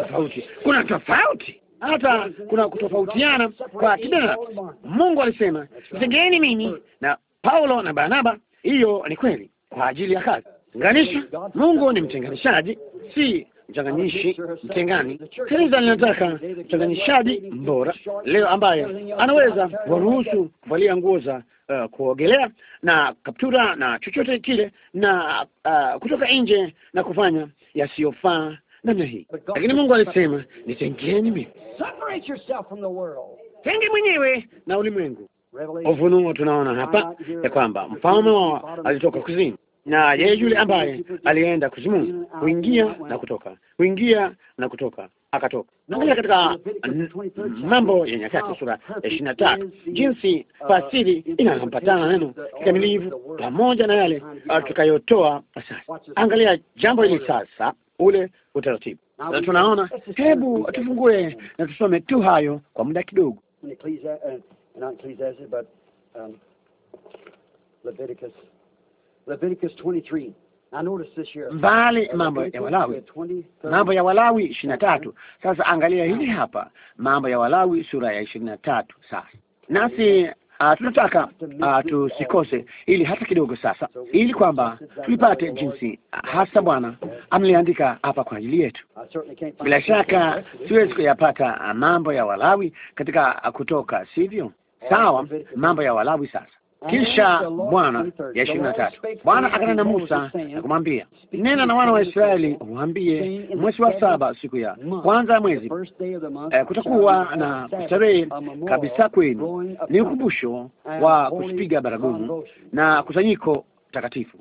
C: tofauti, kuna tofauti
B: hata kuna
C: kutofautiana kwa kibinafsi. Mungu alisema, jitengeni mimi na Paulo na Barnaba. Hiyo ni kweli kwa ajili ya kazi, Tenganisha. Mungu ni mtenganishaji, si mchanganishi, mtengani. Kanisa linataka mchanganishaji mbora leo, ambaye anaweza waruhusu kuvalia nguo za uh, kuogelea na kaptura na chochote kile na uh, kutoka nje na kufanya yasiyofaa namna hii, lakini Mungu alisema nitengeni mimi, tenge mwenyewe na ulimwengu. Ufunuo tunaona hapa ya kwamba mfalme alitoka kuzini na yeye yule ambaye alienda kuzimu uh, kuingia na kutoka, kuingia na kutoka, akatoka. Naangalia katika Mambo ya Nyakati sura ya ishirini na tatu jinsi uh, fasiri inayompatana neno kikamilivu pamoja na yale uh, tutakayotoa
D: sasa. Angalia jambo hili
C: sasa, ule utaratibu na tunaona. Hebu tufungue na tusome tu hayo kwa muda kidogo
B: mbali uh, mambo ya Walawi, mambo
C: ya Walawi ishirini na tatu. Sasa angalia hili hapa, mambo ya Walawi sura ya ishirini na tatu. Sasa nasi Uh, tunataka uh, tusikose uh, ili hata kidogo sasa, ili kwamba tuipate jinsi uh, hasa Bwana ameliandika hapa kwa ajili yetu.
B: Bila shaka siwezi
C: kuyapata mambo ya Walawi katika kutoka, sivyo? Sawa, mambo ya Walawi sasa kisha Bwana ya ishirini na tatu, Bwana akana na Musa na kumwambia, nena na wana wa Israeli uambie, mwezi wa saba siku ya kwanza ya mwezi
B: eh, kutakuwa na kustarehe
C: kabisa kwenu, ni ukumbusho wa kusipiga baragumu na kusanyiko takatifu.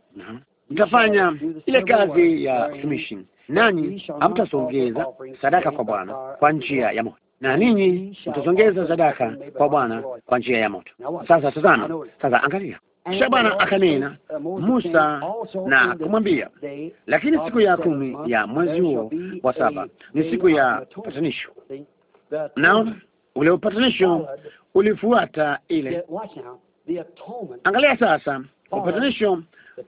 C: Mtafanya ile kazi ya utumishi, nanyi hamtasongeza sadaka kwa Bwana kwa njia ya moto na ninyi mtasongeza sadaka kwa Bwana kwa njia ya moto. Sasa tazama, sasa angalia. Kisha Bwana akanena
D: Musa
C: na kumwambia,
D: lakini siku ya kumi ya
C: mwezi huo wa saba ni siku ya upatanisho. Naona ule upatanisho ulifuata ile. Angalia sasa, upatanisho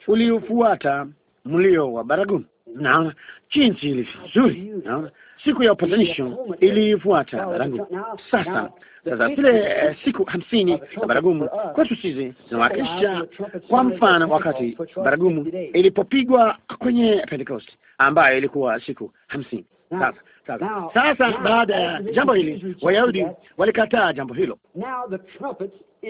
C: ulifuata mlio wa baragumu. Naona jinsi ilivyo nzuri, naona siku ya upatanisho iliyofuata baragumu. Sasa sasa zile eh, siku hamsini za baragumu kwetu sisi zinawakilisha kwa mfano, wakati baragumu ilipopigwa kwenye Pentecost ambayo ilikuwa siku hamsini. Sasa sasa,
D: sasa baada ya jambo
C: hili Wayahudi walikataa jambo hilo.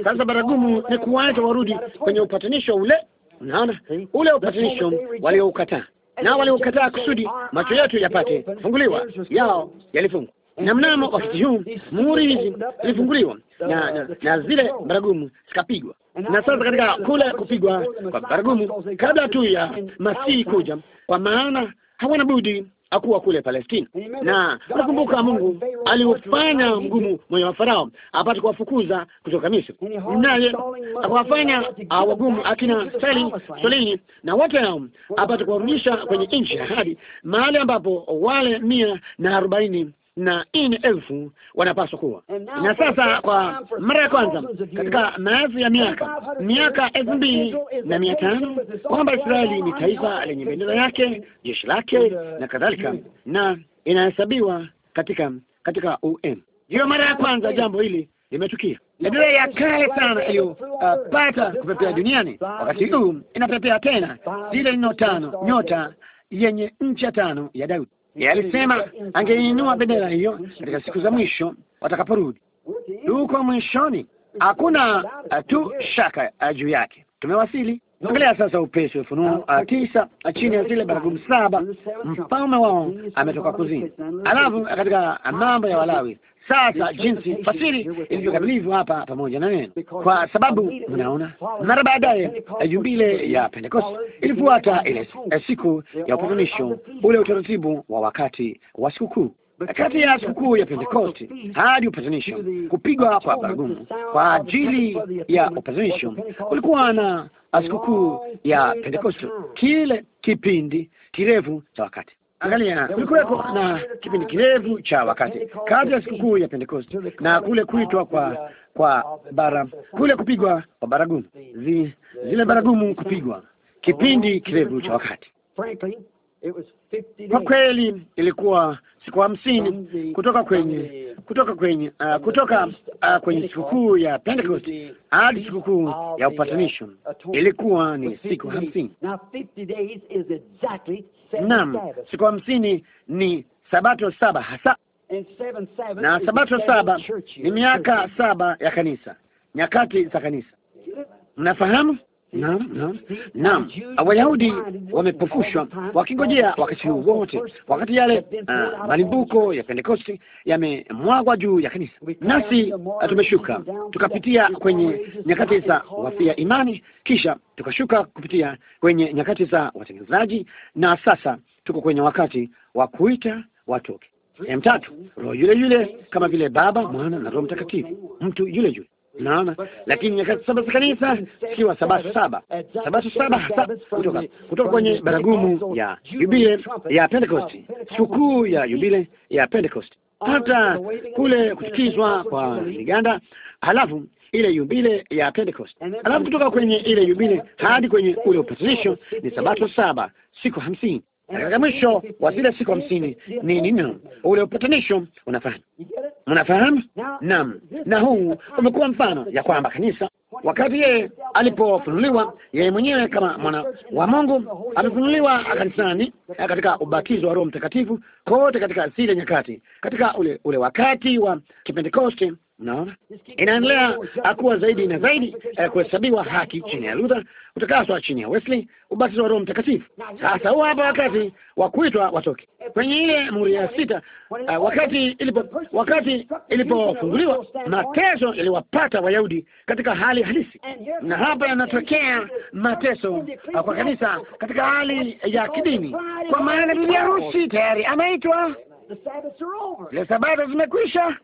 C: Sasa baragumu ni kuwaita warudi kwenye upatanisho ule. Unaona ule upatanisho walioukataa nao waliokataa kusudi macho yetu yapate funguliwa, yao yalifungwa na mnamo wakati huu muhuri hizi zilifunguliwa na, na, na zile baragumu zikapigwa. Na sasa katika kule kupigwa kwa baragumu kabla tu ya Masihi kuja, kwa maana hawana budi hakuwa kule Palestina. Na nakumbuka Mungu aliufanya mgumu moyo wa Farao apate kuwafukuza kutoka Misri, naye
E: akawafanya wagumu akina Sali, Solini
C: na wote hao apate kuwarudisha kwenye nchi ya ahadi, mahali ambapo wale mia na arobaini na ini elfu wanapaswa kuwa na sasa. Kwa mara ya kwanza katika maelfu ya miaka miaka elfu mbili na mia tano kwamba Israeli ni taifa lenye bendera yake, jeshi lake na kadhalika, na inahesabiwa katika katika UN. Hiyo mara ya kwanza jambo hili limetukia. Bendera ya kale sana iliyopata uh, kupepea duniani, wakati huu inapepea tena, zile lino tano nyota yenye ncha tano ya Daudi. Yeye alisema angeinua bendera hiyo katika siku za mwisho watakaporudi. Huko mwishoni hakuna eh, tu shaka eh, juu yake. Tumewasili. Angalia sasa upesi wa Ufunuo eh, tisa, chini ya zile baragumu saba, mfalme wao ametoka kuzini. Alafu katika mambo ya Walawi sasa jinsi fasiri ilivyokamilizwa hapa pamoja na neno, kwa sababu unaona, mara baadaye jumbile ya Pentekoste ilifuata ile eh, siku ya upatanisho, ule utaratibu wa wakati wa sikukuu eh, kati ya sikukuu ya Pentekoste hadi upatanisho, kupigwa kwa baragumu kwa ajili ya upatanisho. Kulikuwa na sikukuu ya Pentekoste, kile kipindi kirefu cha wakati Angalia, kulikuwepo na kipindi kirefu cha wakati kabla ya sikukuu ya Pentekoste na kule kuitwa kwa kwa bara kule kupigwa kwa baragumu zi, zile baragumu kupigwa, kipindi kirefu cha wakati. Kwa kweli ilikuwa siku hamsini kutoka kwenye kutoka kwenye uh, kutoka uh, kwenye sikukuu ya Pentecost hadi sikukuu ya upatanisho ilikuwa ni siku hamsini. Naam, siku hamsini ni sabato saba hasa, na sabato saba ni miaka saba ya kanisa, nyakati za kanisa. Mnafahamu? Naam, naam, naam. Wayahudi wamepofushwa wakingojea wakati huu wote, wakati yale uh, malimbuko ya Pentekosti yamemwagwa juu ya kanisa, nasi ah, tumeshuka tukapitia kwenye nyakati za wafia imani, kisha tukashuka kupitia kwenye nyakati za watengenezaji, na sasa tuko kwenye wakati wa kuita watoke. Mtatu, roho yule yule, kama vile Baba, Mwana na Roho Mtakatifu, mtu yule yule. Naona, lakini nyakati saba za kanisa kiwa sabato saba, sabato saba hasa kutoka kutoka kwenye baragumu ya yubile ya Pentecosti, sikukuu ya yubile ya Pentecosti, hata kule kutukizwa kwa Liganda, halafu ile yubile ya Pentecost, halafu kutoka kwenye ile yubile hadi kwenye ule upatanisho ni sabato saba, siku hamsini katika mwisho wa zile siku hamsini ni nini ule upatanisho unafahamu,
D: unafahamu? Naam, na
C: huu umekuwa mfano ya kwamba kanisa, wakati yeye alipofunuliwa yeye mwenyewe kama mwana wa Mungu, amefunuliwa kanisani katika ubatizo wa Roho Mtakatifu kote katika zile nyakati, katika ule ule wakati wa Kipentekoste Unaona, inaendelea akuwa zaidi na zaidi eh, kuhesabiwa haki chini ya Luther, utakaswa chini ya Wesley, ubatizo wa Roho Mtakatifu. Sasa huwa hapa wakati wa kuitwa watoke kwenye ile muri ya sita. Uh, wakati ilipo wakati ilipofunguliwa, mateso yaliwapata Wayahudi katika hali halisi, na hapa yanatokea mateso kwa kanisa katika hali ya kidini, kwa maana bibi harusi tayari ameitwa, ile Sabato zimekwisha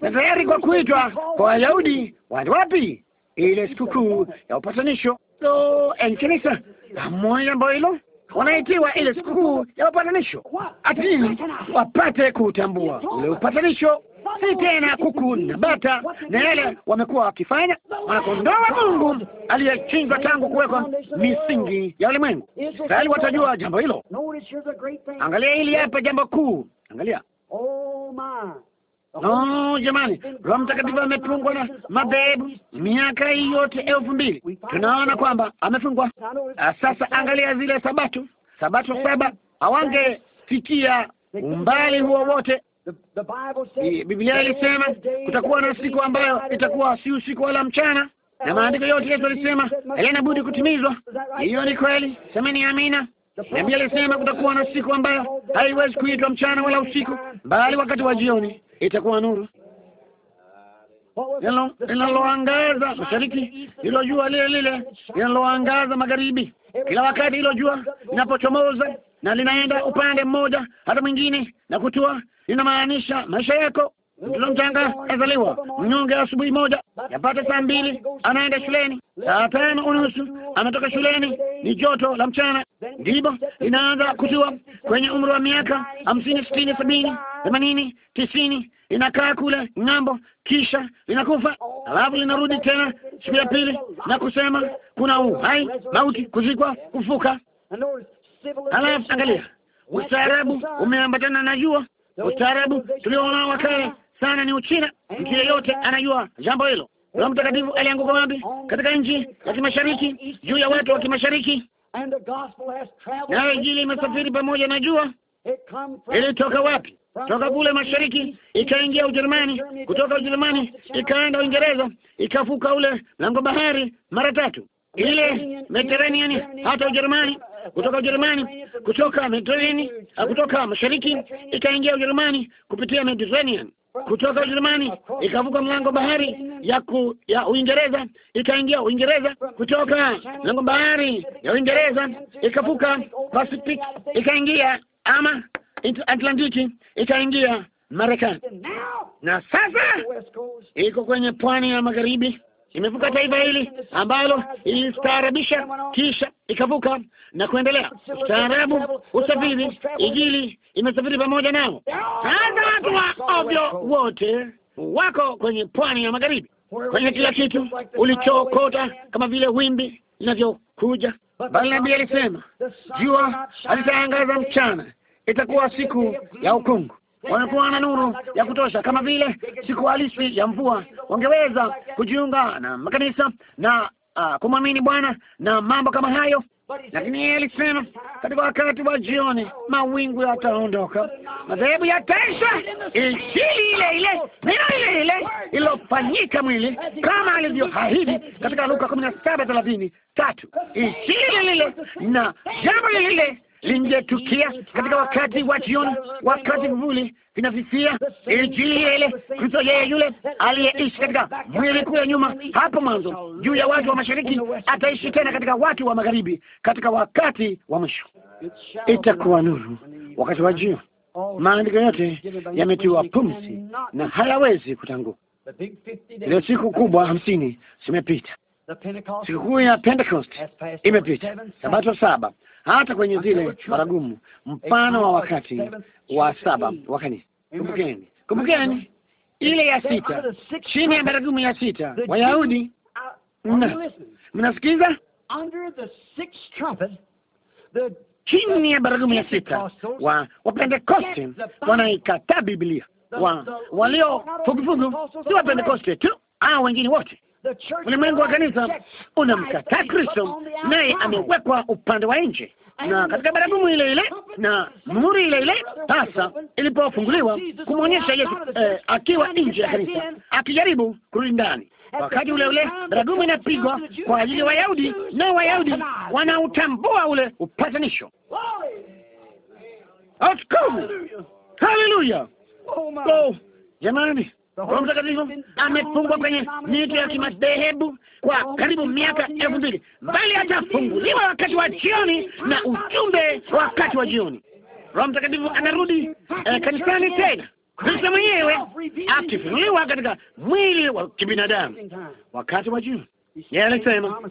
C: na tayari kwa kuitwa kwa Wayahudi watu wapi, ile sikukuu ya upatanisho. So enkanisa pamoja ambayo hilo wanaitiwa ile sikukuu ya upatanisho, atini wapate kutambua ule upatanisho, si tena kuku na bata na yale wamekuwa wakifanya. Wanakondoa wa Mungu aliyechinjwa tangu kuwekwa misingi ya ulimwengu. tayari watajua jambo hilo.
B: Angalia hili hapa,
C: jambo kuu. Angalia
B: oh,
C: No jamani, Roho Mtakatifu amefungwa na mabebu miaka hii yote elfu mbili tunaona kwamba amefungwa. Ah, sasa angalia zile Sabato, Sabato saba hawangefikia umbali huo wote. Biblia ilisema kutakuwa na siku ambayo itakuwa si usiku wala mchana, na maandiko yote Yesu alisema hayana budi kutimizwa. Hiyo ni kweli, semeni amina. Biblia ilisema kutakuwa na siku ambayo haiwezi kuitwa mchana wala usiku, bali wakati wa jioni itakuwa nuru linaloangaza mashariki, hilo jua lile lile linaloangaza magharibi. Kila wakati hilo jua linapochomoza na linaenda upande mmoja hata mwingine na kutua, linamaanisha maisha yako mtoto mchanga azaliwa mnyonge, asubuhi moja yapata saa mbili anaenda shuleni, saa tano unusu anatoka shuleni, ni joto la mchana, ndipo inaanza kutua. Kwenye umri wa miaka hamsini, sitini, sabini, themanini, tisini, inakaa kule ng'ambo, kisha linakufa, alafu linarudi tena siku ya pili na kusema kuna uhai, mauti, kuzikwa, kufuka.
B: Halafu angalia,
C: ustaarabu umeambatana na jua, ustaarabu tulioona wakale sana ni Uchina. Mtu yeyote anajua jambo hilo. Roho Mtakatifu alianguka wapi? Katika nchi ya kimashariki, juu ya watu wa kimashariki,
B: nayo Injili imesafiri
C: pamoja na jua. Ilitoka wapi? Toka kule mashariki, ikaingia Ujerumani, kutoka Ujerumani ikaenda Uingereza, ikavuka ule lango bahari mara tatu ile Mediterranean hata Ujerumani, kutoka Ujerumani, kutoka Mediterranean, kutoka mashariki ikaingia Ujerumani kupitia Mediterranean kutoka Ujerumani ikavuka mlango bahari ya ku, ya Uingereza ikaingia Uingereza, kutoka mlango bahari ya Uingereza ikavuka Pacific ikaingia ama Atlantiki ikaingia Marekani, na sasa iko kwenye pwani ya magharibi imevuka taifa hili ambalo ilistaarabisha kisha ikavuka na kuendelea. Ustaarabu, usafiri, ijili imesafiri pamoja nao. Sasa watu wa ovyo wote wako kwenye pwani ya magharibi,
D: kwenye kila kitu ulichokota
C: kama vile wimbi linavyokuja. Bali nabii alisema jua alitaangaza mchana, itakuwa siku ya ukungu wanakuwa na nuru ya kutosha, kama vile siku halisi ya mvua. Wangeweza kujiunga na makanisa na uh, kumwamini Bwana na mambo kama hayo, lakini yeye alisema katika wakati wa jioni mawingu yataondoka, madhehebu yataisha, injili ile ile, neno ile ile ililofanyika mwili kama alivyoahidi katika Luka kumi na saba thelathini tatu, injili ile ile na jambo lile lingetukia katika wakati wa jioni, wakati vivuli vinafifia, ilijia ile Kristo, yeye yule aliyeishi katika mwili kule nyuma hapo mwanzo juu ya watu wa mashariki, ataishi tena katika watu wa magharibi katika wakati wa mwisho. Itakuwa nuru wakati wa jioni.
D: Maandiko yote yametiwa pumzi na
C: hayawezi kutanguka. Leo siku kubwa hamsini zimepita,
B: Sikukuu ya Pentecost
D: imepita,
C: sabato saba, hata kwenye zile baragumu, mfano wa wakati wa saba wa kanisa. Kumbukeni, kumbukeni
D: ile ya sita, chini ya
C: baragumu ya sita, Wayahudi mnasikiza chini ya baragumu ya sita wa Wapentekoste wanaikataa Biblia, wa walio fugufugu, si Wapentekoste tu au wengine wote
B: Ulimwengu wa kanisa
C: unamkataa Kristo, naye amewekwa upande wa nje, na katika baragumu ile ile na muhuri ile ile hasa ilipofunguliwa kumwonyesha Yesu eh, akiwa nje ya kanisa akijaribu kurudi ndani.
D: Wakati ule ule baragumu
C: inapigwa kwa ajili ya Wayahudi, na Wayahudi wanautambua ule upatanisho. Haleluya! Oh, oh, jamani Roho Mtakatifu amefungwa kwenye mito ya kimadhehebu kwa karibu miaka elfu mbili, bali atafunguliwa wakati wa jioni na ujumbe wakati wa jioni. Roho Mtakatifu anarudi eh, kanisani tena, Kristo mwenyewe
D: akifunuliwa
C: katika mwili wa kibinadamu wakati wa jioni. Yeye alisema,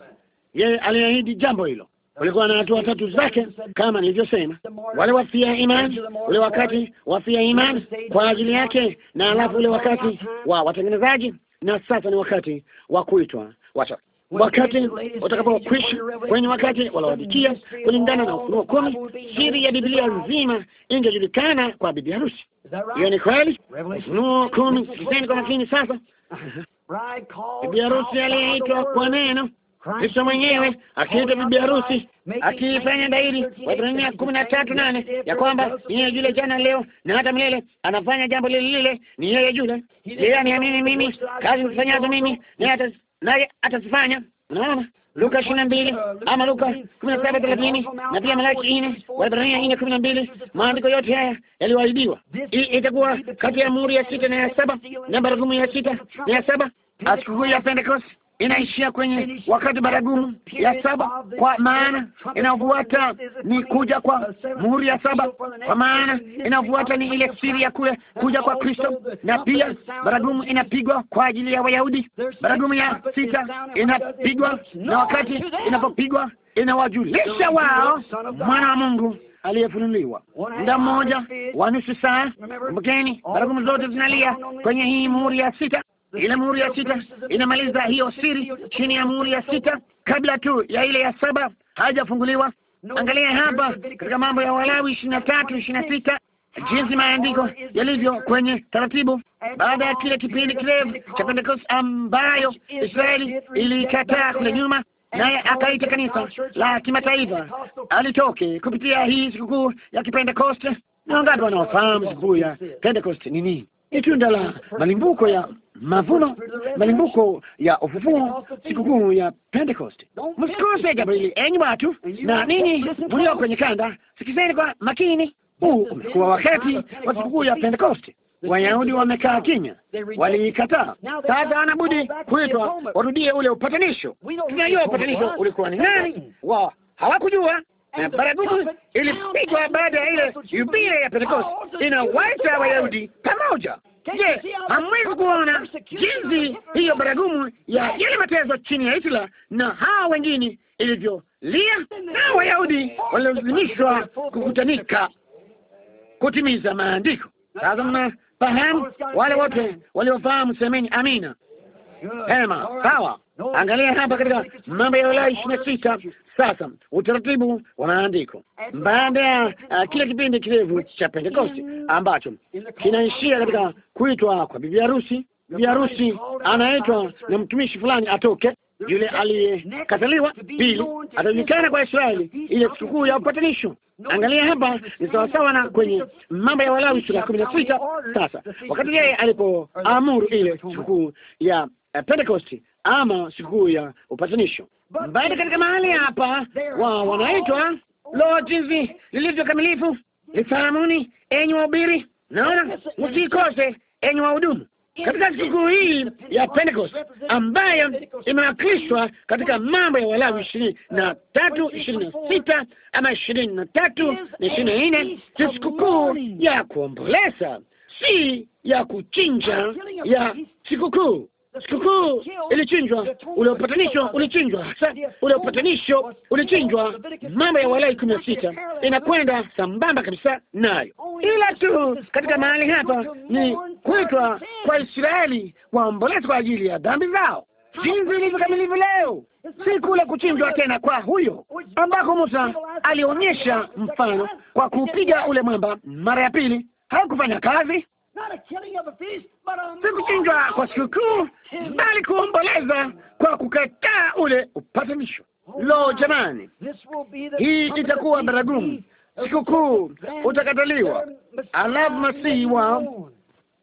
C: yeye aliahidi jambo hilo kulikuwa na hatua tatu zake, kama nilivyosema, wale wafia imani, ule wakati wafia imani kwa ajili yake, na alafu ule wakati wa watengenezaji, na sasa ni wakati wa kuitwa wacha wakati utakapokwisha kwenye wakati walawadikia kulingana na Ufunuo kumi, siri ya Biblia nzima ingejulikana kwa bibi harusi. Hiyo ni kweli. Ufunuo kumi, sikizeni kwa makini sasa.
B: Bibi harusi aliyeitwa kwa neno Kristo
C: mwenyewe akiita
D: bibi harusi akiifanya dairi, Waebrania kumi na tatu nane ya kwamba ni yeye
C: yule jana, leo na hata milele, anafanya jambo lile lile, ni yeye yule. Yeye aniamini mimi, kazi nifanyazo mimi naye atazifanya. Unaona Luka ishirini na mbili ama Luka kumi na saba thelathini na pia Malaki nne Waebrania nne kumi na mbili Maandiko yote haya yaliwaidiwa. Itakuwa kati ya muri ya sita na ya saba na baragumu ya sita na ya saba, sikukuu ya Pentekoste inaishia kwenye wakati baragumu ya saba, kwa maana inavuata ni kuja kwa muhuri ya saba, kwa maana inavuata ni ile siri ya kule kuja kwa Kristo. Na pia baragumu inapigwa kwa ajili ya Wayahudi. Baragumu ya sita inapigwa, na wakati inapopigwa inawajulisha wao mwana wa Mungu aliyefunuliwa muda mmoja wa nusu saa. Kumbukeni, baragumu zote zinalia kwenye hii muhuri ya sita. Ile muhuri ya sita inamaliza hiyo siri. Chini ya muhuri ya sita, kabla tu ya ile ya saba haijafunguliwa. Angalia hapa katika Mambo ya Walawi ishirini na tatu ishirini na sita jinsi maandiko yalivyo kwenye taratibu. Baada ya kile kipindi kirefu cha Pentekoste ambayo Israeli ilikataa kule nyuma, naye akaita kanisa la kimataifa alitoke kupitia hii sikukuu ya Kipentekoste. Na wangapi wanaofahamu sikukuu ya Pentekoste ni nini? ni tunda la malimbuko ya mavuno, malimbuko ya ufufuo, sikukuu ya Pentecost. Msikose Gabrieli, enyi watu na nini mlio kwenye kanda, sikizeni kwa makini. Huu umekuwa wakati wa sikukuu ya Pentecost. Wayahudi wamekaa kimya, waliikataa. Sasa wanabudi kuitwa warudie ule upatanisho.
D: Tunajua upatanisho ulikuwa ni nani,
C: wa hawakujua baragumu eh, ilipigwa baada ya ile yubile ya Pentekoste inawaita Wayahudi pamoja. Je, hamwezi kuona jinsi hiyo baragumu ya yale mateso chini ya Hitler na hawa wengine ilivyolia na Wayahudi walilazimishwa kukutanika kutimiza maandiko? Sasa mnafahamu wale wote waliofahamu, semeni amina.
D: Hema, sawa.
C: Angalia hapa katika mambo ya Ulaya ishirini na sita. Sasa utaratibu wa maandiko baada ya uh, kile kipindi kirefu cha pentekosti ambacho kinaishia katika kuitwa kwa bibi harusi. Bibi harusi anaitwa na mtumishi fulani atoke yule aliyekataliwa. Pili, atajulikana kwa Israeli ile sikukuu ya upatanisho. Angalia hapa, ni sawasawa na kwenye mambo ya Walawi sura kumi na sita. Sasa wakati yeye alipoamuru ile sikukuu ya Eh, Pentecosti ama sikukuu ya upatanisho,
E: bali katika mahali hapa
C: wa wanaitwa lo, jinsi lilivyo kamilifu lifahamuni, enyi wahubiri. Naona msikose, enyi wahudumu, katika sikukuu hii ya Pentecost ambayo imewakilishwa katika Mambo ya Walawi ishirini na tatu ishirini na sita ama ishirini na tatu na ishirini na nne ni sikukuu ya kuomboleza, si ya kuchinja, ya sikukuu sikukuu ilichinjwa, ule ulichinjwa, ule upatanisho ulichinjwa. Mambo ya Walawi kumi na sita inakwenda sambamba kabisa nayo, ila tu katika mahali hapa ni kuitwa kwa Israeli waombolezi kwa ajili ya dhambi zao, jinsi ilivyo kamilivu leo, si kule kuchinjwa tena kwa huyo ambako Musa alionyesha mfano kwa kupiga ule mwamba mara ya pili. Hakufanya kazi si kuchinjwa kwa sikukuu, bali kuomboleza kwa kukataa ule upatanisho. Oh Lo, jamani,
B: hii itakuwa
C: baragumu. Sikukuu utakataliwa, alafu masihi wao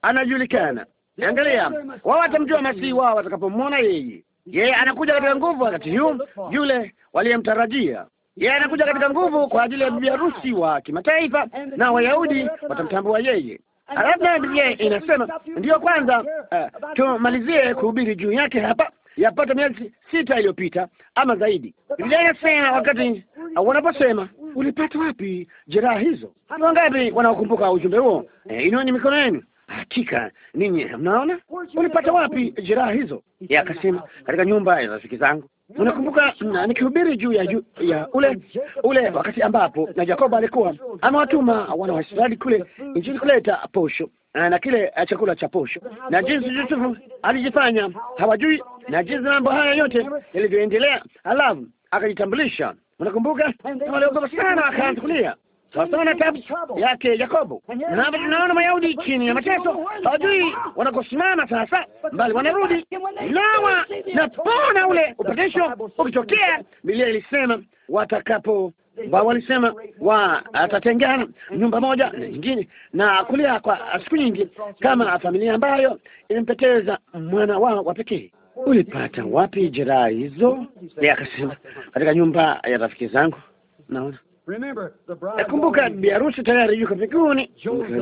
C: anajulikana. Angalia, wao watamjua masihi wao watakapomwona yeye. Yeye anakuja katika nguvu, wakati huu yule waliyemtarajia yeye anakuja katika nguvu kwa ajili ya bibi harusi wa kimataifa, na Wayahudi watamtambua yeye. Alafu nayo Biblia inasema ndiyo kwanza, uh, tumalizie kuhubiri juu yake hapa, yapata miezi sita iliyopita ama zaidi. Biblia inasema wakati ah, wanaposema ulipata wapi jeraha hizo? Wangapi wanaokumbuka ujumbe huo? Eh, inueni mikono yenu. Hakika ninyi mnaona, ulipata wapi jeraha hizo? Yakasema katika nyumba ya rafiki zangu. Unakumbuka nikihubiri juu ya juu ya ule ule wakati ambapo na Yakobo alikuwa amewatuma wana wa Israeli kule nchini kuleta posho eh, na kile eh, chakula cha posho, na jinsi Yusufu alijifanya hawajui, na jinsi mambo haya yote yalivyoendelea, alafu akajitambulisha. Unakumbuka, waliogopa sana, akaanza kulia sawasawa tabu yake Yakobo. Na tunaona Wayahudi chini ya mateso, hawajui ah, ah. wanakosimama sasa, bali wanarudi nawa napona ule upatisho ukitokea. Biblia ilisema watakapo ba walisema watatengana nyumba moja na nyingine, na kulia kwa siku nyingi, kama familia ambayo ilimpeteza mwana wao wa pekee. Ulipata wapi jeraha hizo? Akasema katika nyumba ya rafiki zangu. Naona Nakumbuka bi harusi tayari yuko mbinguni.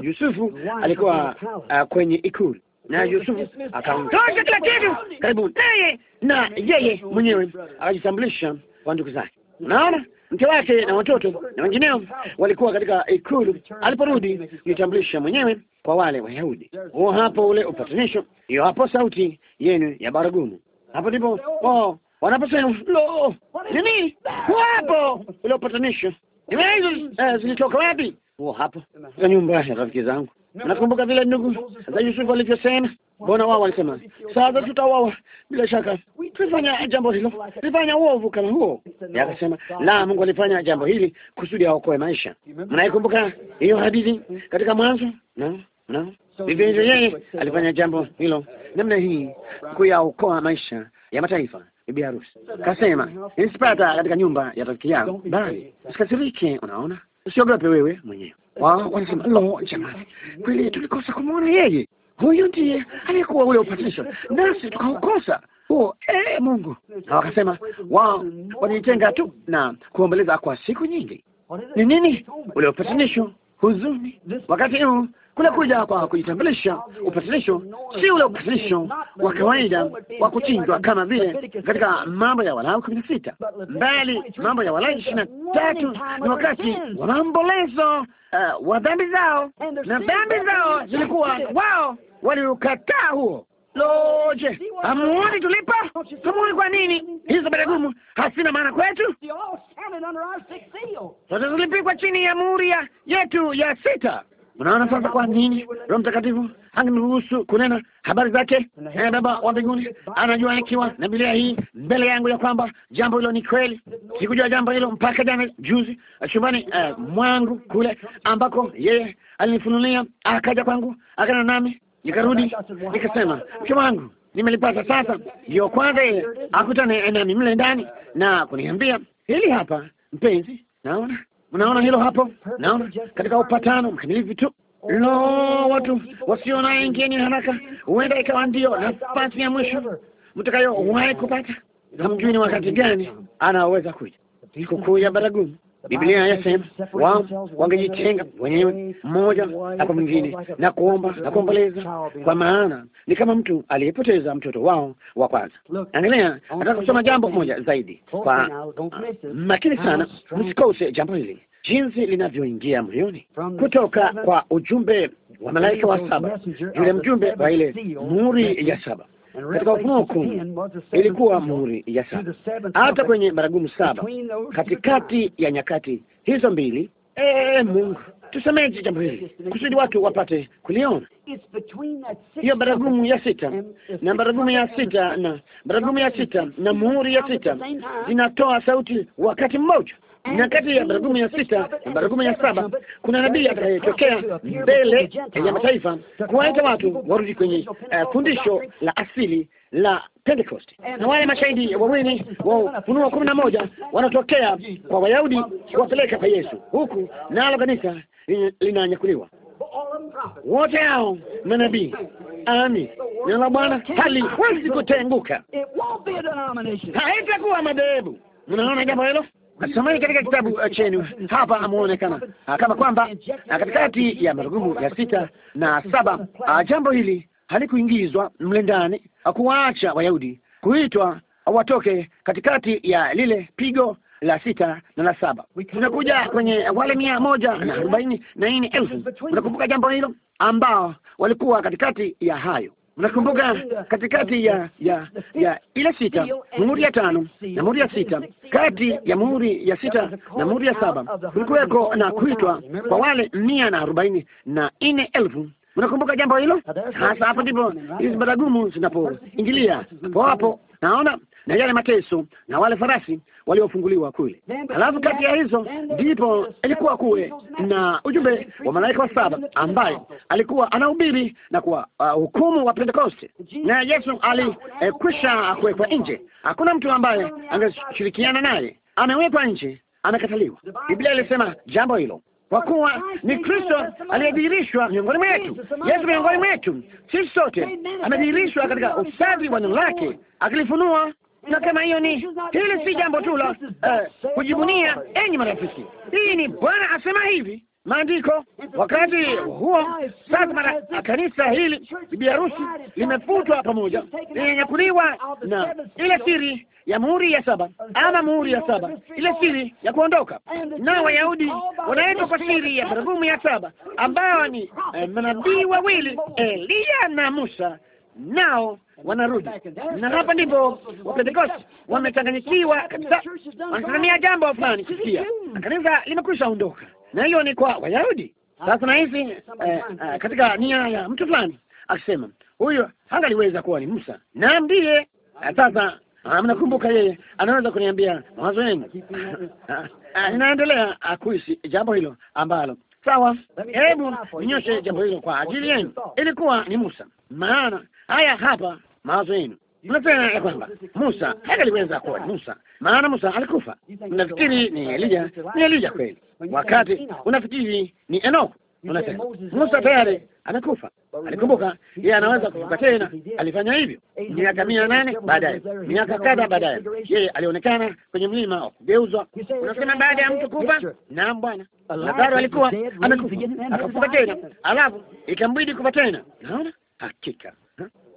C: Yusufu alikuwa uh, kwenye ikulu na Yusufu akamtoa kila kitu karibu naye, na yeye mwenyewe akajitambulisha kwa ndugu zake. Unaona, mke wake na watoto na wengineo walikuwa katika ikulu. Aliporudi kujitambulisha mwenyewe kwa wale Wayahudi, huo hapo ule upatanisho, hiyo hapo sauti yenu ya baragumu, hapo ndipo wanaposema lo, nini hapo ule upatanisho Nyumba eh, hizo zilitoka wapi? Huo oh, hapo katika nyumba ya rafiki zangu. Nakumbuka vile ndugu za Yusufu alivyosema, mbona wao walisema sasa tutawawa, bila shaka tulifanya jambo hilo, tulifanya uovu kama huo. Yakasema la, Mungu alifanya jambo hili kusudi aokoe maisha. Mnaikumbuka hiyo hadithi katika Mwanzo? Naam, naam,
D: vivyo hivyo yeye alifanya
C: jambo hilo namna hii kuyaokoa maisha ya mataifa bibi harusi. Kasema nisipata katika nyumba ya rafiki yangu, bali usikasirike. Unaona, usiogope wewe mwenyewe. Wao wanasema lo, jamani, kweli tulikosa kumwona yeye. Huyu ndiye aliyekuwa ule upatanisho, nasi tukaukosa huo. Oh, eh, Mungu. Na wakasema wao wanitenga tu na kuomboleza kwa siku nyingi. Ni nini ule upatanisho? Huzuni wakati huu kule kuja kwa kujitambulisha. Upatanisho si ule upatanisho wa kawaida wa kuchinjwa kama vile katika Mambo ya Walawi kumi na sita, mbali Mambo ya Walawi ishirini na tatu ni wakati wa maombolezo uh, wa dhambi zao, na dhambi zao zilikuwa wao waliukataa huo Loje, hamuoni tulipa? Hamuoni kwa nini hizo baragumu hasina maana kwetu? Sote zilipigwa chini ya muhuri yetu ya sita. Unaona sasa kwa nini Roho Mtakatifu angemruhusu kunena habari zake? Ee Baba wa mbinguni, anajua ikiwa na Biblia hii mbele yangu ya kwamba jambo hilo ni kweli. Sikujua jambo hilo mpaka jana juzi chumbani uh, mwangu kule ambako yeye alinifunulia, akaja kwangu akana nami, nikarudi nikasema, mke wangu nimelipata sasa. ndio kwanza yeye akutane nami mle ndani na kuniambia hili hapa, mpenzi, naona Mnaona hilo hapo? Naona katika upatano mkamilifu tu. Lo, oh, watu wasio na ingeni haraka, huenda ikawa na nafasi ya mwisho mtakayowahi kupata. Hamjui ni wakati gani anaweza kuja, sikukuu ya baragumu Biblia yasema wao wangejitenga wenyewe mmoja na kwa mwingine na kuomba na kuomboleza,
D: kwa maana
C: ni kama mtu aliyepoteza mtoto wao wa kwanza. Angalia, nataka kusoma jambo moja zaidi kwa
D: makini sana,
C: msikose jambo hili jinsi linavyoingia moyoni kutoka kwa ujumbe
B: wa malaika wa saba,
C: yule mjumbe wa ile muri ya saba katika Ufunuo kumi ilikuwa muhuri ya saba, hata kwenye baragumu saba, katikati ya nyakati hizo mbili. Ee Mungu, tusameje jambo hili kusudi watu wapate kuliona.
B: Hiyo baragumu ya
C: sita na baragumu ya sita na baragumu ya sita na muhuri ya sita zinatoa sauti wakati mmoja na kati ya bara kumi sita na bara kumi saba kuna nabii atakayetokea mbele ya mataifa kuwaita watu warudi kwenye uh, fundisho la asili la Pentecost, na wale mashahidi wawili wa Ufunuo kumi na moja wanatokea kwa Wayahudi kuwapeleka kwa Yesu, huku nalo kanisa linanyakuliwa. Wote hao manabii ami neno la Bwana haliwezi kutenguka, haitakuwa madhehebu. Mnaona jambo hilo? Nasomeni katika kitabu uh, chenu hapa, ameonekana kama uh, kama kwamba uh, katikati ya marugumu ya sita na saba jambo hili halikuingizwa mle ndani, kuwaacha Wayahudi kuitwa watoke katikati ya lile pigo la sita na la saba. Tunakuja kwenye wale mia moja na arobaini na nne elfu. Unakumbuka jambo hilo, ambao walikuwa katikati ya hayo Mnakumbuka katikati ya ya ya ile sita muhuri ya tano na muhuri ya sita, kati ya muhuri ya sita na muhuri ya saba kulikuweko na kuitwa kwa wale mia na arobaini na nne elfu. Mnakumbuka jambo hilo sasa Hapo ndipo hizi baragumu zinapoingilia hapo hapo, naona na yale mateso na wale farasi waliofunguliwa kule. Alafu kati ya hizo ndipo ilikuwa kuwe na ujumbe wa malaika wa saba ambaye alikuwa anahubiri na kuwa uh, hukumu wa Pentekoste, na Yesu alikwisha eh, kuwekwa nje. Hakuna mtu ambaye angeshirikiana naye, amewekwa nje, amekataliwa. Biblia ilisema jambo hilo kwa kuwa ni Kristo aliyedhihirishwa miongoni mwetu, Yesu miongoni mwetu sisi sote, amedhihirishwa katika usadri wa neno lake, akilifunua kama hiyo ni hili, si jambo tu la eh, kujivunia. Enyi marafiki, hii ni Bwana asema hivi maandiko. Wakati huo sasa, mara kanisa hili bibi harusi limefutwa pamoja, linyanyakuliwa na ile siri ya muhuri ya saba ama muhuri ya saba, ile siri ya kuondoka.
D: Na Wayahudi wanaenda kwa siri ya baragumu
C: ya saba, ambao ni eh, manabii wawili Eliya na Musa nao wanarudi. Na hapa ndipo Wapentekoste wamechanganyikiwa kabisa, wanatazamia jambo fulani kusikia, kanisa limekwisha ondoka, na hiyo ni kwa Wayahudi. Sasa nahisi eh, eh, katika nia ya mtu fulani akisema hanga hangaliweza kuwa ni Musa na ndiye eh, sasa ah, Mnakumbuka, yeye anaweza kuniambia mawazo yenu. Ninaendelea ah, ah, kuishi jambo hilo ambalo Sawa, hebu ninyoshe jambo hilo kwa ajili yenu. Ilikuwa ni Musa, maana haya hapa mawazo yenu mnasema ya kwamba Musa hakaliweza kuwa ni Musa maana Musa alikufa. Mnafikiri ni Elia, ni Elia kweli, wakati unafikiri ni Enoko unasema Musa tayari amekufa. Alikumbuka yeye anaweza kufuka tena, alifanya hivyo miaka mia nane baadaye, miaka kadha baadaye, yeye alionekana kwenye mlima wa kugeuzwa. Unasema baada ya mtu kufa? Naam bwana, Lazaro alikuwa amekufa akafuka tena, alafu ikambidi kufa tena. Naona hakika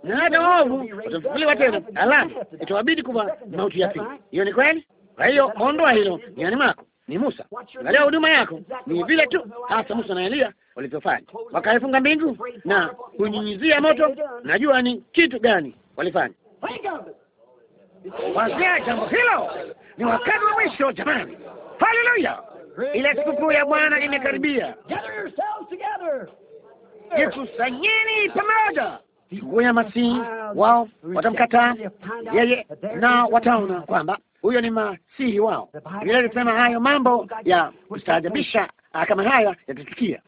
C: na hata waovu watafufuliwa tena, alafu itawabidi kufa mauti ya pili. Hiyo ni kweli. Kwa hiyo ondoa hilo ndani mako ni Musa. Angalia huduma yako ni vile tu hasa Musa na Elia walivyofanya, wakaifunga mbingu na kunyunyizia moto. Najua ni kitu gani walifanya. Wazia jambo hilo, ni wakati wa mwisho jamani. Haleluya! Ile sikukuu ya Bwana imekaribia. Jikusanyeni pamoja. Sikukuu Masihi, wao watamkataa yeye, na wataona kwamba huyo ni masihi wao. Biblia inasema hayo mambo ya kustaajabisha ah, kama haya yatatukia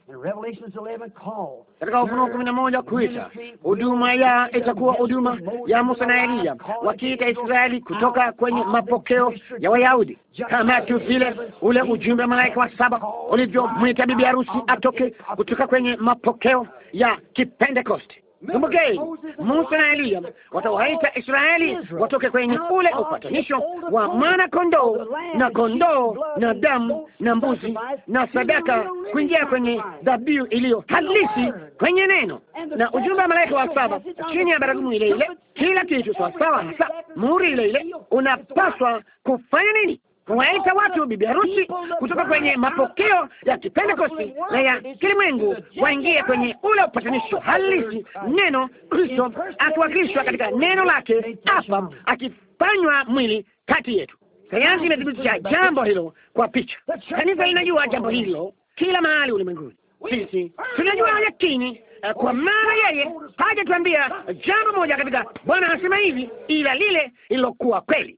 C: katika Ufunuo kumi na moja kuita huduma ya itakuwa huduma ya Musa na Eliya wakiita Israeli kutoka kwenye mapokeo ya Wayahudi, kama tu vile ule ujumbe wa malaika wa saba ulivyomwita bibi harusi atoke kutoka kwenye mapokeo ya Kipentekosti. Kumbukeni, Musa na Eliya watawaita Israeli watoke kwenye ule upatanisho wa mwana kondoo na kondoo na damu na mbuzi na sadaka, kuingia kwenye dhabihu iliyo halisi kwenye neno na ujumbe wa malaika wa saba, chini ya baragumu ile ile, kila kitu sawasawa, hasa muhuri ile ile. Unapaswa kufanya nini? kuwaita watu bibi harusi kutoka kwenye mapokeo ya kipentekosti na ya kilimwengu waingie kwenye ule upatanisho halisi, neno Kristo akiwakilishwa katika neno lake hapa, akifanywa mwili kati yetu. Sayansi imethibitisha jambo hilo kwa picha. Kanisa linajua jambo hilo kila mahali ulimwenguni. Sisi tunajua yakini kwa maana yeye hajatuambia jambo moja katika Bwana anasema hivi, ila lile lililokuwa kweli.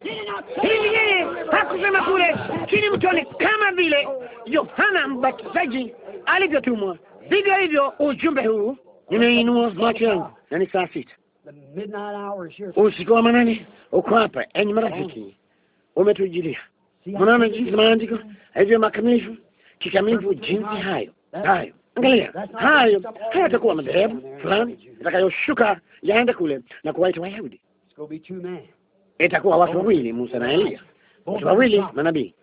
C: Hivi yeye hakusema kule chini mtoni, kama vile Yohana Mbatizaji alivyotumwa, vivyo hivyo ujumbe huu. Nimeinua macho yangu na ni saa sita usiku wa manane, uko hapa, enyi marafiki, umetujilia. Unaona jinsi maandiko hivyo makamilifu kikamilifu, jinsi hayo hayo Angalia, hayo hayatakuwa madhehebu fulani itakayoshuka yaende kule na kuwaita Wayahudi. Itakuwa watu wawili, Musa na Elia, watu wawili manabii,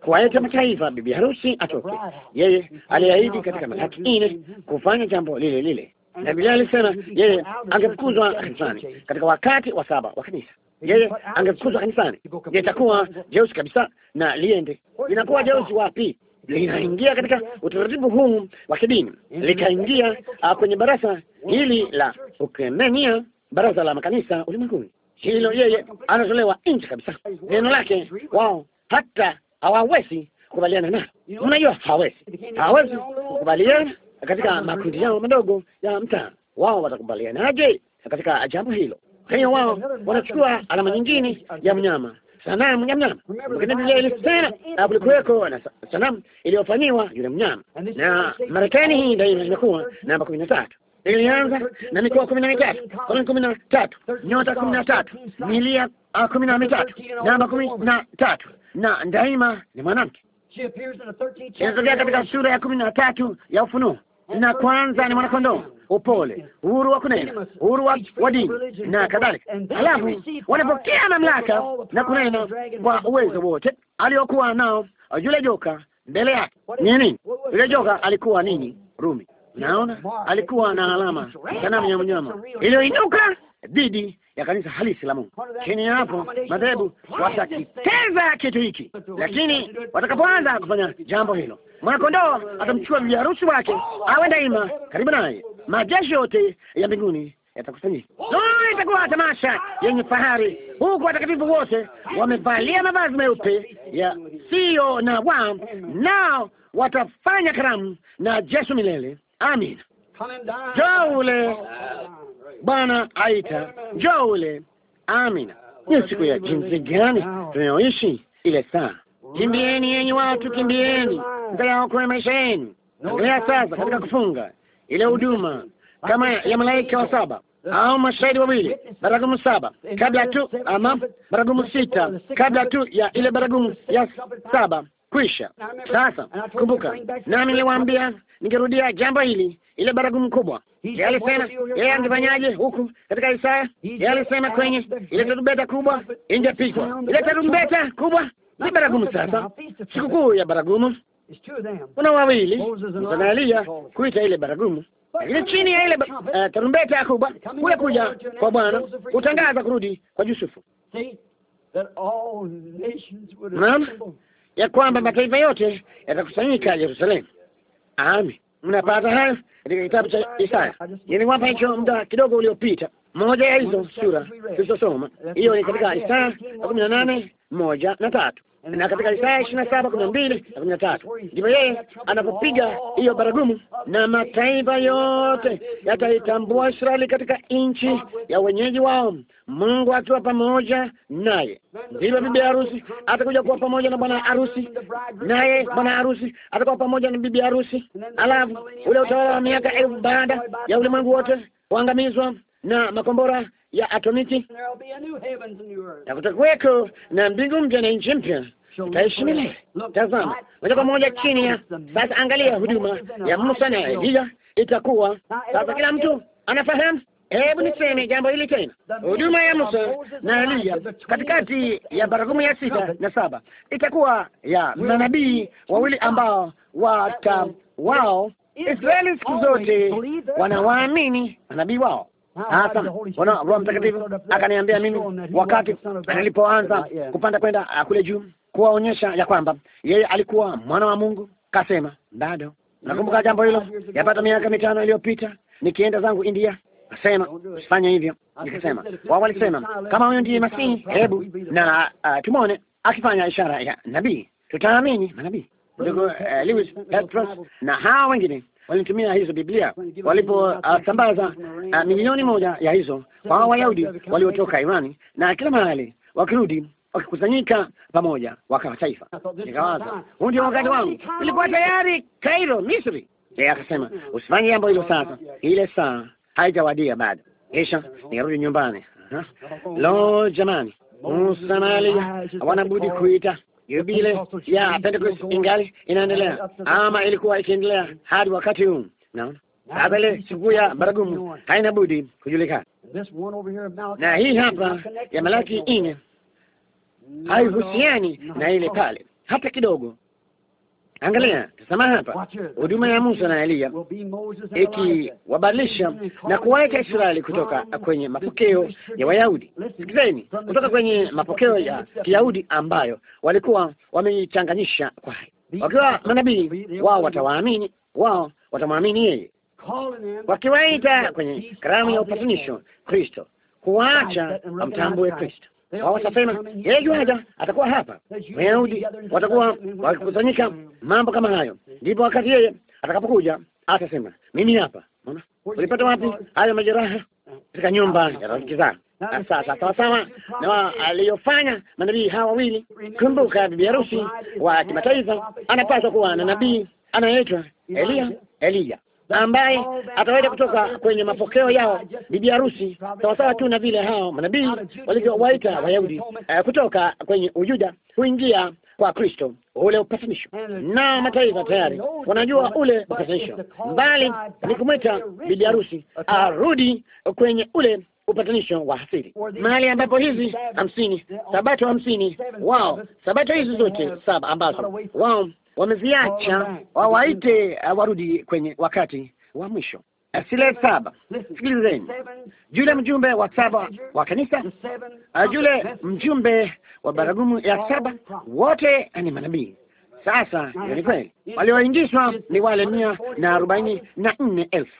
C: kuwaita mataifa, bibi harusi atoke. Yeye aliahidi katika Malaki nne kufanya jambo lile lile,
D: na Biblia alisema yeye angefukuzwa kanisani
C: katika wakati wa saba wa kanisa
D: yeye angefukuzwa
C: kanisani. Itakuwa jeusi kabisa na liende. Inakuwa jeusi wapi? linaingia katika utaratibu huu wa kidini, likaingia ah, kwenye baraza hili la Ukemenia, baraza la makanisa ulimwenguni. Hilo yeye anatolewa nje kabisa, neno lake wao hata hawawezi kukubaliana na Unajua, hawezi hawezi kukubaliana katika makundi yao madogo ya mtaa. Wao watakubalianaje katika jambo hilo? Kwa hiyo wao wanachukua alama nyingine ya mnyama sanamu ya mnyama sana, na kulikuweko na sanamu iliyofanyiwa yule mnyama. Na Marekani hii daima imekuwa namba kumi na tatu ilianza na mikoa kumi na mitatu koloni kumi na tatu nyota kumi na tatu milia ah, kumi na mitatu namba kumi na tatu na daima ni mwanamke.
B: Inatokea katika
C: sura ya kumi na tatu ya Ufunuo, na kwanza ni mwanakondoo upole, uhuru wa kunena, uhuru wa dini na kadhalika. Halafu wanapokea mamlaka na kunena kwa uwezo wote aliokuwa nao yule joka mbele yake. Nini yule joka alikuwa nini? Rumi. Naona alikuwa na alama sanamu ya mnyama iliyoinuka dhidi ya kanisa halisi la Mungu. Chini ya hapo, madhehebu watakiteza kitu hiki, lakini watakapoanza kufanya jambo hilo, mwanakondoo atamchukua bibi harusi wake awe daima karibu naye, majeshi yote ya mbinguni yatakusanyika. Lo, itakuwa tamasha yenye fahari, huku watakatifu wote wamevalia mavazi meupe ya sio na wa nao watafanya karamu na jesu milele. Amina. Njoo ule Bwana aita, njoo ule. Amina. Ni siku ya jinsi gani tunayoishi ile saa! Kimbieni yenye watu, kimbieni mtayaokoe maisha yenu. Angalia sasa katika kufunga ile huduma kama ya malaika wa saba au mashahidi wawili, baragumu saba kabla tu, ama baragumu sita kabla tu ya ile baragumu ya saba kwisha.
B: Sasa kumbuka, nami niliwaambia
C: ningerudia jambo hili. Ile baragumu kubwa, yeye alisema yeye angefanyaje huku katika Isaya? Yeye alisema kwenye ile tarumbeta kubwa ingepigwa, ile tarumbeta kubwa ni baragumu. Sasa sikukuu ya baragumu kuna wawili na Elia kuita ile baragumu, lakini chini ya ile uh, tarumbeta ya kubwa kule kuja kwa Bwana kutangaza kurudi kwa Yusufu. Naam, ya kwamba mataifa yote yatakusanyika Yerusalemu. Aami, mnapata hayo katika kitabu cha Isaya. Niliwapa hicho muda kidogo uliopita, moja ya hizo sura tulizosoma. Hiyo ni katika Isaya kumi na nane moja na tatu na katika Isaya ishirini na saba kumi na mbili na kumi na tatu ndipo yeye anapopiga hiyo baragumu, na mataifa yote yataitambua Israeli katika nchi ya wenyeji wao, Mungu akiwa pamoja naye. Ndipo bibi harusi atakuja kuwa pamoja na bwana harusi, naye bwana harusi atakuwa pamoja na bibi harusi. Alafu ule utawala wa miaka elfu baada ya ulimwengu wote kuangamizwa na makombora ya atomiki, na kutakuweko na mbingu mpya na nchi mpya taishi milele. Tazama moja kwa moja chini ya sasa. Angalia huduma ya Musa na Elia itakuwa sasa. Kila mtu anafahamu. Hebu niseme jambo hili tena, huduma ya Musa na Elia katikati ya baragumu ya sita na saba itakuwa ya manabii wawili ambao wata wao Israeli siku zote wanawaamini manabii wao. Ah, ah, hasa ona Roho Mtakatifu akaniambia mimi wakati nilipoanza kupanda kwenda ah, kule juu kuwaonyesha ya kwamba yeye alikuwa mwana wa Mungu, kasema bado nakumbuka jambo hilo, yapata miaka mitano iliyopita nikienda zangu India, asema usifanye hivyo. Nikasema wao walisema kama huyo ndiye Masihi, hebu na uh, akifanya ishara ya nabii, tutaamini manabii, ndugu uh, Lewis na hawa wengine walitumia hizo Biblia waliposambaza ah, ah, milioni moja ya hizo kwa hao Wayahudi waliotoka Irani na kila mahali wakirudi wakikusanyika pamoja wakawa taifa. Nikawaza, huu ndio wakati wangu. ilikuwa tayari Kairo, Misri. Yeye akasema usifanye jambo hilo sasa, ile saa haijawadia bado. Kisha nikarudi nyumbani. Lo, jamani, Musa na Eliya hawana budi kuita yubile ya Pentecost ingali inaendelea yaani ama ilikuwa ikiendelea hadi wakati huu. Naona yaani sasa ile ya baragumu haina budi kujulikana,
B: na hii hapa
C: ya Malaki ine
D: haihusiani na ile pale
C: hata kidogo. Angalia, tazama hapa huduma ya Musa na Eliya ikiwabadilisha na kuwaita Israeli kutoka kwenye mapokeo ya Wayahudi, sikizeni, kutoka kwenye mapokeo ya Kiyahudi ambayo walikuwa wameichanganyisha kwa wakiwa manabii wao, watawaamini wao, watamwamini yeye, wakiwaita kwenye karamu ya upatanisho Kristo, kuwaacha wamtambue Kristo hao watasema yeye juaja atakuwa hapa, Wayahudi watakuwa wakikusanyika, mambo kama hayo. Ndipo wakati yeye atakapokuja atasema mimi hapa. Unaona, ulipata wapi hayo majeraha? Katika nyumba ya rafiki zako. Sasa sawasawa na aliyofanya manabii hawa wawili. Kumbuka, bibi harusi wa kimataifa anapaswa kuwa na nabii anayeitwa Elia. Elia na ambaye ataweza kutoka kwenye mapokeo yao bibi harusi, sawasawa tu na vile hao manabii walivyowaita Wayahudi uh, kutoka kwenye Ujuda kuingia kwa Kristo, ule upatanisho na mataifa tayari wanajua ule upatanisho, mbali ni kumwita bibi harusi arudi kwenye ule upatanisho wa hasiri, mahali ambapo hizi hamsini sabato hamsini wao sabato hizi zote saba ambazo wao wameziacha, oh, wawaite eh, warudi kwenye wakati wa mwisho. Eh, Sile saba, sikilizeni, yule mjumbe wa saba wa kanisa, eh, yule mjumbe wa baragumu ya saba, wote ni manabii. Sasa ni kweli, walioingishwa ni wale mia na arobaini na nne elfu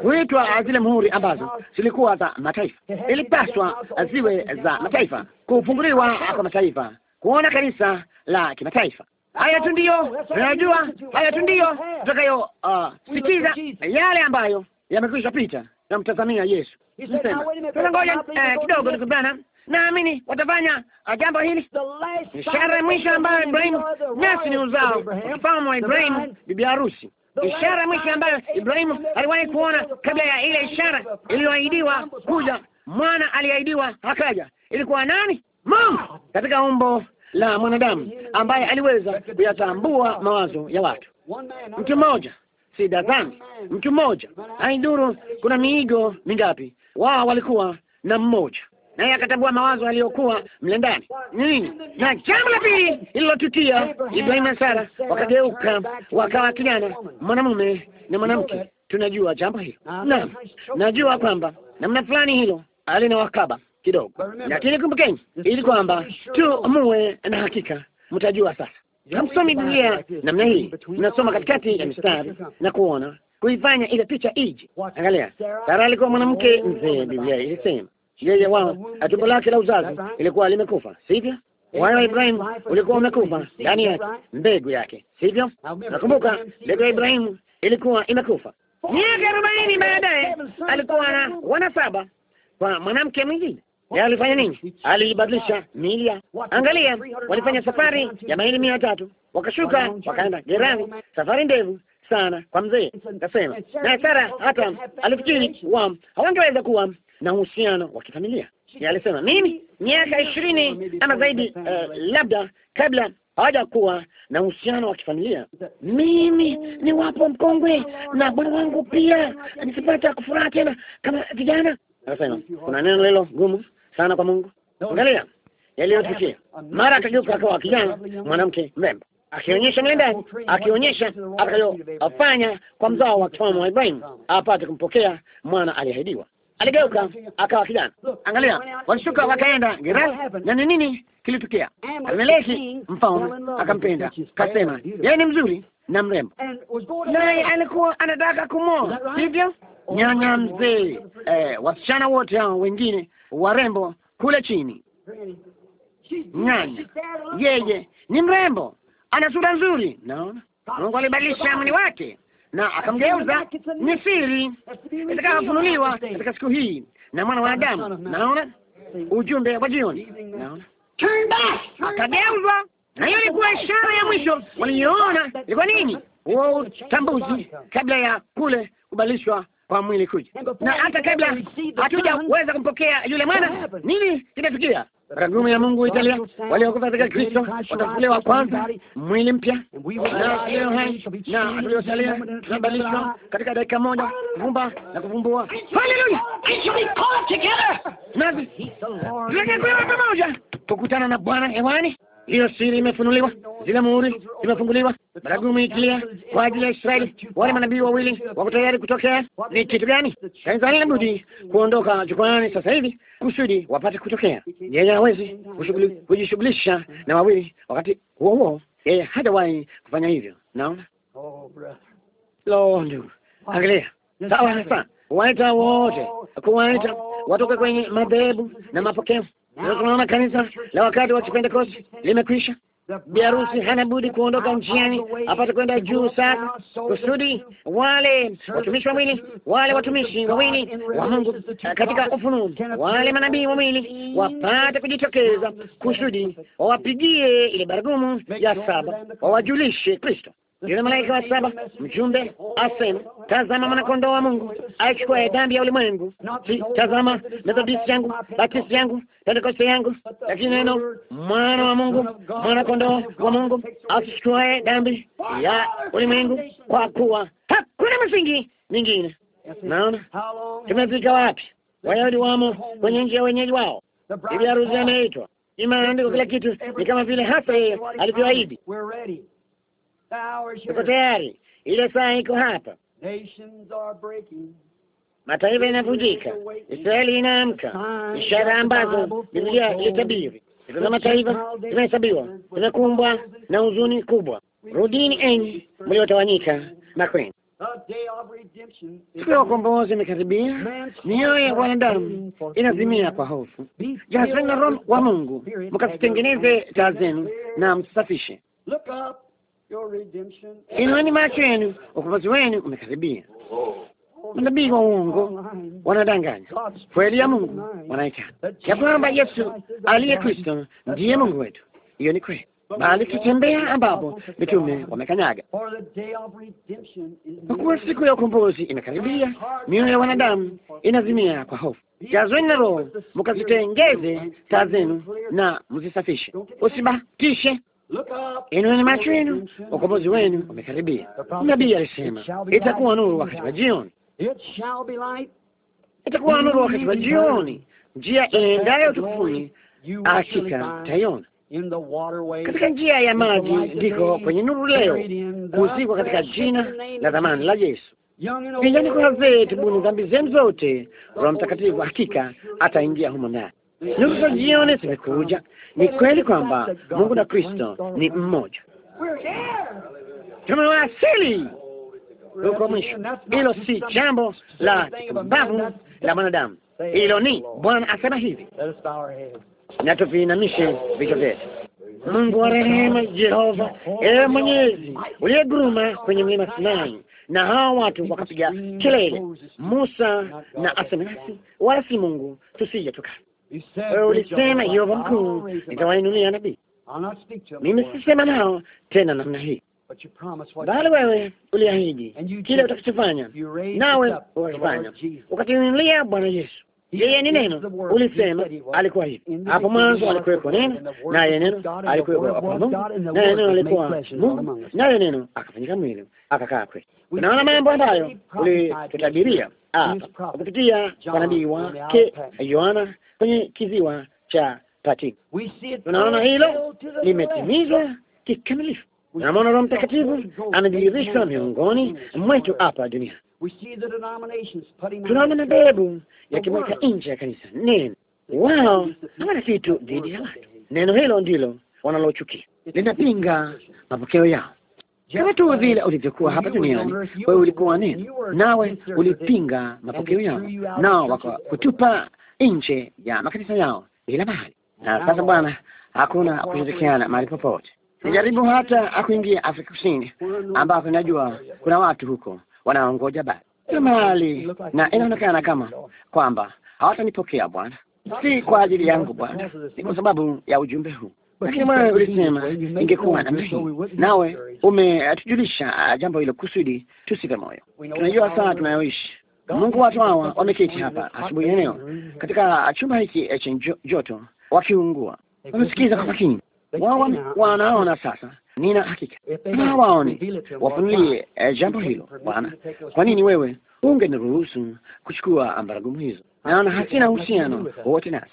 C: kuitwa zile muhuri ambazo zilikuwa za mataifa, ilipaswa ziwe za mataifa, kufunguliwa kwa mataifa, kuona kanisa la kimataifa. Haya tu ndiyo unajua, haya tu ndiyo tutakayo uh, sitiza yale ambayo yamekwisha pita. Namtazamia Yesu sasa ngoja eh, kidogo, ndugu bwana, naamini watafanya uh, jambo hili. Ishara ya mwisho ambayo Ibrahimu nasi ni uzao mfalme wa Ibrahimu, bibi harusi ishara mwisho ambayo Ibrahimu aliwahi kuona kabla ya ile ishara iliyoahidiwa kuja, mwana aliahidiwa akaja, ilikuwa nani? Mungu katika umbo la mwanadamu ambaye aliweza kuyatambua mawazo ya watu. Mtu mmoja, si dazani, mtu mmoja, haidhuru kuna miigo mingapi, wao walikuwa na mmoja, naye akatambua mawazo aliyokuwa mle ndani nini. Na jambo la pili lililotukia, Ibrahimu na Sara wakageuka, wakawa kijana mwanamume na mwanamke. Tunajua jambo hilo, naam, najua kwamba namna fulani hilo alinawakaba kidogo, lakini kumbukeni, ili kwamba tu muwe na hakika, mtajua sasa. Hamsomi Biblia namna hii, mnasoma katikati ya mistari na kuona kuifanya ile picha iji. Angalia, Sara alikuwa mwanamke mzee, Biblia ilisema yeye, wao tumbo lake la uzazi ilikuwa limekufa, sivyo? Wao wa Ibrahimu ulikuwa umekufa ndani yake, mbegu yake, sivyo? Nakumbuka mbegu ya Ibrahimu ilikuwa imekufa. Miaka arobaini baadaye
D: alikuwa na
C: wana saba kwa mwanamke mwingine. Yeye alifanya nini? Aliibadilisha milia. Angalia, walifanya safari ya maili mia tatu, wakashuka wakaenda Gerani, safari ndefu sana kwa mzee kasema. Na Sara hata alifikiri wa hawangeweza kuwa na uhusiano wa kifamilia. Yeye alisema mimi miaka ishirini ama zaidi, uh, labda kabla hawaja kuwa na uhusiano wa kifamilia. Mimi ni wapo mkongwe na bwana wangu pia nisipata kufuraha tena kama vijana. Anasema kuna neno lilo gumu sana kwa Mungu. Angalia yaliyotukia.
D: Mara akageuka akawa kijana
C: mwanamke mrembo, akionyesha mlendani, akionyesha atakayofanya kwa mzao wa Tomo wa Ibrahimu apate kumpokea mwana aliahidiwa. Aligeuka akawa kijana. Angalia, walishuka wakaenda Gerari, na ni nini kilitokea? Abimeleki mfalme akampenda, kasema yeye ni mzuri na mrembo, naye alikuwa anataka kumoa, hivyo Nyanya mzee, eh, wasichana wote hao wengine warembo kule chini.
B: Nani yeye?
C: Ni mrembo, ana sura nzuri. Naona Mungu alibadilisha mwili wake na akamgeuza. Ni siri
D: itakayofunuliwa katika
C: siku hii na mwana wa Adamu. Naona ujumbe wa jioni, naona akageuzwa, na hiyo ilikuwa ishara ya mwisho waliyoona. Ilikuwa nini? Huo utambuzi kabla ya kule kubadilishwa kwa mwili kuja, na hata kabla hatujaweza kumpokea yule mwana, nini kimetukia? Ragumu ya Mungu italia, waliokufa katika Kristo watafufuliwa kwanza, mwili mpya na leo hai na tuliosalia tunabadilishwa katika dakika moja, kuvumba na kuvumbua. Haleluya! tunaweza kuwa pamoja, kukutana na Bwana hewani hiyo siri imefunuliwa, zile muhuri zimefunguliwa, baragumu ikilia kwa ajili ya Israeli. Wale manabii wawili wako tayari kutokea. Ni kitu gani? Kanisa lina budi kuondoka chukwani sasa hivi kusudi wapate kutokea. Yeye hawezi kujishughulisha na wawili wakati huo huo, yeye hajawahi kufanya hivyo. Naona oh, lo, ndugu, angalia sawa, sana, waita wote, oh. kuwaita oh, watoke kwenye madhehebu na mapokeo Unaona, kanisa la wakati wa Pentekoste limekwisha. biarusi hana budi kuondoka njiani apate kwenda juu sana, kusudi wale watumishi wawili, wale watumishi wawili wa Mungu katika ufunuo, wale manabii wawili wapate kujitokeza, kusudi wawapigie ile baragumu ya saba, wawajulishe Kristo yule malaika wa saba, mjumbe asema, tazama mwanakondoo wa Mungu aichukua dhambi ya ulimwengu. Si tazama Methodisti yangu, Baptisti yangu, Pentekoste yangu, lakini neno mwana wa Mungu, mwanakondoo wa Mungu asichukuaye dhambi ya ulimwengu, kwa kuwa hakuna msingi mingine. Naona tumefika wapi? Wayahudi wamo kwenye njia ya wenyeji wao, bibi harusi ameitwa, imeandikwa kila kitu, ni kama vile hasa yeye alivyoahidi
B: tuko tayari,
C: ile saa iko hapa. Mataifa inavunjika, Israeli inaamka, ishara ambazo Biblia ilitabiri. Siku za mataifa zimehesabiwa, zimekumbwa na huzuni kubwa. Rudini enyi mliotawanyika na kwenu Siku ya ukombozi imekaribia. Mioyo ya wanadamu inazimia kwa hofu. Jazeni na Roho wa Mungu, mkazitengeneze taa zenu na msafishe.
B: Inueni macho yenu,
C: ukombozi wenu umekaribia.
B: Manabii wa uongo
C: wanadanganya kweli ya Mungu, wanaikana ya kwamba Yesu aliye Kristo ndiye Mungu wetu. Hiyo ni kweli, bali tutembea ambapo mitume wamekanyaga, kwa kuwa siku ya ukombozi imekaribia.
D: Mioyo ya wanadamu
C: inazimia kwa hofu. Jazweni na Roho, mkazitengeze taa zenu na mzisafishe, usibatishe
D: inueni macho yenu,
C: ukombozi wenu umekaribia. Nabii alisema itakuwa nuru wakati wa jioni, itakuwa nuru wakati wa jioni. Njia inaendayo tufuni hakika taiona katika njia ya maji, ndiko
B: kwenye nuru leo kuzikwa katika jina la dhamani la Yesu. Vijana kwa wazee,
C: tubuni dhambi zenu zote, Roho Mtakatifu hakika ataingia humo ndani nusu jioni zimekuja. Ni kweli kwamba Mungu na Kristo ni mmoja, tumewasili huko mwisho. Hilo si jambo la kipumbavu la mwanadamu, hilo ni Bwana asema hivi, na tuviinamishe vichwa vyetu. Mungu wa rehema, Jehova, ewe Mwenyezi uliyeguruma kwenye mlima Sinai na hawa watu wakapiga kelele, Musa na asemenasi, wala si Mungu, tusije tukaa wewe ulisema Yobu mkuu, nitawainulia nabii. Mimi sisema nao tena namna hii, bali wewe uliahidi kile utakachofanya,
B: nawe ukakifanya,
C: ukatuinulia Bwana Yesu. Yeye ni neno, ulisema alikuwa hivi. Hapo mwanzo alikuwepo neno, naye neno alikuwepo kwa Mungu, naye neno alikuwa Mungu, naye neno akafanyika mwili, akakaa kwetu. Unaona mambo ambayo ulitutabiria kupitia kwa nabii wake Yohana kwenye kiziwa cha Patiki. Tunaona hilo
D: limetimizwa
C: kikamilifu. Tunamwona Roho Mtakatifu anajidhihirishwa miongoni mwetu hapa dunia. Tunaona mabebu yakimweka nje ya kanisa neno wao, hawana kitu dhidi ya watu. Neno hilo ndilo wanalochukia, linapinga mapokeo yao kama tu vile ulivyokuwa hapa duniani, wewe ulikuwa neno nawe ulipinga mapokeo yao, nao wakakutupa nje ya makanisa yao bila mahali. Na sasa bwana, hakuna kushirikiana mahali popote. Nijaribu hata kuingia Afrika Kusini, ambapo najua kuna watu huko wanaongoja basi kila mahali, na inaonekana kama kwamba hawatanipokea Bwana, si kwa ajili yangu Bwana, ni kwa sababu ya ujumbe huu. Lakini wewe ulisema ingekuwa namna hii, nawe umetujulisha jambo hilo kusudi tusipe moyo. Tunajua sana tunayoishi Mungu watu hawa wameketi hapa asubuhi ya leo katika chumba hiki eh, cha joto, wakiungua, wamesikiza kwa makini. Wao wanaona sasa, nina hakika hawaoni. Wafunulie eh, jambo hilo Bwana. Kwa nini wewe unge ungeniruhusu kuchukua mbaragumu hizo? Naona hakina uhusiano wowote nasi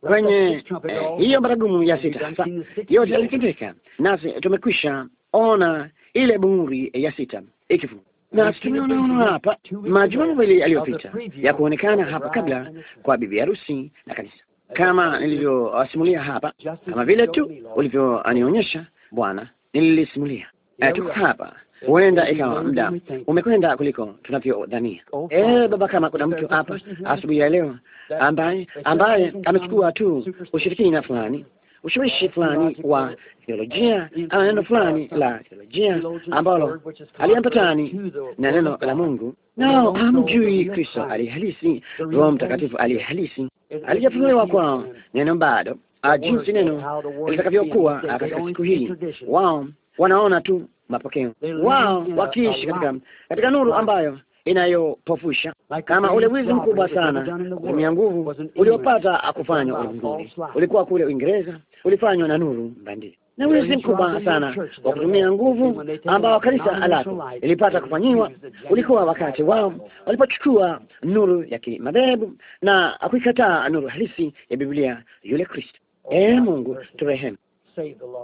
C: kwenye eh, hiyo baragumu ya sita sasa, yote yalitendeka, nasi tumekwisha ona ile bunguri ya sita ikifu Nafikiri unaona hapa majuma mawili yaliyopita ya kuonekana hapa kabla kwa bibi harusi na kanisa, kama nilivyowasimulia hapa, kama vile tu ulivyonionyesha Bwana, nililisimulia eh, tuko hapa. Huenda ikawa muda umekwenda kuliko tunavyodhania. Oh, eh, Baba, kama kuna mtu hapa asubuhi ya leo ambaye ambaye amechukua tu ushirikina fulani ushawishi fulani wa theolojia ama ah, neno fulani la theolojia ambalo aliambatani na neno la Mungu. Nao hamjui Kristo aliyehalisi, Roho Mtakatifu aliyehalisi,
D: alijafunuliwa
C: kwao neno bado, ah, jinsi neno litakavyokuwa katika siku hii. Wao wanaona tu mapokeo, wao wakiishi katika katika nuru ambayo inayopofusha kama ule wizi mkubwa sana kutumia nguvu uliopata akufanya ulimguni ulikuwa kule Uingereza ulifanywa na nuru bandia na wizi mkubwa sana wa kutumia nguvu ambao kanisa alafu ilipata kufanyiwa ulikuwa wakati wao walipochukua nuru ya kimadhehebu na kuikataa nuru halisi ya Biblia, yule Kristo. Ee Mungu, turehemu,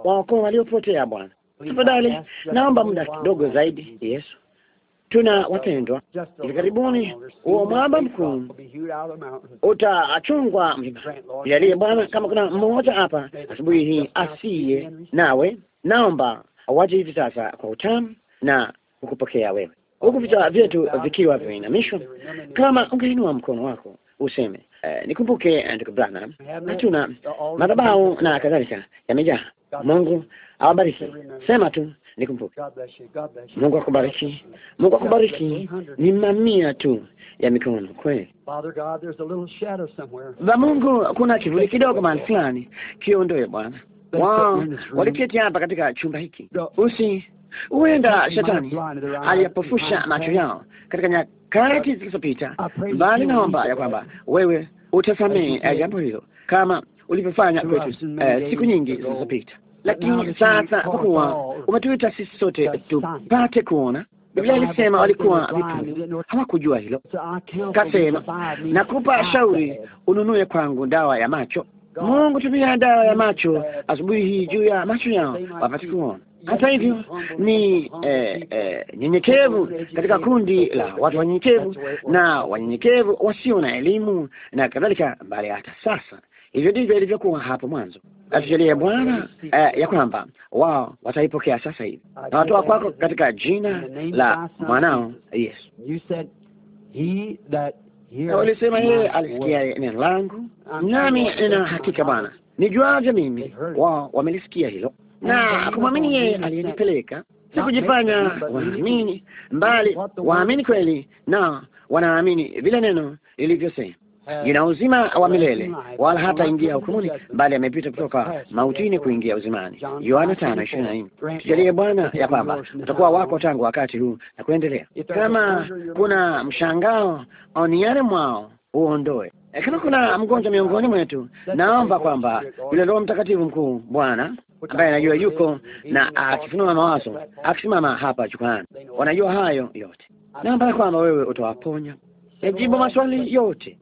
C: waokoa waliopotea. Bwana, tafadhali naomba muda kidogo zaidi, Yesu tuna wapendwa, hivi karibuni huo mwamba mkuu utachungwa
B: mlimani. Yaliye Bwana, kama
C: kuna mmoja hapa asubuhi hii asiye nawe, naomba waje hivi sasa kwa utamu na kukupokea wewe, huku vita vyetu vikiwa vimeinamishwa. Kama ungeinua mkono wako useme uh, nikumbuke ndugu Branham,
D: hatuna madhabahu na
C: kadhalika, yamejaa. Mungu awabariki. Sema tu ni
D: kumfupi. Mungu
C: akubariki, Mungu akubariki. Ni mamia tu ya mikono kweli. Ba Mungu, kuna kivuli kidogo mahali fulani, kiondoe Bwana. Wao waliketi hapa katika chumba hiki, usi huenda shetani aliyapofusha macho yao katika nyakati zilizopita, bali naomba ya kwamba wewe utasamehe eh, jambo hilo kama ulivyofanya kwetu eh, siku nyingi zilizopita. Lakini sasa kwa kuwa umetuita sisi sote tupate kuona,
D: Biblia ilisema walikuwa vipuli,
C: hawakujua hilo. Kasema nakupa shauri, ununue kwangu dawa ya macho. Mungu tumia dawa ya macho asubuhi hii juu ya macho yao wapate kuona. Hata hivyo ni eh, eh, nyenyekevu katika kundi la watu wanyenyekevu na wanyenyekevu wasio na elimu na kadhalika, mbali hata sasa. Hivyo ndivyo ilivyokuwa hapo mwanzo nafijalia ya Bwana eh, ya kwamba wao wataipokea sasa hivi. Nawatoa kwako katika jina la mwanao Yesu. Walisema yeye alisikia neno langu, nami nina hakika Bwana nijuaje mimi, wao wamelisikia hilo na kumwamini yeye aliyenipeleka, si kujifanya waamini, mbali waamini kweli, na wanaamini vile neno lilivyosema.
D: Eh, Ina uzima wa milele, wala hataingia
C: hukumuni, bali amepita kutoka mautini kuingia uzimani. Yohana tano ishirini na nne. Tujalie Bwana ya kwamba utakuwa wako tangu wakati huu na kuendelea. Kama kuna mshangao oniani mwao uondoe. E, kama kuna mgonjwa miongoni mwetu, naomba kwamba yule Roho Mtakatifu mkuu Bwana ambaye anajua yuko na akifunua mawazo, akisimama hapa chukani wanajua hayo yote, naomba kwamba wewe utawaponya, yajibu maswali yote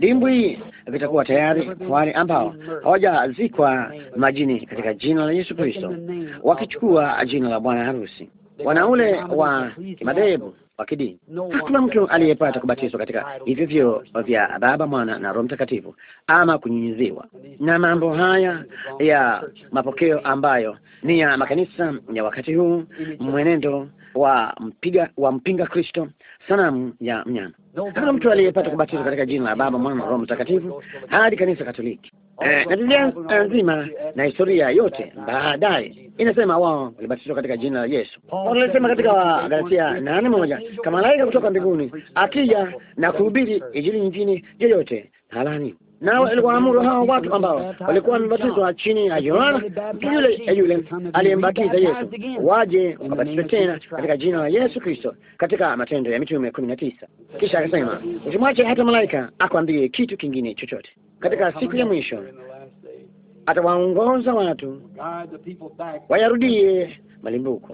C: dimbwi vitakuwa tayari wale ambao hawajazikwa majini katika jina la Yesu Kristo, wakichukua jina la bwana harusi, wanaule wa kimadhehebu wa kidini. Hakuna mtu aliyepata kubatizwa katika hivyo vyo vya Baba, Mwana na Roho Mtakatifu ama kunyunyiziwa. Na mambo haya ya mapokeo ambayo ni ya makanisa ya wakati huu, mwenendo wa mpiga wa mpinga Kristo, sanamu ya mnyama Hakuna mtu aliyepata kubatizwa katika jina la Baba, Mwana Roho Mtakatifu hadi kanisa Katoliki. Eh, na Biblia eh, nzima na historia yote baadaye inasema wao walibatizwa katika jina la Yesu. Walisema katika galatia nane moja kama malaika kutoka mbinguni akija na kuhubiri injili nyingine yoyote halani Nawe aliwaamuru hao watu ambao walikuwa wamebatizwa chini ya Yohana, mtu yule eh, yule aliyembatiza Yesu, waje wakabatizwe tena katika jina la Yesu Kristo, katika Matendo ya Mitume kumi na tisa. Kisha akasema, usimwache hata malaika akwambie kitu kingine chochote. Katika siku ya mwisho atawaongoza watu wayarudie malimbuko.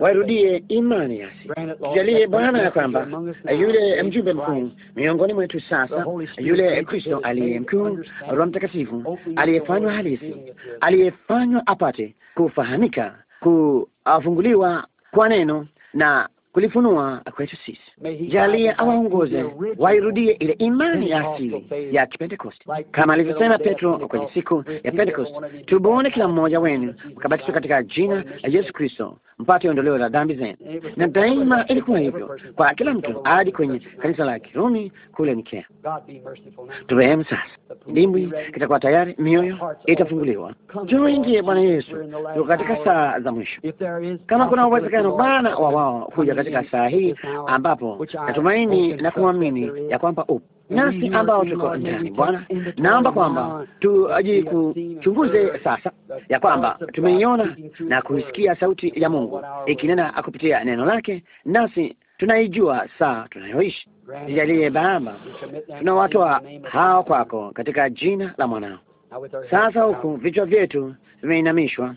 C: Wairudie imani yasi. Tujalie Bwana ya kwamba yule mjumbe mkuu miongoni mwetu sasa, yule Kristo aliye mkuu, Roho Mtakatifu aliyefanywa halisi, aliyefanywa apate kufahamika, kufunguliwa kwa neno na kulifunua kwetu sisi. Jalia awaongoze wairudie ile imani ya asili ya Kipentekosti, kama alivyosema Petro kwenye siku ya Pentekosti, tubone kila mmoja wenu mkabatizwa katika jina la Yesu Kristo mpate ondoleo la dhambi zenu. Na daima ilikuwa hivyo kwa kila mtu hadi kwenye kanisa la Kirumi kule Nikea. Turehemu sasa, dimbwi kitakuwa tayari, mioyo itafunguliwa. Tuingie Bwana Yesu,
D: tuko katika saa
C: za mwisho. Kama kuna uwezekano Bwana wa wao huja katika saa hii ambapo natumaini na kuamini ya kwamba upo nasi ambao tuko ndani. Bwana, naomba kwamba tujikuchunguze sasa, ya kwamba tumeiona na kuisikia sauti ya Mungu ikinena kupitia neno lake, nasi tunaijua saa tunayoishi. Tujalie Baba, tunawatoa hao kwako katika jina la mwanao. Sasa huku vichwa vyetu vimeinamishwa